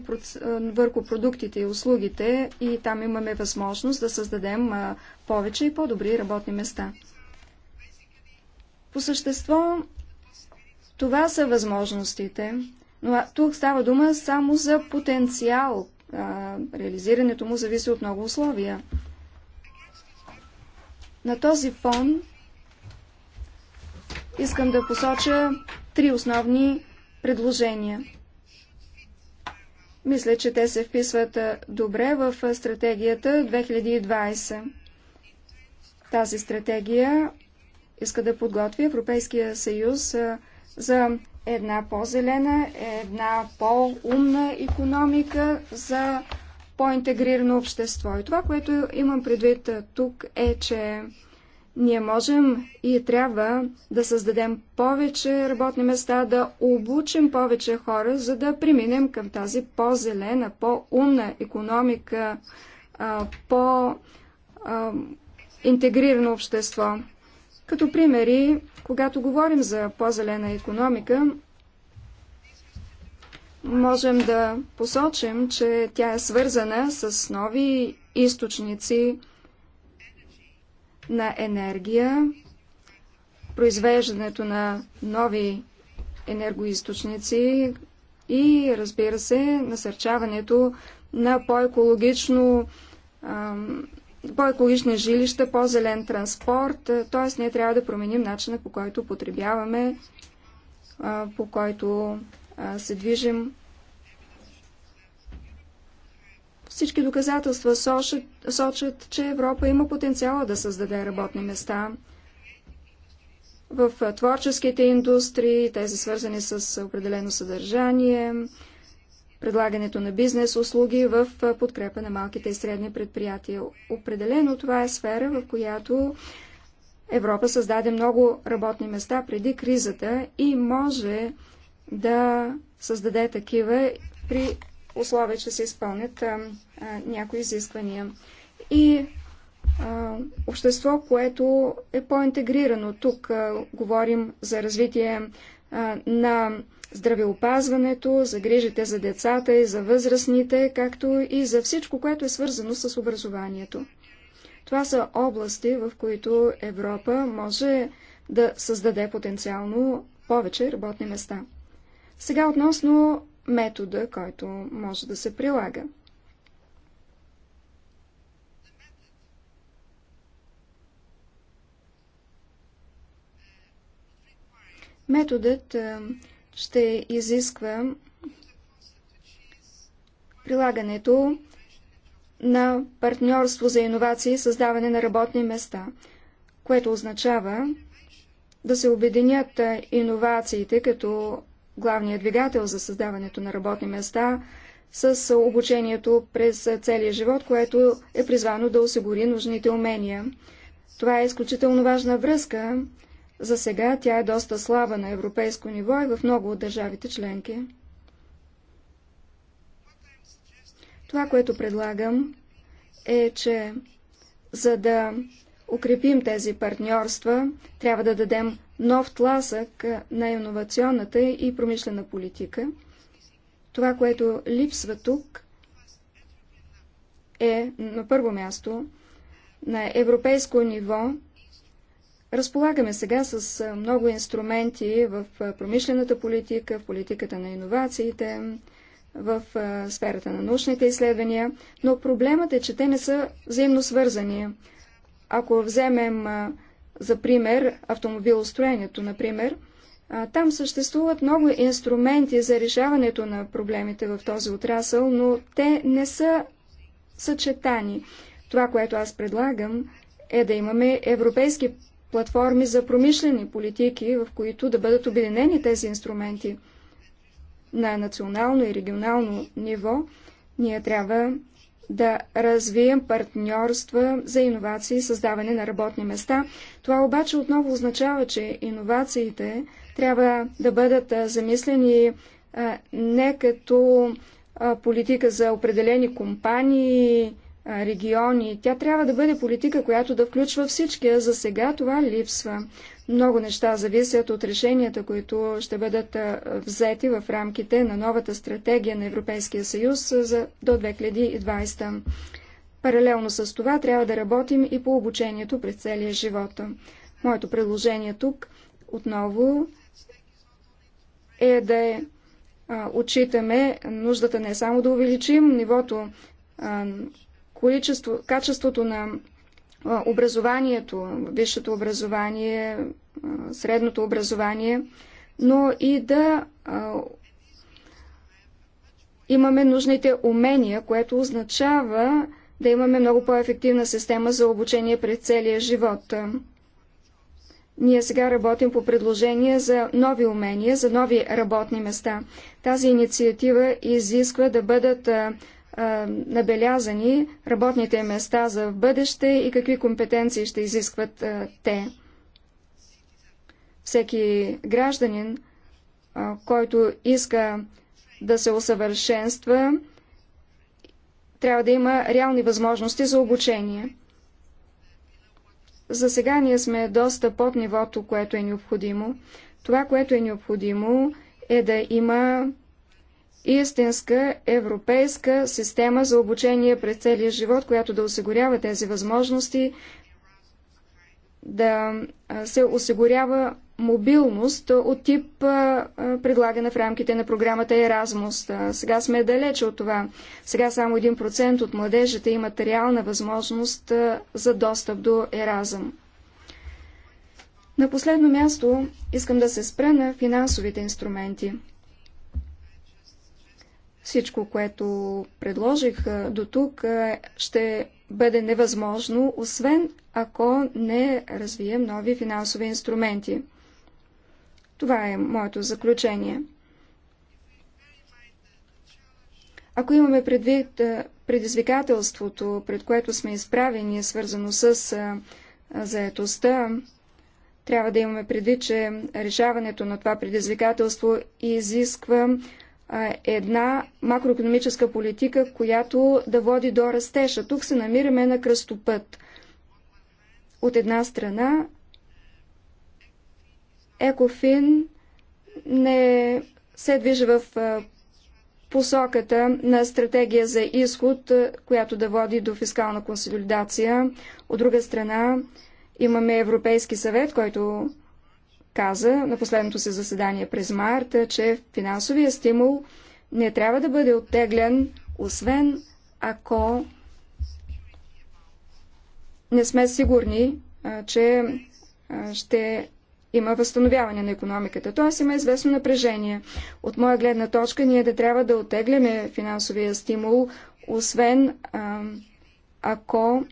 Speaker 1: върху продуктите и услугите и там имаме възможност да създадем повече и по-добри работни места. По същество, това са възможностите, но тук става дума само за потенциал, а, реализирането му зависи от много условия. На този фон искам да посоча три основни предложения. Мисля, че те се вписват добре в стратегията 2020. Тази стратегия иска да подготви Европейския съюз за една по-зелена, една по-умна економика за по-интегрирано общество. И това, което имам предвид тук е, че ние можем и трябва да създадем повече работни места, да обучим повече хора, за да преминем към тази по-зелена, по-умна економика, по-интегрирано общество. Като примери, когато говорим за по-зелена економика, можем да посочим, че тя е свързана с нови източници на енергия, произвеждането на нови енергоисточници и, разбира се, насърчаването на по-екологично по-екологични жилища, по-зелен транспорт, е, т.е. ние трябва да променим начина по който потребяваме, е, по който е, се движим. Всички доказателства сочат, сочат, че Европа има потенциала да създаде работни места в творческите индустрии, тези свързани с определено съдържание, предлагането на бизнес услуги в подкрепа на малките и средни предприятия. Определено това е сфера, в която Европа създаде много работни места преди кризата и може да създаде такива при условие, че се изпълнят а, а, някои изисквания. И а, общество, което е по-интегрирано. Тук а, говорим за развитие а, на здравеопазването, за грижите за децата и за възрастните, както и за всичко, което е свързано с образованието. Това са области, в които Европа може да създаде потенциално повече работни места. Сега относно метода, който може да се прилага. Методът е, ще изисква прилагането на партньорство за иновации и създаване на работни места, което означава да се обединят иновациите като главния двигател за създаването на работни места с обучението през целия живот, което е призвано да осигури нужните умения. Това е изключително важна връзка, за сега тя е доста слаба на европейско ниво и в много от държавите членки. Това, което предлагам, е, че за да укрепим тези партньорства, трябва да дадем нов тласък на иновационната и промишлена политика. Това, което липсва тук, е на първо място на европейско ниво Разполагаме сега с много инструменти в промишлената политика, в политиката на иновациите, в сферата на научните изследвания, но проблемът е, че те не са взаимно свързани. Ако вземем за пример автомобилостроението, например, там съществуват много инструменти за решаването на проблемите в този отрасъл, но те не са съчетани. Това, което аз предлагам, е да имаме европейски платформи за промишлени политики, в които да бъдат обединени тези инструменти. На национално и регионално ниво ние трябва да развием партньорства за иновации и създаване на работни места. Това обаче отново означава, че иновациите трябва да бъдат замислени не като политика за определени компании, региони. Тя трябва да бъде политика, която да включва всички, за сега това липсва. Много неща зависят от решенията, които ще бъдат взети в рамките на новата стратегия на Европейския съюз за до 2020. Паралелно с това трябва да работим и по обучението през целия живот. Моето предложение тук отново е да отчитаме нуждата не само да увеличим нивото количество, качеството на образованието, висшето образование, средното образование, но и да имаме нужните умения, което означава да имаме много по-ефективна система за обучение през целия живот. Ние сега работим по предложение за нови умения, за нови работни места. Тази инициатива изисква да бъдат набелязани работните места за в бъдеще и какви компетенции ще изискват те. Всеки гражданин, който иска да се усъвършенства, трябва да има реални възможности за обучение. За сега ние сме доста под нивото, което е необходимо. Това, което е необходимо, е да има истинска европейска система за обучение през целия живот, която да осигурява тези възможности, да се осигурява мобилност от тип предлагана в рамките на програмата Erasmus. Сега сме далече от това. Сега само 1% от младежите имат реална възможност за достъп до Еразъм. На последно място искам да се спра на финансовите инструменти. Всичко, което предложих до тук, ще бъде невъзможно, освен ако не развием нови финансови инструменти. Това е моето заключение. Ако имаме предвид предизвикателството, пред което сме изправени, е свързано с заетостта, трябва да имаме предвид, че решаването на това предизвикателство изисква една макроекономическа политика, която да води до растежа. Тук се намираме на кръстопът. От една страна, Екофин не се движи в посоката на стратегия за изход, която да води до фискална консолидация. От друга страна, имаме Европейски съвет, който каза на последното си заседание през марта, че финансовия стимул не трябва да бъде оттеглен, освен ако не сме сигурни, че ще има възстановяване на економиката. Тоест има известно напрежение. От моя гледна точка ние да трябва да оттегляме финансовия стимул, освен ако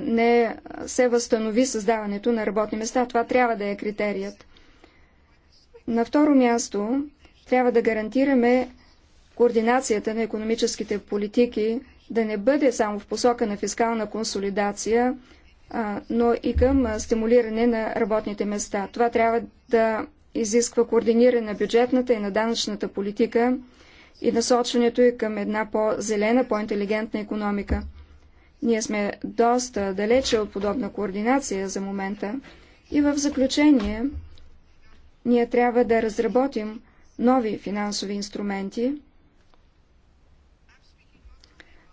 Speaker 1: не се възстанови създаването на работни места. Това трябва да е критерият. На второ място, трябва да гарантираме координацията на економическите политики да не бъде само в посока на фискална консолидация, но и към стимулиране на работните места. Това трябва да изисква координиране на бюджетната и на данъчната политика и насочването и към една по-зелена, по-интелигентна економика. Ние сме доста далече от подобна координация за момента. И в заключение, ние трябва да разработим нови финансови инструменти.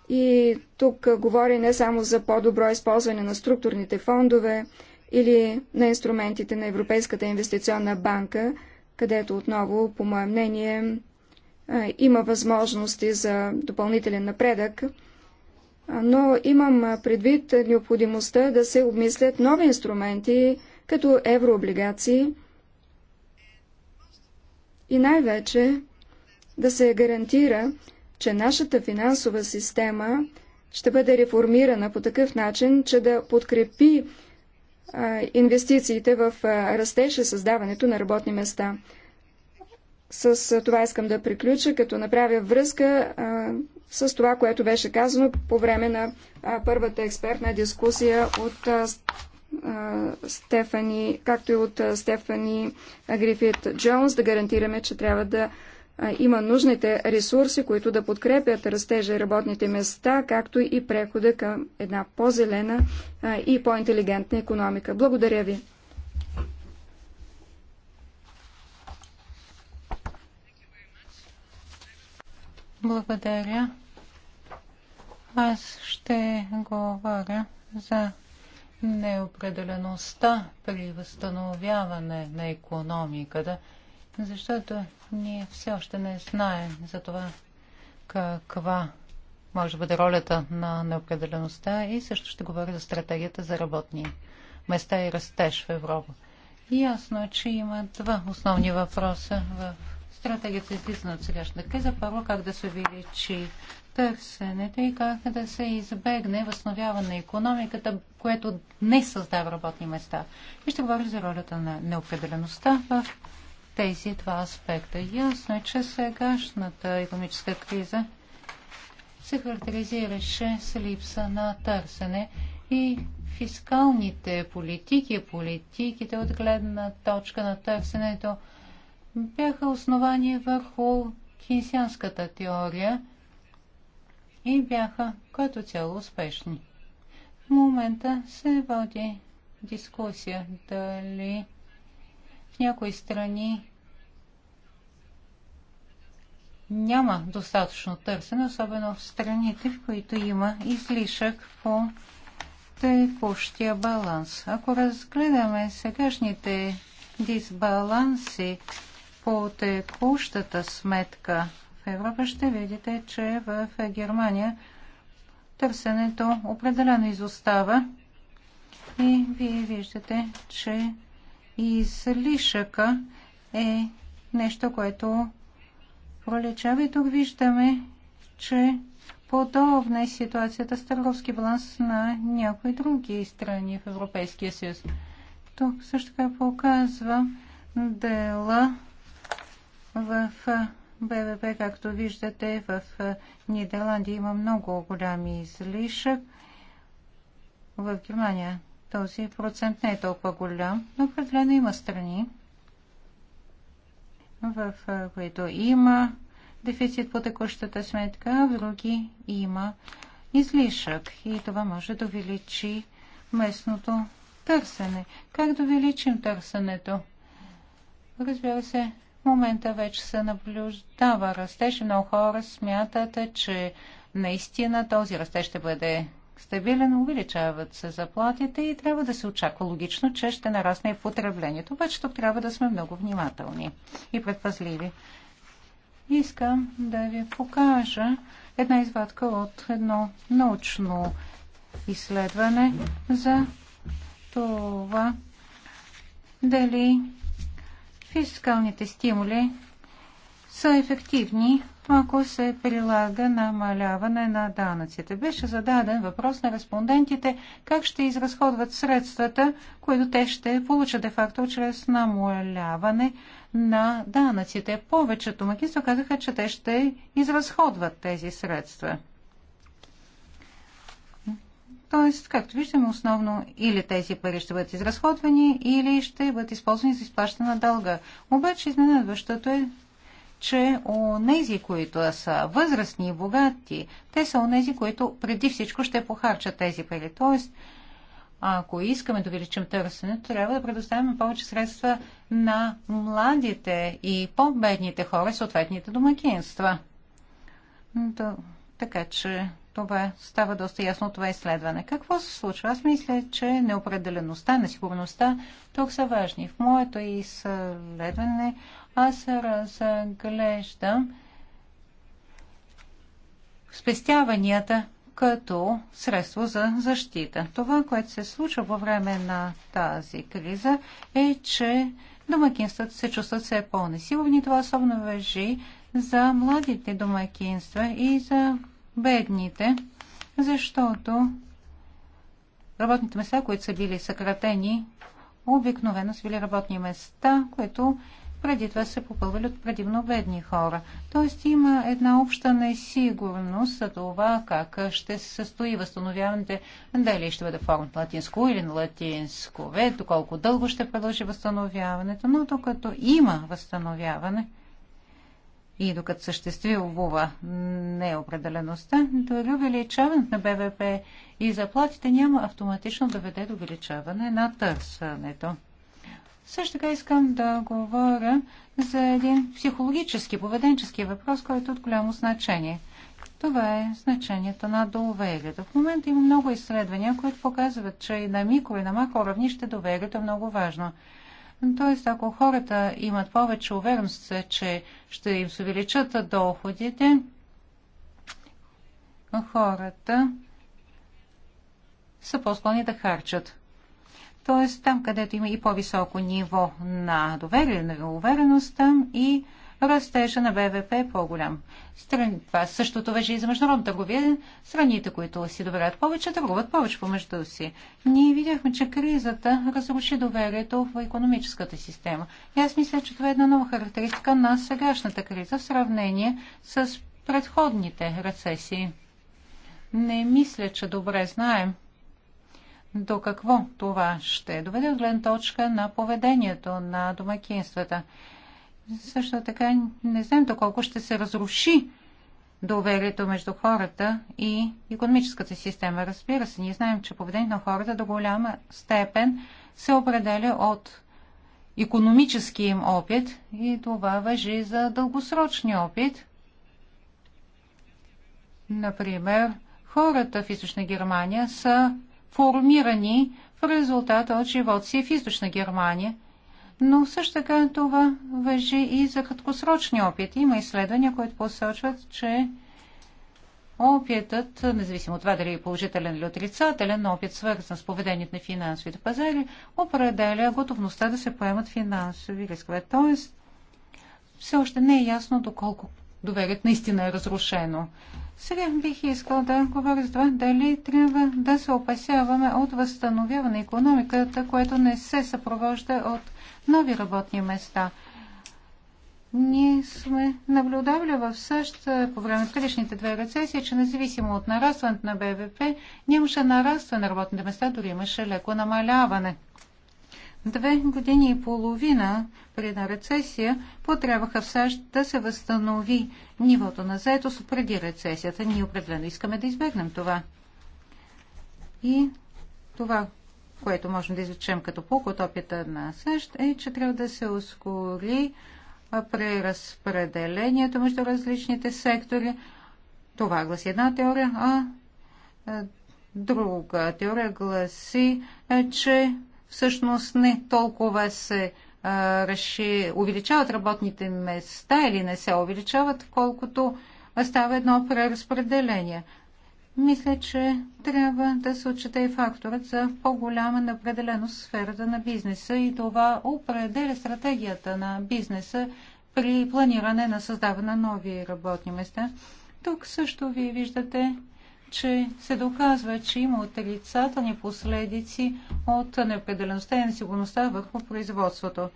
Speaker 1: И тук говори не само за по-добро използване на структурните фондове или на инструментите на Европейската инвестиционна банка, където отново, по мое мнение, има възможности за допълнителен напредък, но имам предвид необходимостта да се обмислят нови инструменти, като еврооблигации и най-вече да се гарантира, че нашата финансова система ще бъде реформирана по такъв начин, че да подкрепи инвестициите в растеж и създаването на работни места. С това искам да приключа, като направя връзка а, с това, което беше казано по време на а, първата експертна дискусия от а, Стефани, както и от Стефани Грифит Джонс, да гарантираме, че трябва да има нужните ресурси, които да подкрепят растежа и работните места, както и прехода към една по-зелена и по-интелигентна економика. Благодаря ви. Благодаря.
Speaker 3: Аз ще говоря за неопределеността при възстановяване на економиката, защото ние все още не знаем за това каква може да бъде ролята на неопределеността и също ще говоря за стратегията за работни места и растеж в Европа. Ясно е, че има два основни въпроса в стратегията е излизане от сегашната криза, първо как да се увеличи търсенето и как да се избегне възстановяване на економиката, което не създава работни места. И ще говоря за ролята на неопределеността в тези два аспекта. Ясно е, че сегашната економическа криза се характеризираше с липса на търсене и фискалните политики, политиките от гледна точка на търсенето – бяха основани върху кинсианската теория и бяха като цяло успешни. В момента се води дискусия дали в някои страни няма достатъчно търсене, особено в страните, в които има излишък по текущия баланс. Ако разгледаме сегашните дисбаланси по текущата сметка в Европа, ще видите, че в Германия търсенето определено изостава и вие виждате, че излишъка е нещо, което проличава. И тук виждаме, че подобна е ситуацията с търговски баланс на някои други страни в Европейския съюз. Тук също така показва дела в БВП, както виждате, в Нидерландия има много голям излишък. В Германия този процент не е толкова голям, но определено има страни, в които има дефицит по текущата сметка, а в други има излишък. И това може да увеличи местното търсене. Как да увеличим търсенето? Разбира се, в момента вече се наблюдава растеж. Много хора смятат, че наистина този растеж ще бъде стабилен, увеличават се заплатите и трябва да се очаква логично, че ще нарасне и потреблението. Обаче тук трябва да сме много внимателни и предпазливи. Искам да ви покажа една извадка от едно научно изследване за това дали Фискалните стимули са ефективни, ако се прилага намаляване на данъците. Беше зададен въпрос на респондентите как ще изразходват средствата, които те ще получат де-факто чрез намаляване на данъците. Повечето магистра казаха, че те ще изразходват тези средства. Тоест, както виждаме, основно или тези пари ще бъдат изразходвани, или ще бъдат използвани за изплащане на дълга. Обаче изненадващото е, че онези, които са възрастни и богати, те са онези, които преди всичко ще похарчат тези пари. Тоест, ако искаме да увеличим търсенето, трябва да предоставяме повече средства на младите и по-бедните хора, съответните домакинства. Така че това е, става доста ясно от това изследване. Какво се случва? Аз мисля, че неопределеността, несигурността тук са важни. В моето изследване аз разглеждам спестяванията като средство за защита. Това, което се случва по време на тази криза е, че домакинствата се чувстват все по-несигурни. Това особено въжи за младите домакинства и за бедните, защото работните места, които са били съкратени, обикновено са били работни места, които преди това се попълвали от предимно бедни хора. Тоест има една обща несигурност за това как ще се състои възстановяването, дали ще бъде формат на латинско или на латинско ве, доколко дълго ще продължи възстановяването, но докато има възстановяване, и докато съществи обува неопределеността, дори увеличаването на БВП и заплатите няма автоматично да веде до увеличаване на търсенето. Също така искам да говоря за един психологически, поведенчески въпрос, който е от голямо значение. Това е значението на доверието. В момента има много изследвания, които показват, че и на микро и на макро равнище доверието е много важно. Тоест, ако хората имат повече увереност, че ще им се увеличат доходите, хората са по-склонни да харчат. Тоест, там, където има и по-високо ниво на доверие, на увереността и растежа на ВВП е по-голям. Страни... Това същото вече и за международна търговия. Страните, които си доверят повече, търгуват повече помежду си. Ние видяхме, че кризата разруши доверието в економическата система. И аз мисля, че това е една нова характеристика на сегашната криза в сравнение с предходните рецесии. Не мисля, че добре знаем до какво това ще доведе от гледна точка на поведението на домакинствата. Също така не знаем доколко ще се разруши доверието между хората и економическата система. Разбира се, ние знаем, че поведението на хората до голяма степен се определя от економическия им опит и това въжи за дългосрочни опит. Например, хората в Източна Германия са формирани в резултат от живот си в Източна Германия – но също така това въжи и за краткосрочни опити. Има изследвания, които посочват, че опитът, независимо от това дали е положителен или отрицателен, опит свързан с поведението на финансовите пазари, определя готовността да се поемат финансови рискове. Тоест, все още не е ясно доколко доверието наистина е разрушено. Сега бих искал да говоря за това дали трябва да се опасяваме от възстановяване на економиката, което не се съпровожда от нови работни места. Ние сме наблюдавали в САЩ по време на предишните две рецесии, че независимо от нарастването на БВП, нямаше нарастване на работните места, дори имаше леко намаляване. Две години и половина при една рецесия потребаха в САЩ да се възстанови нивото на заетост преди рецесията. Ние определено искаме да избегнем това. И това, което можем да извлечем като полук от опита на САЩ, е, че трябва да се ускори преразпределението между различните сектори. Това гласи една теория, а друга теория гласи, е, че всъщност не толкова се реши, увеличават работните места или не се увеличават, колкото става едно преразпределение. Мисля, че трябва да се отчете и факторът за по-голяма напределеност в сферата на бизнеса и това определя стратегията на бизнеса при планиране на създаване на нови работни места. Тук също ви виждате, че се доказва, че има отрицателни последици от неопределеността и несигурността върху производството.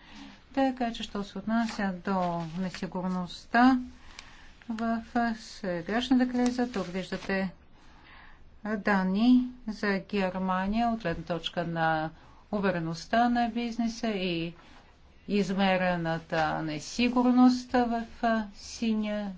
Speaker 3: Така че, що се отнася до несигурността в сегашната криза, тук виждате данни за Германия от гледна точка на увереността на бизнеса и измерената несигурност в синя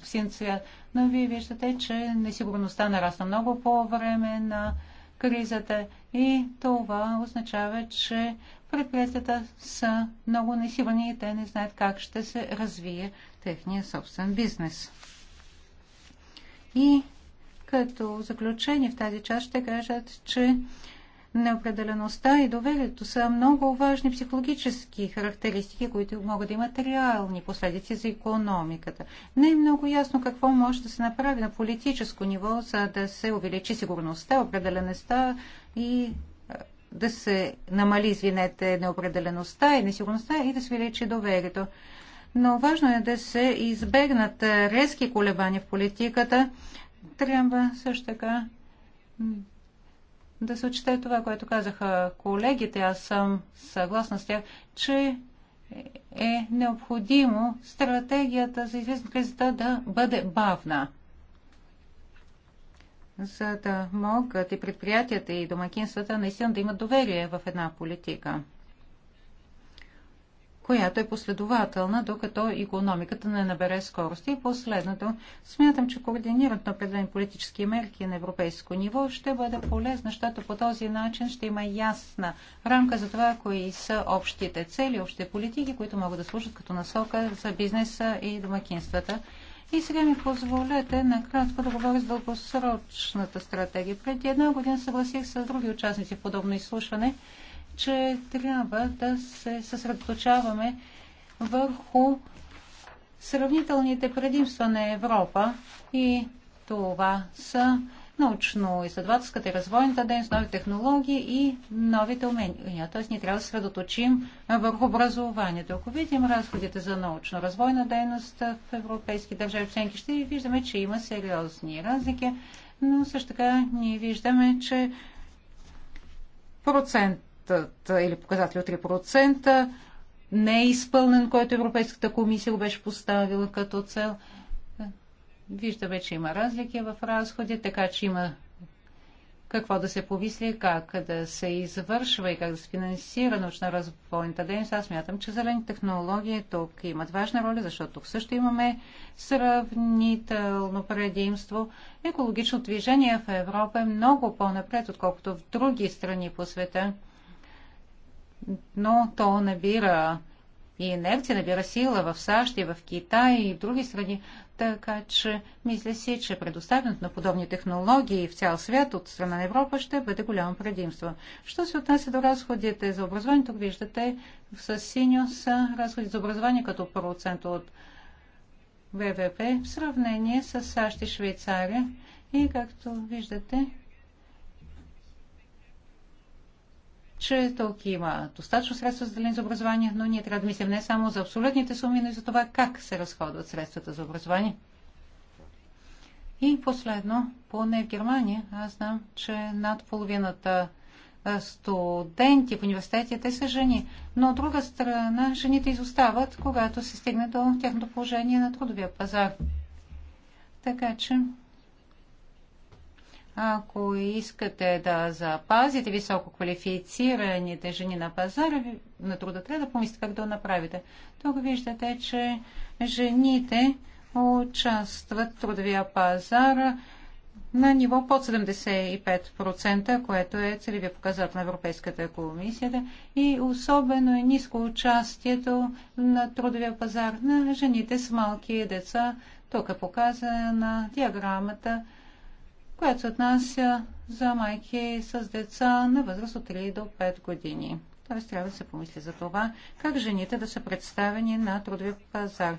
Speaker 3: в син цвят. Но вие виждате, че несигурността нарасна много по време на кризата и това означава, че предприятията са много несигурни и те не знаят как ще се развие техния собствен бизнес. И като заключение в тази част ще кажат, че неопределеността и доверието са много важни психологически характеристики, които могат да имат реални последици за економиката. Не е много ясно какво може да се направи на политическо ниво, за да се увеличи сигурността, определеността и е, да се намали, извинете, неопределеността и несигурността и да се увеличи доверието. Но важно е да се избегнат резки колебания в политиката, трябва също така да се отчете това, което казаха колегите. Аз съм съгласна с тях, че е необходимо стратегията за известна кризата да бъде бавна за да могат и предприятията и домакинствата наистина да имат доверие в една политика която е последователна, докато економиката не набере скорост. И последното, смятам, че координирането на определени политически мерки на европейско ниво ще бъде полезно, защото по този начин ще има ясна рамка за това, кои са общите цели, общите политики, които могат да служат като насока за бизнеса и домакинствата. И сега ми позволете накратко да говоря с дългосрочната стратегия. Преди една година съгласих с други участници в подобно изслушване – че трябва да се съсредоточаваме върху сравнителните предимства на Европа и това са научно-изследователската и развойната дейност, нови технологии и новите умения. Тоест ние трябва да средоточим върху образованието. Ако видим разходите за научно-развойна дейност в европейски държави членки, ще виждаме, че има сериозни разлики, но също така ние виждаме, че процент или показател от 3% не е изпълнен, който Европейската комисия го беше поставила като цел. Виждаме, че има разлики в разходи, така че има какво да се повисли, как да се извършва и как да се финансира научна развойната дейност. Аз мятам, че зелени технологии тук имат важна роля, защото тук също имаме сравнително предимство. Екологично движение в Европа е много по-напред, отколкото в други страни по света но то набира и енергия, набира сила в САЩ и в Китай и в други страни. Така че мисля си, че предоставянето на подобни технологии в цял свят от страна на Европа ще бъде голямо предимство. Що се отнася до разходите за образование, тук виждате с синьо са разходи за образование като процент от ВВП в сравнение с САЩ и Швейцария. И както виждате, че тук има достатъчно средства за за образование, но ние трябва да мислим не само за абсолютните суми, но и за това как се разходват средствата за образование. И последно, поне в Германия, аз знам, че над половината студенти в университетите са жени. Но от друга страна, жените изостават, когато се стигне до тяхното положение на трудовия пазар. Така че ако искате да запазите високо квалифицираните жени на пазара, на труда трябва да помислите как да го направите. Тук виждате, че жените участват в трудовия пазар на ниво под 75%, което е целевия показател на Европейската комисия и особено е ниско участието на трудовия пазар на жените с малки деца. Тук е показана диаграмата която се отнася за майки с деца на възраст от 3 до 5 години. Тоест трябва да се помисли за това, как жените да са представени на трудовия пазар.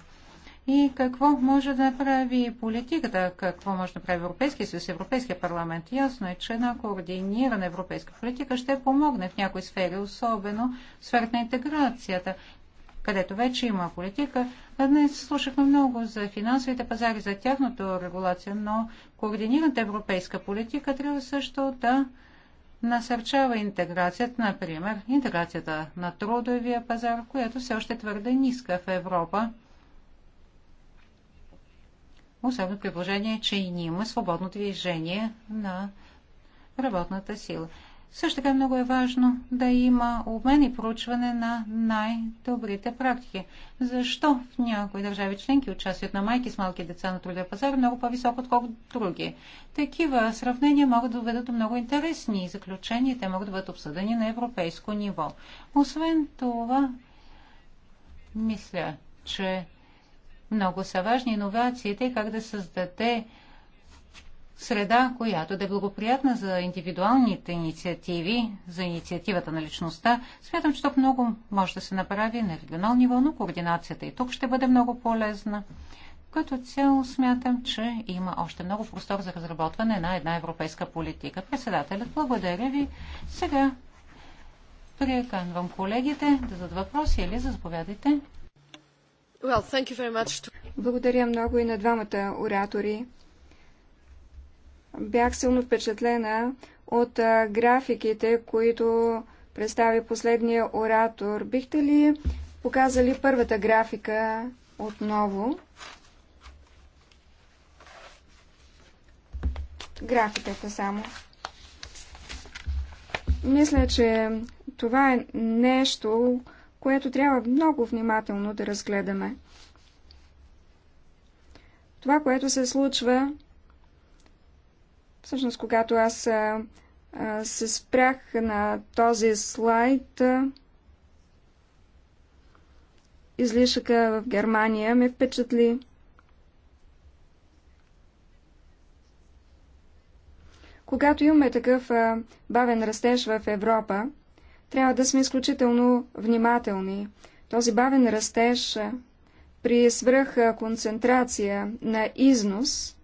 Speaker 3: И какво може да направи политиката, какво може да прави Европейския съюз, Европейския парламент. Ясно е, че една координирана европейска политика ще помогне в някои сфери, особено в сферата на интеграцията където вече има политика. Днес слушахме много за финансовите пазари, за тяхното регулация, но координираната европейска политика трябва също да насърчава интеграцията, например, интеграцията на трудовия пазар, която все още е твърде ниска в Европа. Особено при положение, че и ние има свободно движение на работната сила. Също така много е важно да има обмен и проучване на най-добрите практики. Защо в някои държави членки участието на майки с малки деца на трудовия пазар е много по-високо, отколкото други? Такива сравнения могат да доведат до много интересни заключения те могат да бъдат обсъдени на европейско ниво. Освен това, мисля, че много са важни иновациите и как да създаде среда, която да е благоприятна за индивидуалните инициативи, за инициативата на личността. Смятам, че тук много може да се направи на регионално ниво, но координацията и тук ще бъде много полезна. Като цяло смятам, че има още много простор за разработване на една европейска политика. Председателят, благодаря ви. Сега приканвам колегите да зададат въпроси или за заповядайте.
Speaker 1: Well, Благодаря много и на двамата оратори бях силно впечатлена от графиките, които представи последния оратор. Бихте ли показали първата графика отново? Графиката само. Мисля, че това е нещо, което трябва много внимателно да разгледаме. Това, което се случва Всъщност, когато аз а, а, се спрях на този слайд, а, излишъка в Германия ме впечатли. Когато имаме такъв а, бавен растеж в Европа, трябва да сме изключително внимателни. Този бавен растеж при свръх концентрация на износ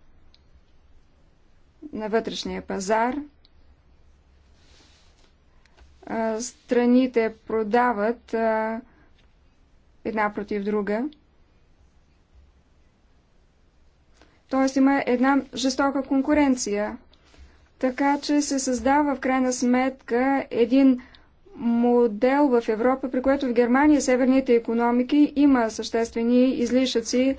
Speaker 1: на вътрешния пазар. Страните продават една против друга. Тоест има една жестока конкуренция. Така че се създава в крайна сметка един модел в Европа, при което в Германия северните економики има съществени излишъци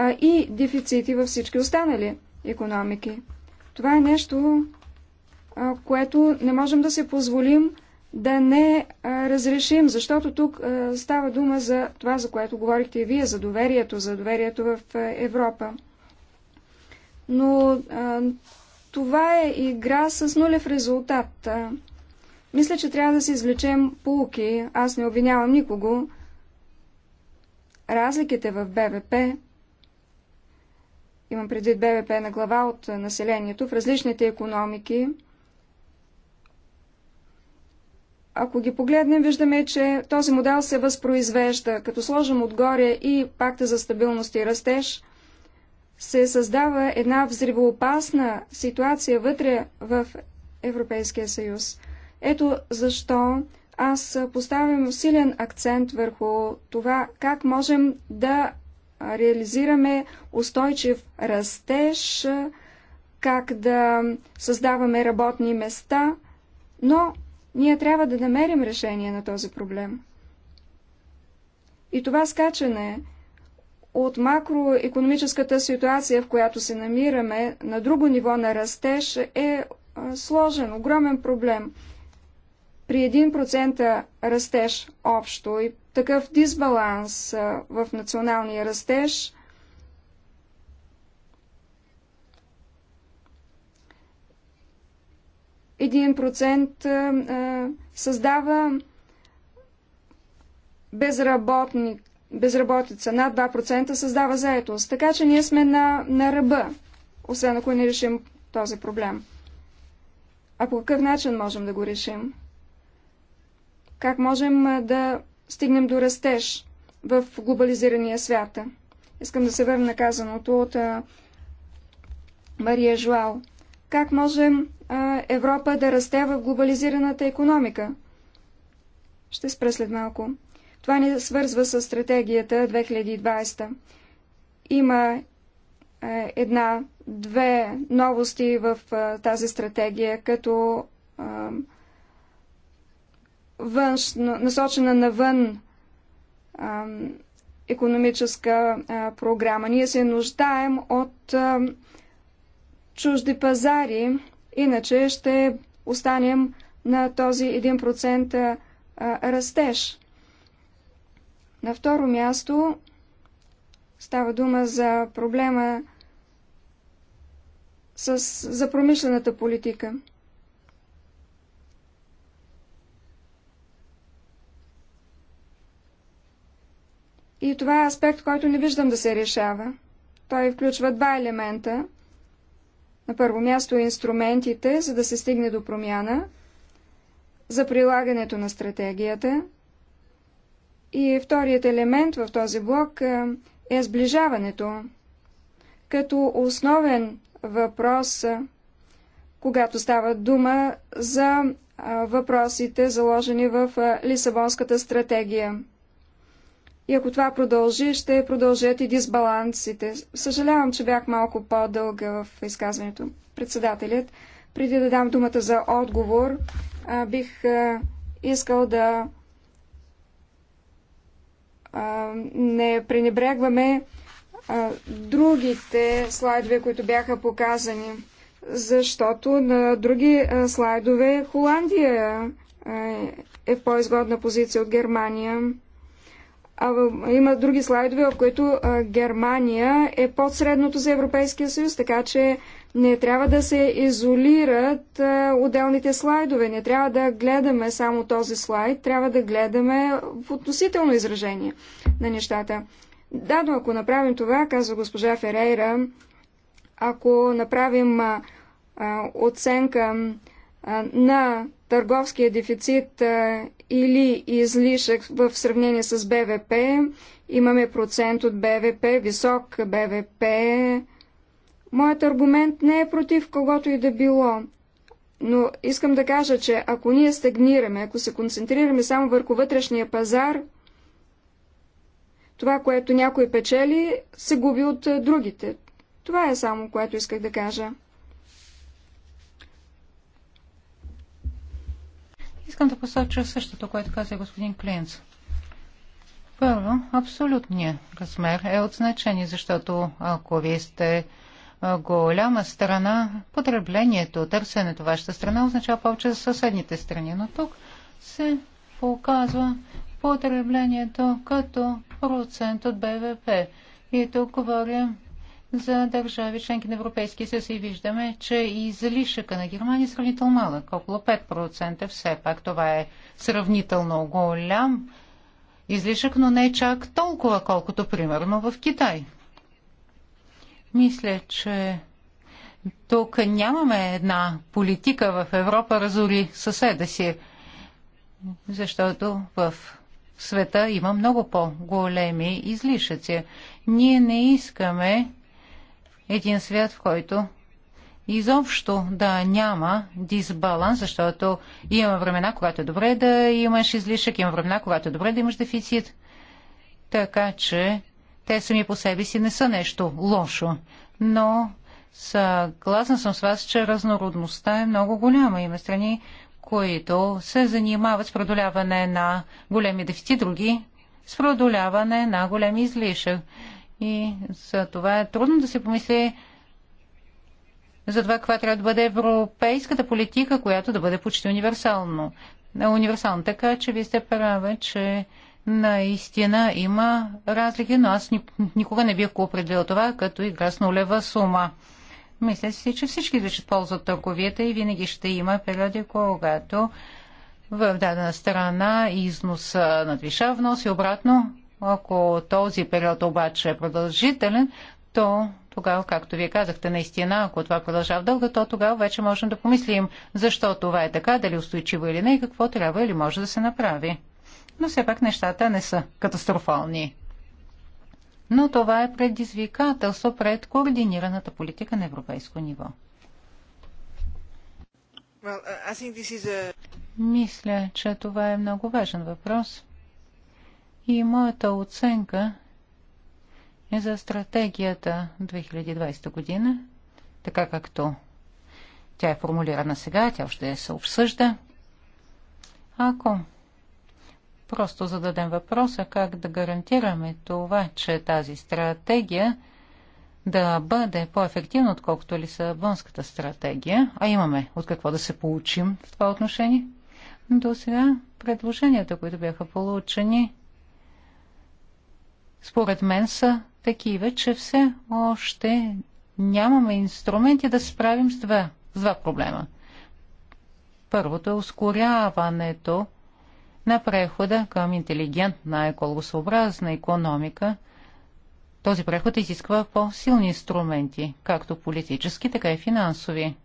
Speaker 1: и дефицити във всички останали економики. Това е нещо, което не можем да се позволим да не разрешим, защото тук става дума за това, за което говорихте и вие, за доверието, за доверието в Европа. Но това е игра с нулев резултат. Мисля, че трябва да се извлечем полуки. Аз не обвинявам никого. Разликите в БВП имам предвид БВП на глава от населението, в различните економики. Ако ги погледнем, виждаме, че този модел се възпроизвежда. Като сложим отгоре и пакта за стабилност и растеж, се създава една взривоопасна ситуация вътре в Европейския съюз. Ето защо аз поставям силен акцент върху това как можем да реализираме устойчив растеж, как да създаваме работни места, но ние трябва да намерим решение на този проблем. И това скачане от макроекономическата ситуация, в която се намираме, на друго ниво на растеж е сложен, огромен проблем при 1% растеж общо и такъв дисбаланс в националния растеж един процент създава безработник, безработица над 2% създава заетост. Така че ние сме на, на ръба, освен ако не решим този проблем. А по какъв начин можем да го решим? Как можем да стигнем до растеж в глобализирания свят? Искам да се върна на казаното от Мария Жуал. Как можем Европа да расте в глобализираната економика? Ще спра след малко. Това ни свързва с стратегията 2020. Има една-две новости в тази стратегия, като външно, насочена навън економическа а, програма. Ние се нуждаем от чужди пазари, иначе ще останем на този 1% растеж. На второ място става дума за проблема с, за промишлената политика. И това е аспект, който не виждам да се решава. Той включва два елемента. На първо място инструментите, за да се стигне до промяна, за прилагането на стратегията. И вторият елемент в този блок е, е сближаването. Като основен въпрос, е, когато става дума за е, въпросите, заложени в Лисабонската стратегия. И ако това продължи, ще продължат и дисбалансите. Съжалявам, че бях малко по-дълга в изказването. Председателят, преди да дам думата за отговор, бих искал да не пренебрегваме другите слайдове, които бяха показани, защото на други слайдове Холандия е в по-изгодна позиция от Германия. А, има други слайдове, в които а, Германия е под средното за Европейския съюз, така че не трябва да се изолират а, отделните слайдове. Не трябва да гледаме само този слайд, трябва да гледаме в относително изражение на нещата. Да, но ако направим това, казва госпожа Ферейра, ако направим а, оценка а, на търговския дефицит или излишък в сравнение с БВП. Имаме процент от БВП, висок БВП. Моят аргумент не е против когото и да било. Но искам да кажа, че ако ние стагнираме, ако се концентрираме само върху вътрешния пазар, това, което някой печели, се губи от другите. Това е само, което исках да кажа. Искам да посоча
Speaker 3: същото, което каза господин Клинц. Първо, абсолютният размер е от значение, защото ако вие сте голяма страна, потреблението, търсенето вашата страна означава повече за съседните страни. Но тук се показва потреблението като процент от БВП. И тук говорим за държави членки на Европейския съюз и виждаме, че и залишъка на Германия е сравнително малък, около 5%. Все пак това е сравнително голям излишък, но не чак толкова, колкото примерно в Китай. Мисля, че тук нямаме една политика в Европа разори съседа си, защото в света има много по-големи излишъци. Ние не искаме един свят, в който изобщо да няма дисбаланс, защото има времена, когато е добре да имаш излишък, има времена, когато е добре да имаш дефицит. Така че те сами по себе си не са нещо лошо. Но съгласна съм с вас, че разнородността е много голяма. Има страни, които се занимават с продоляване на големи дефицит, други с продоляване на големи излишък. И за това е трудно да се помисли за това каква трябва да бъде европейската политика, която да бъде почти универсално. универсално. Така че вие сте права, че наистина има разлики, но аз никога не бих го определил това като игра с нулева сума. Мисля си, че всички ще ползват търговията и винаги ще има периоди, когато в дадена страна износ надвишава внос и обратно ако този период обаче е продължителен, то тогава, както вие казахте, наистина, ако това продължава дълго, то тогава вече можем да помислим защо това е така, дали е устойчиво или не и какво трябва или може да се направи. Но все пак нещата не са катастрофални. Но това е предизвикателство пред координираната политика на европейско ниво.
Speaker 2: Well, a...
Speaker 3: Мисля, че това е много важен въпрос. И моята оценка е за стратегията 2020 година, така както тя е формулирана сега, тя още се обсъжда. Ако просто зададем въпроса как да гарантираме това, че тази стратегия да бъде по-ефективна, отколкото Лисабонската стратегия, а имаме от какво да се получим в това отношение. До сега предложенията, които бяха получени, според мен са такива, че все още нямаме инструменти да справим с два, с два проблема. Първото е ускоряването на прехода към интелигентна екологосъобразна економика. Този преход изисква по-силни инструменти, както политически, така и финансови.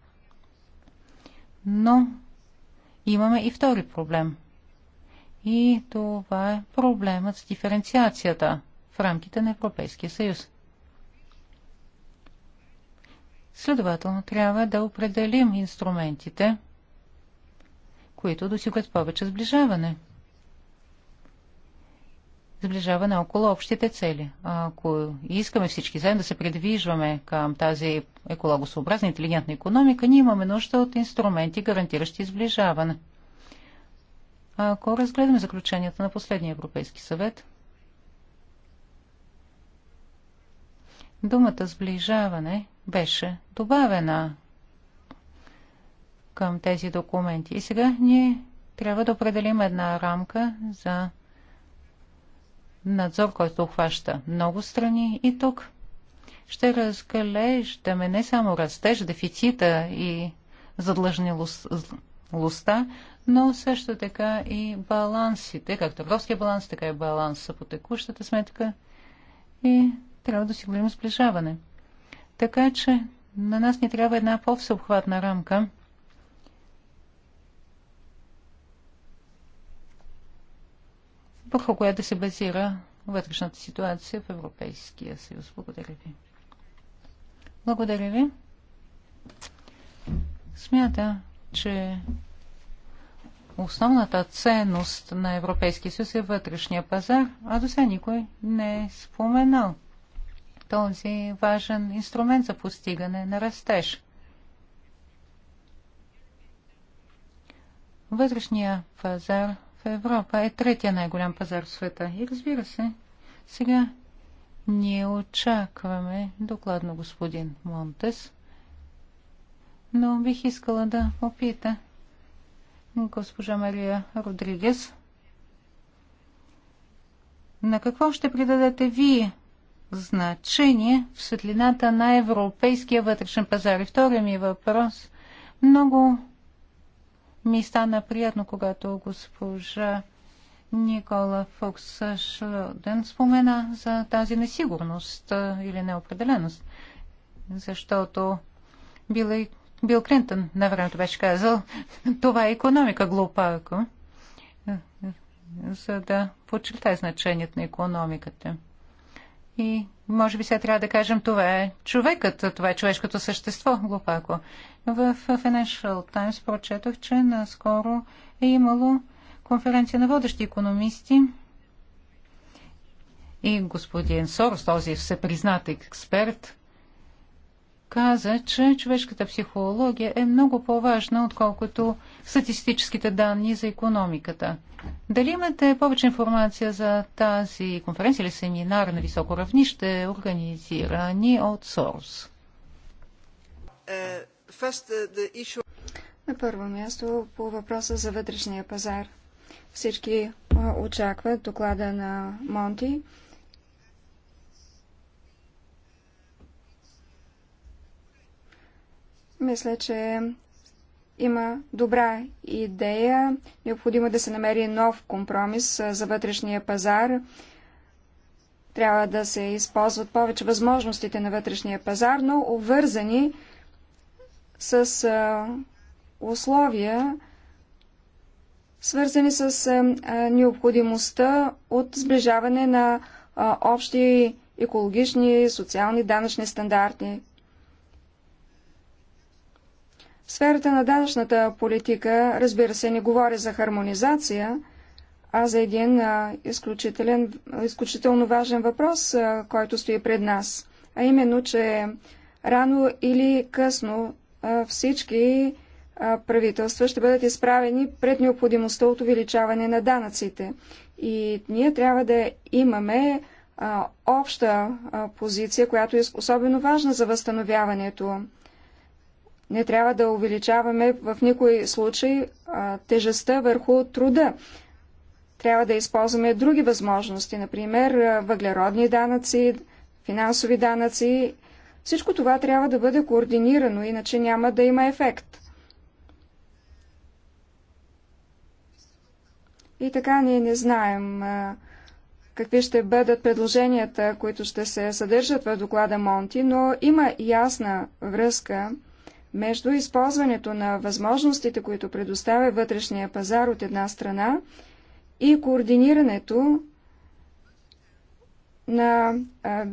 Speaker 3: Но имаме и втори проблем. И това е проблемът с диференциацията – в рамките на Европейския съюз. Следователно трябва да определим инструментите, които досигат повече сближаване. Сближаване около общите цели. Ако искаме всички заедно да се придвижваме към тази екологосообразна интелигентна економика, ние имаме нужда от инструменти, гарантиращи сближаване. Ако разгледаме заключенията на последния Европейски съвет – Думата сближаване беше добавена към тези документи. И сега ние трябва да определим една рамка за надзор, който обхваща много страни и тук ще разглеждаме не само растеж, дефицита и задлъжнилостта, но също така и балансите, както търговския баланс, така и баланса по текущата сметка и трябва да си осигурим сближаване. Така че на нас ни трябва една по-всеобхватна рамка. върху която да се базира вътрешната ситуация в Европейския съюз. Благодаря ви. Благодаря ви. Смята, че основната ценност на Европейския съюз е вътрешния пазар, а до сега никой не е споменал този важен инструмент за постигане на растеж. Вътрешния пазар в Европа е третия най-голям пазар в света. И разбира се, сега ние очакваме докладно господин Монтес, но бих искала да опита госпожа Мария Родригес. На какво ще придадете вие значение в светлината на европейския вътрешен пазар. И втория ми въпрос. Много ми стана приятно, когато госпожа Никола Фокс Шлоден спомена за тази несигурност или неопределеност, защото бил, и, бил Клинтон на времето беше казал, това е економика глупако, за да подчертай значението на економиката. И може би сега трябва да кажем, това е човекът, това е човешкото същество, глупако. В Financial Times прочетох, че наскоро е имало конференция на водещи економисти и господин Сорос, този всепризнат експерт, каза, че човешката психология е много по-важна, отколкото статистическите данни за економиката. Дали имате повече информация за тази конференция или семинар на високо равнище, организирани от СОРС?
Speaker 1: На първо място по въпроса за вътрешния пазар. Всички очакват доклада на Монти. Мисля, че има добра идея. Необходимо е да се намери нов компромис за вътрешния пазар. Трябва да се използват повече възможностите на вътрешния пазар, но обвързани с условия, свързани с необходимостта от сближаване на общи екологични, социални, данъчни стандарти. В сферата на данъчната политика, разбира се, не говоря за хармонизация, а за един изключително важен въпрос, който стои пред нас. А именно, че рано или късно всички правителства ще бъдат изправени пред необходимостта от увеличаване на данъците. И ние трябва да имаме обща позиция, която е особено важна за възстановяването. Не трябва да увеличаваме в никой случай а, тежестта върху труда. Трябва да използваме други възможности, например въглеродни данъци, финансови данъци. Всичко това трябва да бъде координирано, иначе няма да има ефект. И така ние не знаем а, какви ще бъдат предложенията, които ще се съдържат в доклада Монти, но има ясна връзка между използването на възможностите, които предоставя вътрешния пазар от една страна и координирането на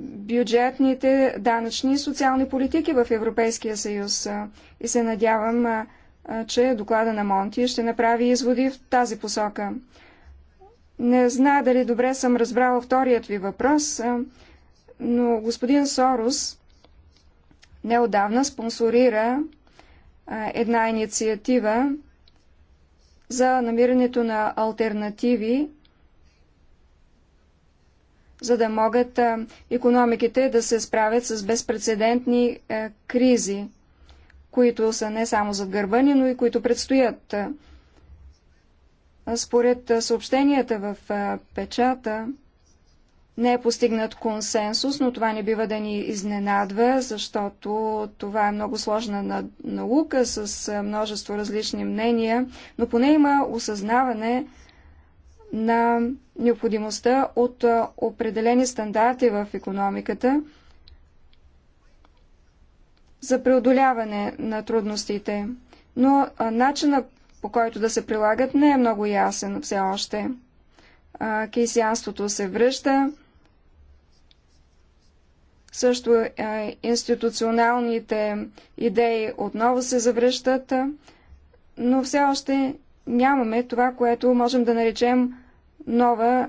Speaker 1: бюджетните, данъчни и социални политики в Европейския съюз. И се надявам, че доклада на Монти ще направи изводи в тази посока. Не зная дали добре съм разбрала вторият ви въпрос, но господин Сорос неодавна спонсорира една инициатива за намирането на альтернативи, за да могат економиките да се справят с безпредседентни кризи, които са не само зад гърба ни, но и които предстоят. Според съобщенията в печата, не е постигнат консенсус, но това не бива да ни изненадва, защото това е много сложна наука с множество различни мнения, но поне има осъзнаване на необходимостта от определени стандарти в економиката за преодоляване на трудностите. Но начина по който да се прилагат не е много ясен все още. Кейсианството се връща също е, институционалните идеи отново се завръщат, е, но все още нямаме това, което можем да наречем нова е,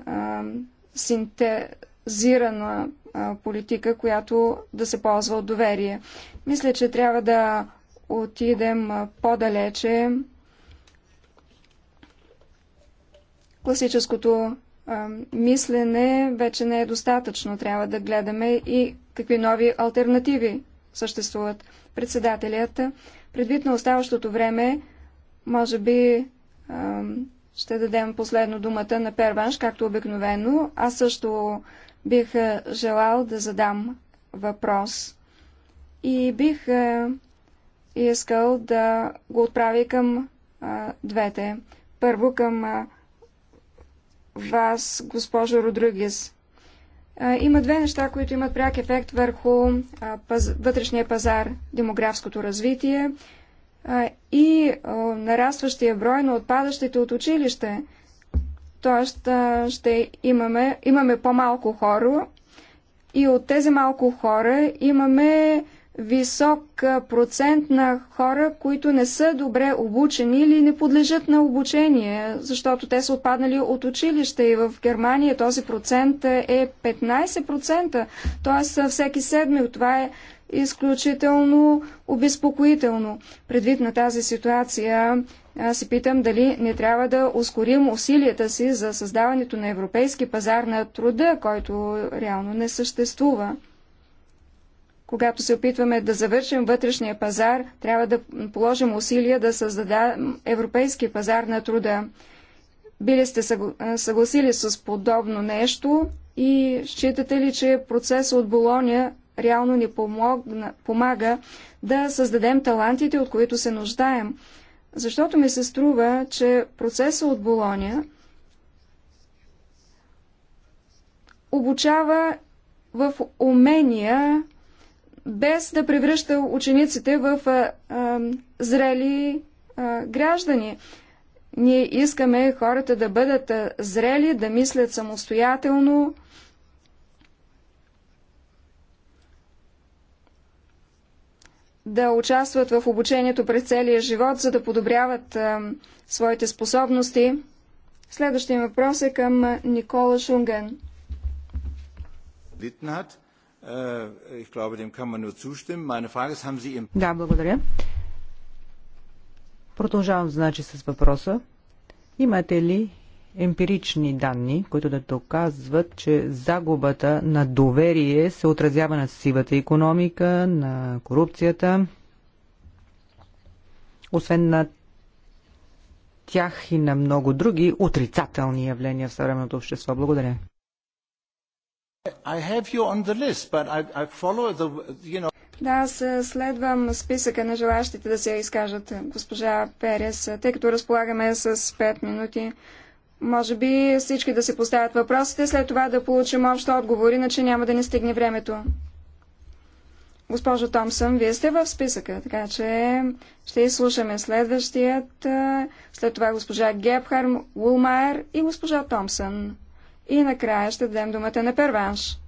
Speaker 1: синтезирана политика, която да се ползва от доверие. Мисля, че трябва да отидем по-далече. Класическото мислене вече не е достатъчно. Трябва да гледаме и какви нови альтернативи съществуват. Председателят, предвид на оставащото време, може би ще дадем последно думата на Перванш, както обикновено. Аз също бих желал да задам въпрос и бих искал да го отправя към двете. Първо към вас, госпожо Родригес. Има две неща, които имат пряк ефект върху вътрешния пазар демографското развитие и нарастващия брой на отпадащите от училище. Тоест, ще имаме, имаме по-малко хора и от тези малко хора имаме висок процент на хора, които не са добре обучени или не подлежат на обучение, защото те са отпаднали от училище и в Германия този процент е 15%, т.е. всеки седми. от Това е изключително обезпокоително. Предвид на тази ситуация, аз си питам дали не трябва да ускорим усилията си за създаването на европейски пазар на труда, който реално не съществува. Когато се опитваме да завършим вътрешния пазар, трябва да положим усилия да създадем европейски пазар на труда. Били сте съгласили с подобно нещо и считате ли, че процесът от Болония реално ни помогна, помага да създадем талантите, от които се нуждаем? Защото ми се струва, че процесът от Болония обучава в умения, без да превръща учениците в а, а, зрели а, граждани. Ние искаме хората да бъдат а, зрели, да мислят самостоятелно. да участват в обучението през целия живот, за да подобряват а, своите способности. Следващия въпрос е към Никола Шунген.
Speaker 4: Витнат. Äh, ich glaube, dem kann man nur zustimmen. Meine Frage ist, haben Sie im...
Speaker 1: Да, благодаря.
Speaker 2: Продължавам, значи, с въпроса. Имате ли емпирични данни, които да доказват, че загубата на доверие се отразява на сивата економика, на корупцията, освен на тях и на много други отрицателни явления в съвременното общество. Благодаря.
Speaker 5: List, the, you know...
Speaker 1: Да, аз е, следвам списъка на желащите да се изкажат, е, госпожа Перес, е, тъй като разполагаме с 5 минути. Може би всички да се поставят въпросите, след това да получим общо отговор, иначе няма да ни стигне времето. Госпожо Томсън, вие сте в списъка, така че ще изслушаме следващият, след това госпожа Гебхарм, Улмайер и госпожа Томсън. И накрая ще дадем думата на перванш.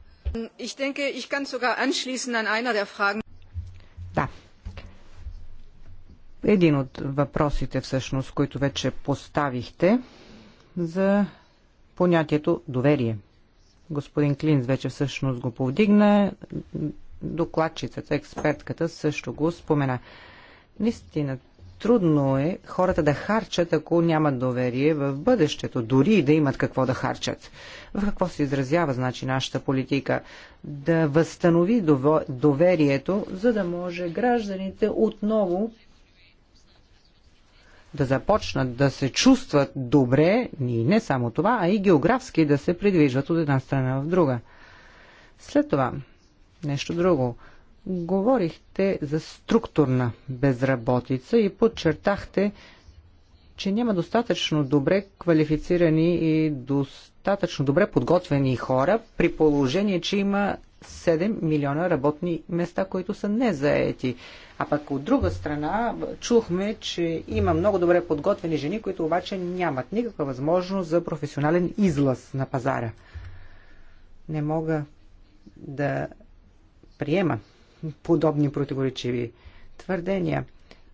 Speaker 2: Да. Един от въпросите, всъщност, които вече поставихте за понятието доверие. Господин Клинц вече всъщност го повдигна. Докладчицата, експертката също го спомена. Наистина, Трудно е хората да харчат, ако нямат доверие в бъдещето, дори и да имат какво да харчат. В какво се изразява, значи, нашата политика? Да възстанови доверието, за да може гражданите отново да започнат да се чувстват добре, и не само това, а и географски да се придвижват от една страна в друга. След това, нещо друго – Говорихте за структурна безработица и подчертахте, че няма достатъчно добре квалифицирани и достатъчно добре подготвени хора, при положение, че има 7 милиона работни места, които са незаети. А пък от друга страна чухме, че има много добре подготвени жени, които обаче нямат никаква възможност за професионален излъз на пазара. Не мога да приема подобни противоречиви твърдения.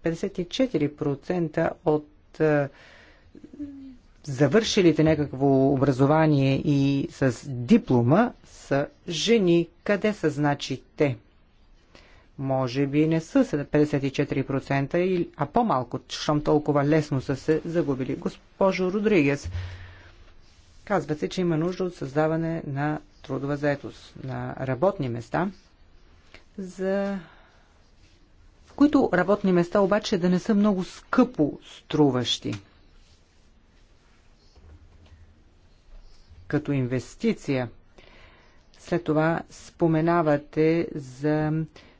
Speaker 2: 54% от е, завършилите някакво образование и с диплома са жени. Къде са значи те? Може би не са 54%, а по-малко, щом толкова лесно са се загубили. Госпожо Родригес, казвате, че има нужда от създаване на трудова заетост, на работни места – за в които работни места обаче да не са много скъпо струващи. Като инвестиция. След това споменавате за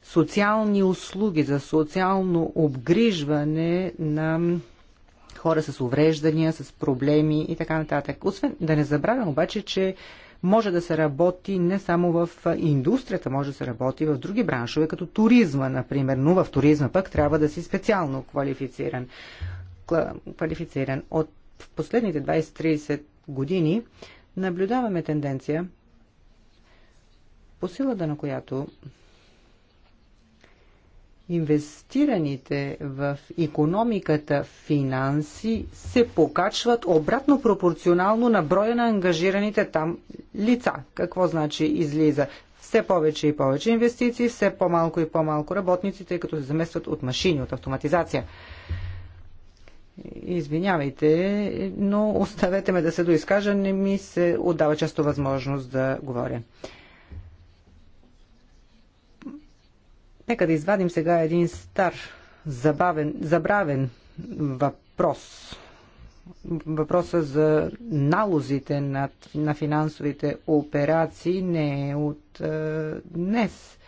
Speaker 2: социални услуги, за социално обгрижване на хора с увреждания, с проблеми и така нататък. Освен да не забравям обаче, че може да се работи не само в индустрията, може да се работи в други браншове, като туризма, например. Но в туризма пък трябва да си специално квалифициран. квалифициран. От в последните 20-30 години наблюдаваме тенденция, по силата на която инвестираните в економиката финанси се покачват обратно пропорционално на броя на ангажираните там лица. Какво значи излиза? Все повече и повече инвестиции, все по-малко и по-малко работници, тъй като се заместват от машини, от автоматизация. Извинявайте, но оставете ме да се доизкажа, не ми се отдава често възможност да говоря. Нека да извадим сега един стар, забавен, забравен въпрос. Въпроса за налозите над, на финансовите операции не е от е, днес.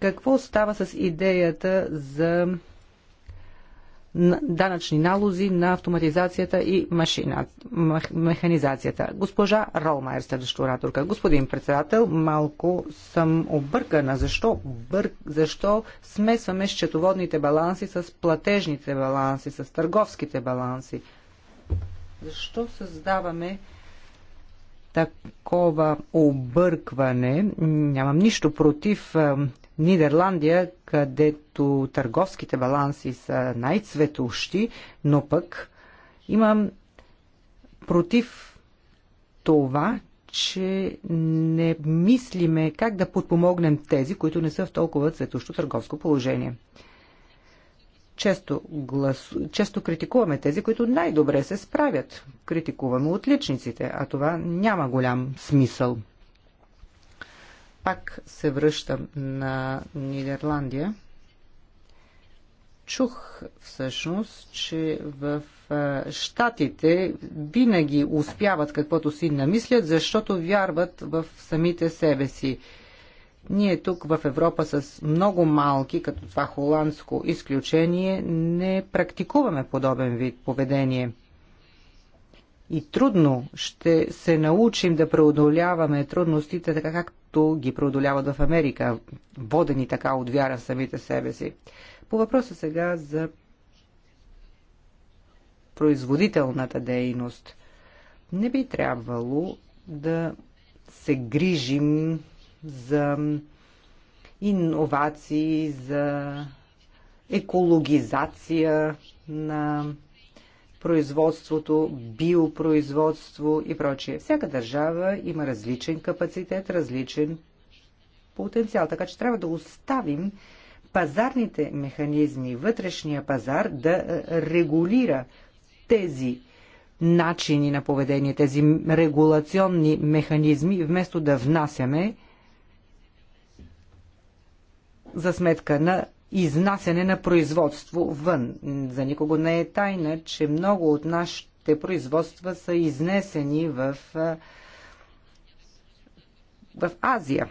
Speaker 2: Какво става с идеята за данъчни налози на автоматизацията и машина, механизацията. Госпожа Ролмайер, следваща ораторка. Господин председател, малко съм объркана. Защо, бър... Защо смесваме счетоводните баланси с платежните баланси, с търговските баланси? Защо създаваме такова объркване? Нямам нищо против Нидерландия, където търговските баланси са най-цветущи, но пък имам против това, че не мислиме как да подпомогнем тези, които не са в толкова цветущо търговско положение. Често, глас... Често критикуваме тези, които най-добре се справят. Критикуваме отличниците, а това няма голям смисъл пак се връщам на Нидерландия. Чух всъщност, че в Штатите винаги успяват каквото си намислят, защото вярват в самите себе си. Ние тук в Европа с много малки, като това холандско изключение, не практикуваме подобен вид поведение. И трудно ще се научим да преодоляваме трудностите така, как, които ги преодоляват в Америка, водени така от вяра в самите себе си. По въпроса сега за производителната дейност. Не би трябвало да се грижим за иновации, за екологизация на производството, биопроизводство и прочие. Всяка държава има различен капацитет, различен потенциал, така че трябва да оставим пазарните механизми, вътрешния пазар да е, регулира тези начини на поведение, тези регулационни механизми, вместо да внасяме за сметка на изнасяне на производство вън. За никого не е тайна, че много от нашите производства са изнесени в, в Азия.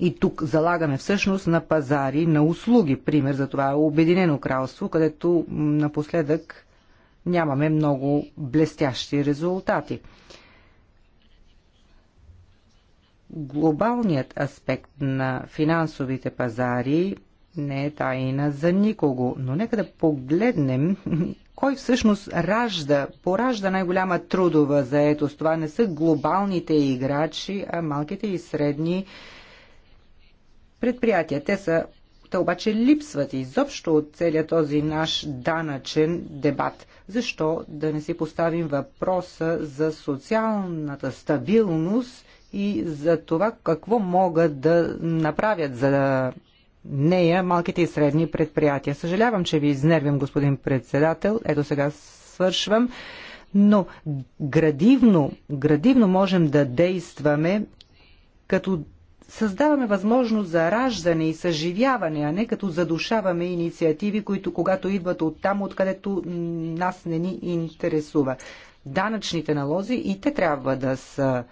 Speaker 2: И тук залагаме всъщност на пазари, на услуги. Пример за това е Обединено кралство, където напоследък нямаме много блестящи резултати. Глобалният аспект на финансовите пазари не е тайна за никого. Но нека да погледнем кой всъщност ражда, поражда най-голяма трудова заетост. Това не са глобалните играчи, а малките и средни предприятия. Те са те обаче липсват изобщо от целият този наш данъчен дебат. Защо да не си поставим въпроса за социалната стабилност и за това какво могат да направят за нея малките и средни предприятия. Съжалявам, че ви изнервям, господин председател. Ето сега свършвам. Но градивно, градивно можем да действаме, като създаваме възможност за раждане и съживяване, а не като задушаваме инициативи, които когато идват от там, откъдето нас не ни интересува. Данъчните налози и те трябва да са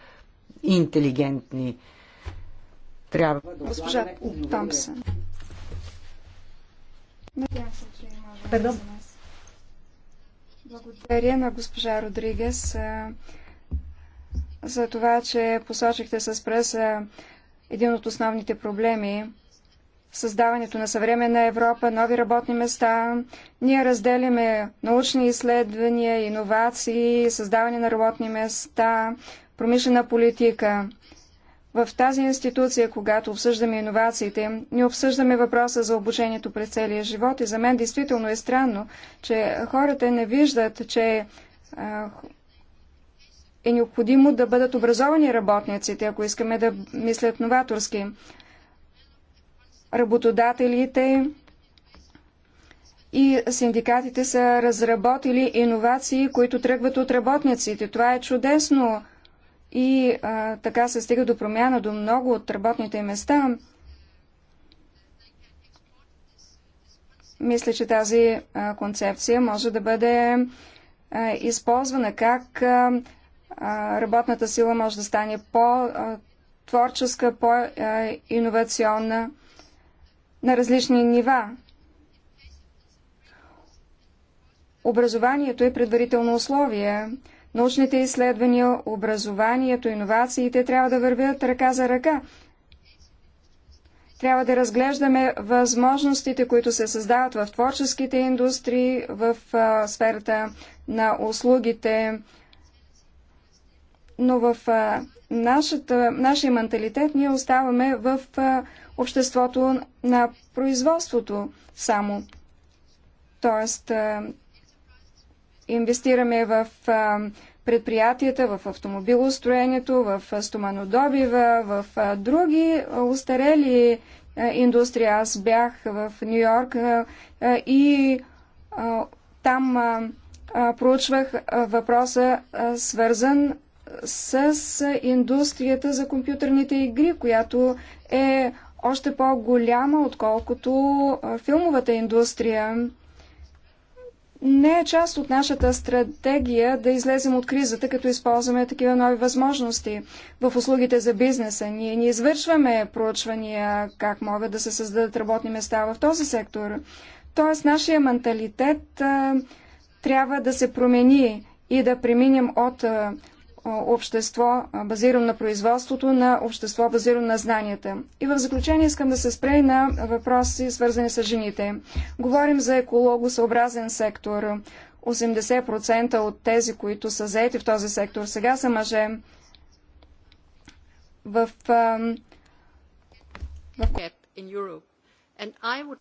Speaker 2: интелигентни. Трябва да Госпожа
Speaker 1: Тампсън. Надявам се, че има за нас. Благодаря на госпожа Родригес за това, че посочихте с преса един от основните проблеми създаването на съвременна Европа, нови работни места. Ние разделяме научни изследвания, иновации, създаване на работни места, промишлена политика. В тази институция, когато обсъждаме иновациите, не обсъждаме въпроса за обучението през целия живот и за мен действително е странно, че хората не виждат, че е необходимо да бъдат образовани работниците, ако искаме да мислят новаторски. Работодателите и синдикатите са разработили иновации, които тръгват от работниците. Това е чудесно и а, така се стига до промяна до много от работните места. Мисля, че тази а, концепция може да бъде а, използвана как а, работната сила може да стане по-творческа, по-инновационна на различни нива. Образованието е предварително условие научните изследвания, образованието, иновациите трябва да вървят ръка за ръка. Трябва да разглеждаме възможностите, които се създават в творческите индустрии, в а, сферата на услугите. Но в а, нашата, нашия менталитет ние оставаме в а, обществото на производството само. Тоест, инвестираме в предприятията, в автомобилостроението, в стоманодобива, в други устарели индустрии. Аз бях в Нью Йорк и там проучвах въпроса, свързан с индустрията за компютърните игри, която е още по-голяма, отколкото филмовата индустрия. Не е част от нашата стратегия да излезем от кризата, като използваме такива нови възможности в услугите за бизнеса. Ние не извършваме проучвания как могат да се създадат работни места в този сектор. Тоест, нашия менталитет а, трябва да се промени и да преминем от а, общество, базирано на производството, на общество, базирано на знанията. И в заключение искам да се спре на въпроси, свързани с жените. Говорим за екологосъобразен сектор. 80% от тези, които са заети в този сектор, сега са мъже. В, в...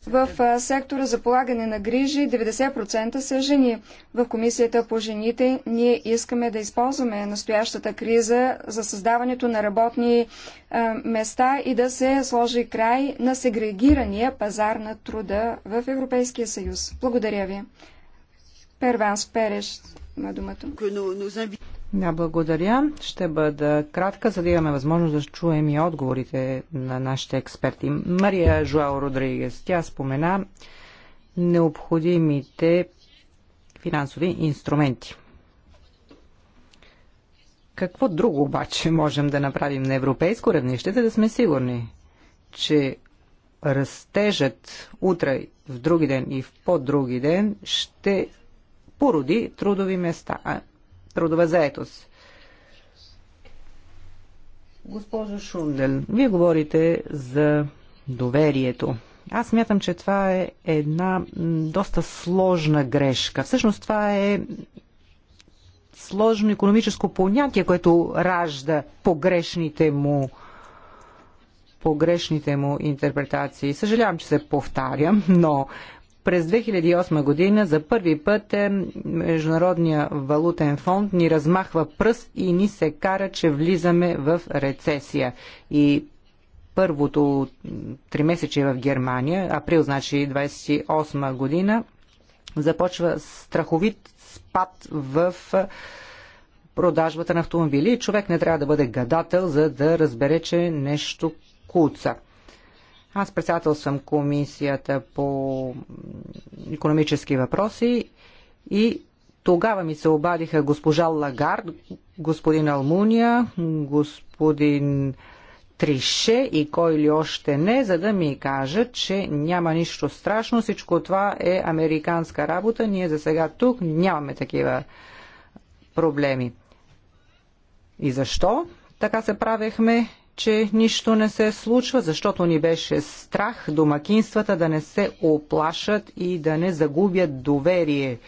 Speaker 1: В сектора за полагане на грижи 90% са жени. В Комисията по жените ние искаме да използваме настоящата криза за създаването на работни места и да се сложи край на сегрегирания пазар на труда в Европейския съюз. Благодаря ви. Перванс Переш на думата. Да, благодаря.
Speaker 2: Ще бъда кратка, за да имаме възможност да чуем и отговорите на нашите експерти. Мария Жуао Родригес, тя спомена необходимите финансови инструменти. Какво друго обаче можем да направим на европейско равнище, за да сме сигурни, че растежът утре, в други ден и в по-други ден ще породи трудови места трудова заетост. Госпожо Шундел, вие говорите за доверието. Аз мятам, че това е една доста сложна грешка. Всъщност това е сложно економическо понятие, което ражда погрешните му погрешните му интерпретации. Съжалявам, че се повтарям, но през 2008 година за първи път е, Международния валутен фонд ни размахва пръст и ни се кара, че влизаме в рецесия. И първото три месече в Германия, април значи 28 година, започва страховит спад в е, продажбата на автомобили. Човек не трябва да бъде гадател, за да разбере, че нещо куца. Аз председател съм комисията по економически въпроси и тогава ми се обадиха госпожа Лагард, господин Алмуния, господин Трише и кой ли още не, за да ми кажат, че няма нищо страшно, всичко това е американска работа, ние за сега тук нямаме такива проблеми. И защо така се правехме че нищо не се случва, защото ни беше страх домакинствата да не се оплашат и да не загубят доверие.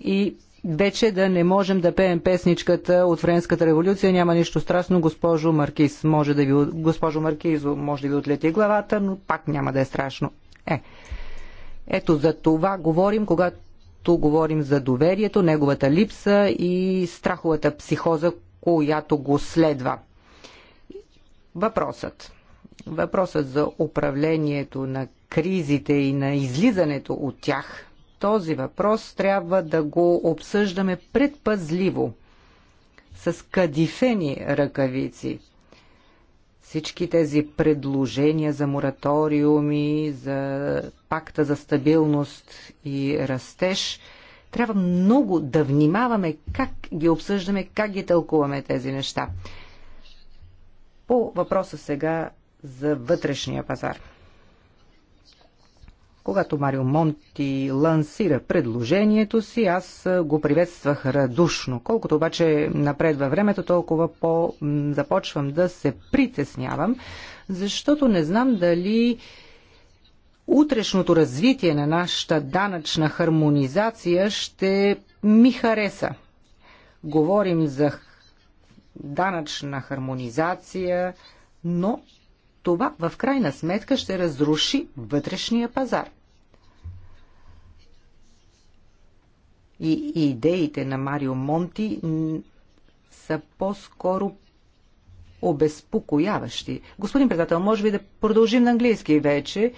Speaker 2: И вече да не можем да пеем песничката от Френската революция. Няма нищо страшно, госпожо Маркиз. Може да ви, госпожо Маркизо, може да ви отлети главата, но пак няма да е страшно. Е, ето за това говорим, когато говорим за доверието, неговата липса и страховата психоза, която го следва. Въпросът. Въпросът за управлението на кризите и на излизането от тях. Този въпрос трябва да го обсъждаме предпазливо, с кадифени ръкавици. Всички тези предложения за мораториуми, за пакта за стабилност и растеж – трябва много да внимаваме как ги обсъждаме, как ги тълкуваме тези неща. По въпроса сега за вътрешния пазар. Когато Марио Монти лансира предложението си, аз го приветствах радушно. Колкото обаче напредва времето, толкова по започвам да се притеснявам, защото не знам дали утрешното развитие на нашата данъчна хармонизация ще ми хареса. Говорим за данъчна хармонизация, но това в крайна сметка ще разруши вътрешния пазар. И, идеите на Марио Монти са по-скоро обезпокояващи. Господин председател, може би да продължим на английски вече.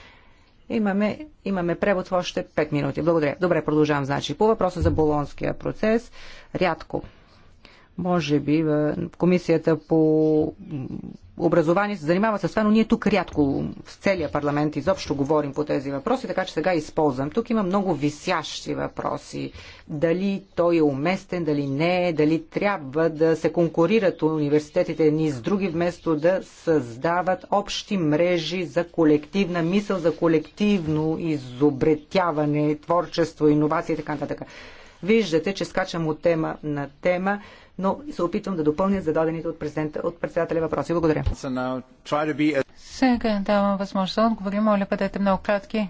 Speaker 2: Имаме, имаме превод в още 5 минути. Благодаря. Добре, продължавам. Значи, по въпроса за болонския процес, рядко може би комисията по образование се занимава с това, но ние тук рядко в целия парламент изобщо говорим по тези въпроси, така че сега използвам. Тук има много висящи въпроси. Дали той е уместен, дали не, е, дали трябва да се конкурират университетите ни с други, вместо да създават общи мрежи за колективна мисъл, за колективно изобретяване, творчество, иновация и така нататък. Виждате, че скачам от тема на тема но се опитвам да допълня зададените от, от председателя въпроси. Благодаря.
Speaker 3: Сега давам възможност да отговори. Моля, бъдете много кратки,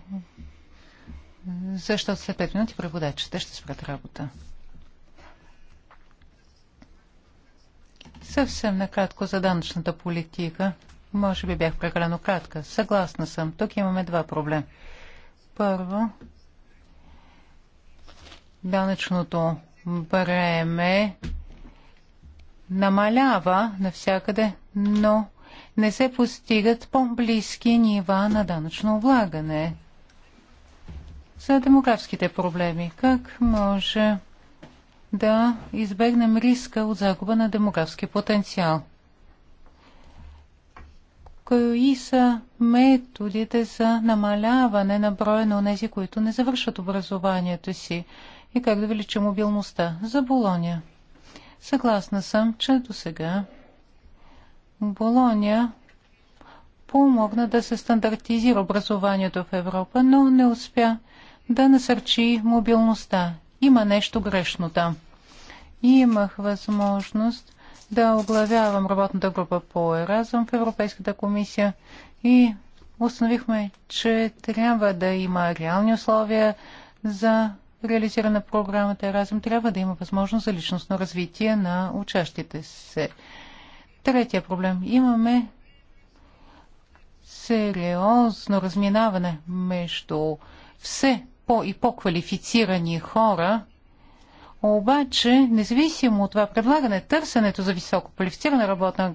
Speaker 3: защото след 5 минути преводачите ще спрат работа. Съвсем накратко за данъчната политика. Може би бях прекалено кратка. Съгласна съм. Тук имаме два проблема. Първо, данъчното бреме намалява навсякъде, но не се постигат по-близки нива на данъчно облагане. За демографските проблеми, как може да избегнем риска от загуба на демографски потенциал? Кои са методите за намаляване на броя на тези, които не завършат образованието си и как да увеличим мобилността за Болония? Съгласна съм, че до сега Болония помогна да се стандартизира образованието в Европа, но не успя да насърчи мобилността. Има нещо грешно там. И имах възможност да оглавявам работната група по Еразъм в Европейската комисия и установихме, че трябва да има реални условия за реализирана програмата Еразъм, трябва да има възможност за личностно развитие на учащите се. Третия проблем. Имаме сериозно разминаване между все по- и по-квалифицирани хора, обаче, независимо от това предлагане, търсенето за високо квалифицирана работна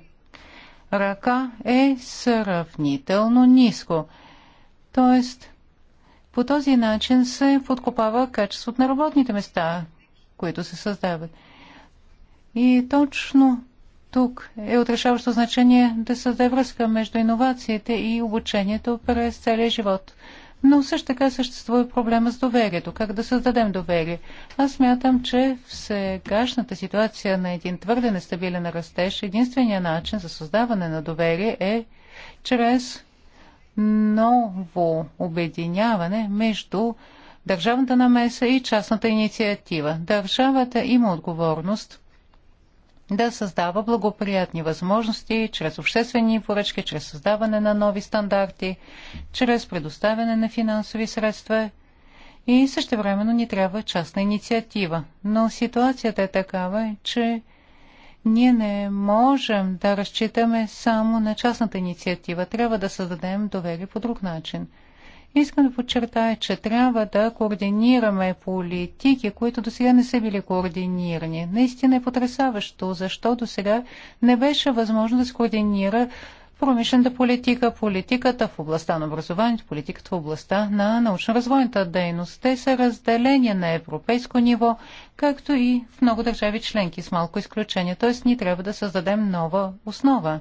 Speaker 3: ръка е сравнително ниско. Тоест, по този начин се подкопава качеството на работните места, които се създават. И точно тук е отрешаващо значение да създаде връзка между иновациите и обучението през целия живот. Но също така съществува проблема с доверието. Как да създадем доверие? Аз мятам, че в сегашната ситуация на един твърде нестабилен растеж единствения начин за създаване на доверие е чрез ново обединяване между държавната намеса и частната инициатива. Държавата има отговорност да създава благоприятни възможности чрез обществени поръчки, чрез създаване на нови стандарти, чрез предоставяне на финансови средства и същевременно ни трябва частна инициатива. Но ситуацията е такава, че ние не можем да разчитаме само на частната инициатива. Трябва да създадем доверие по друг начин. Искам да подчертая, че трябва да координираме политики, които до сега не са били координирани. Наистина е потрясаващо, защо до сега не беше възможно да се координира промишлената политика, политиката в областта на образованието, политиката в областта на научно-развойната дейност. Те са разделени на европейско ниво, както и в много държави членки, с малко изключение. Т.е. ние трябва да създадем нова основа.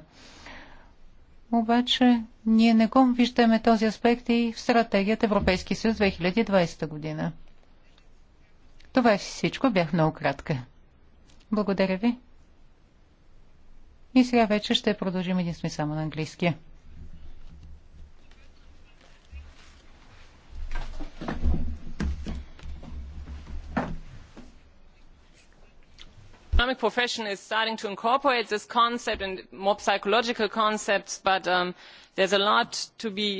Speaker 3: Обаче ние не го виждаме този аспект и в стратегията Европейски съюз 2020 година. Това е всичко. Бях много кратка. Благодаря ви. И сега вече ще продължим единствено само на английски.
Speaker 4: economic profession is starting to incorporate this concept and more psychological concepts, but um, there's a lot to be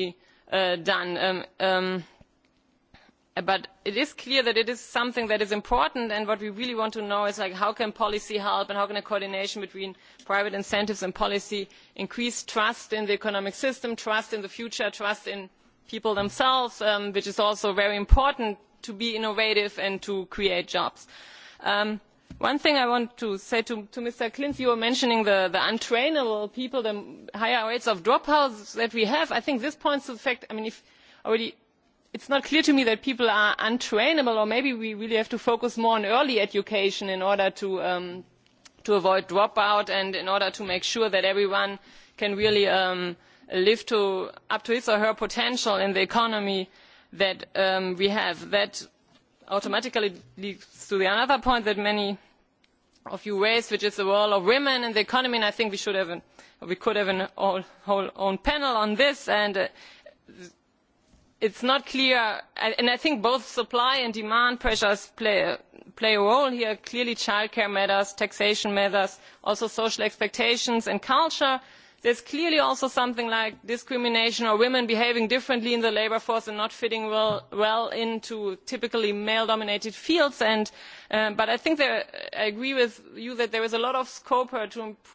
Speaker 4: uh, done. Um, um, but it is clear that it is something that is important and what we really want to know is how can policy help and how can a coordination between private incentives and policy increase trust in the economic system trust in the future trust in people themselves which is also very important to be innovative and to create jobs. one thing i want to say to mr klinz you were mentioning the untrainable people the higher rates of dropouts that we have i think this points to the fact i mean if already it's not clear to me that people are untrainable or maybe we really have to focus more on early education in order to um, to avoid dropout and in order to make sure that everyone can really um, live to up to his or her potential in the economy that um, we have. That automatically leads to the another point that many of you raised, which is the role of women in the economy. And I think we should have, we could have a whole, whole own panel on this. And uh, it is not clear and i think both supply and demand pressures play a role here clearly childcare matters taxation matters also social expectations and culture. there is clearly also something like discrimination or women behaving differently in the labour force and not fitting well into typically male dominated fields but i think i agree with you that there is a lot of scope here to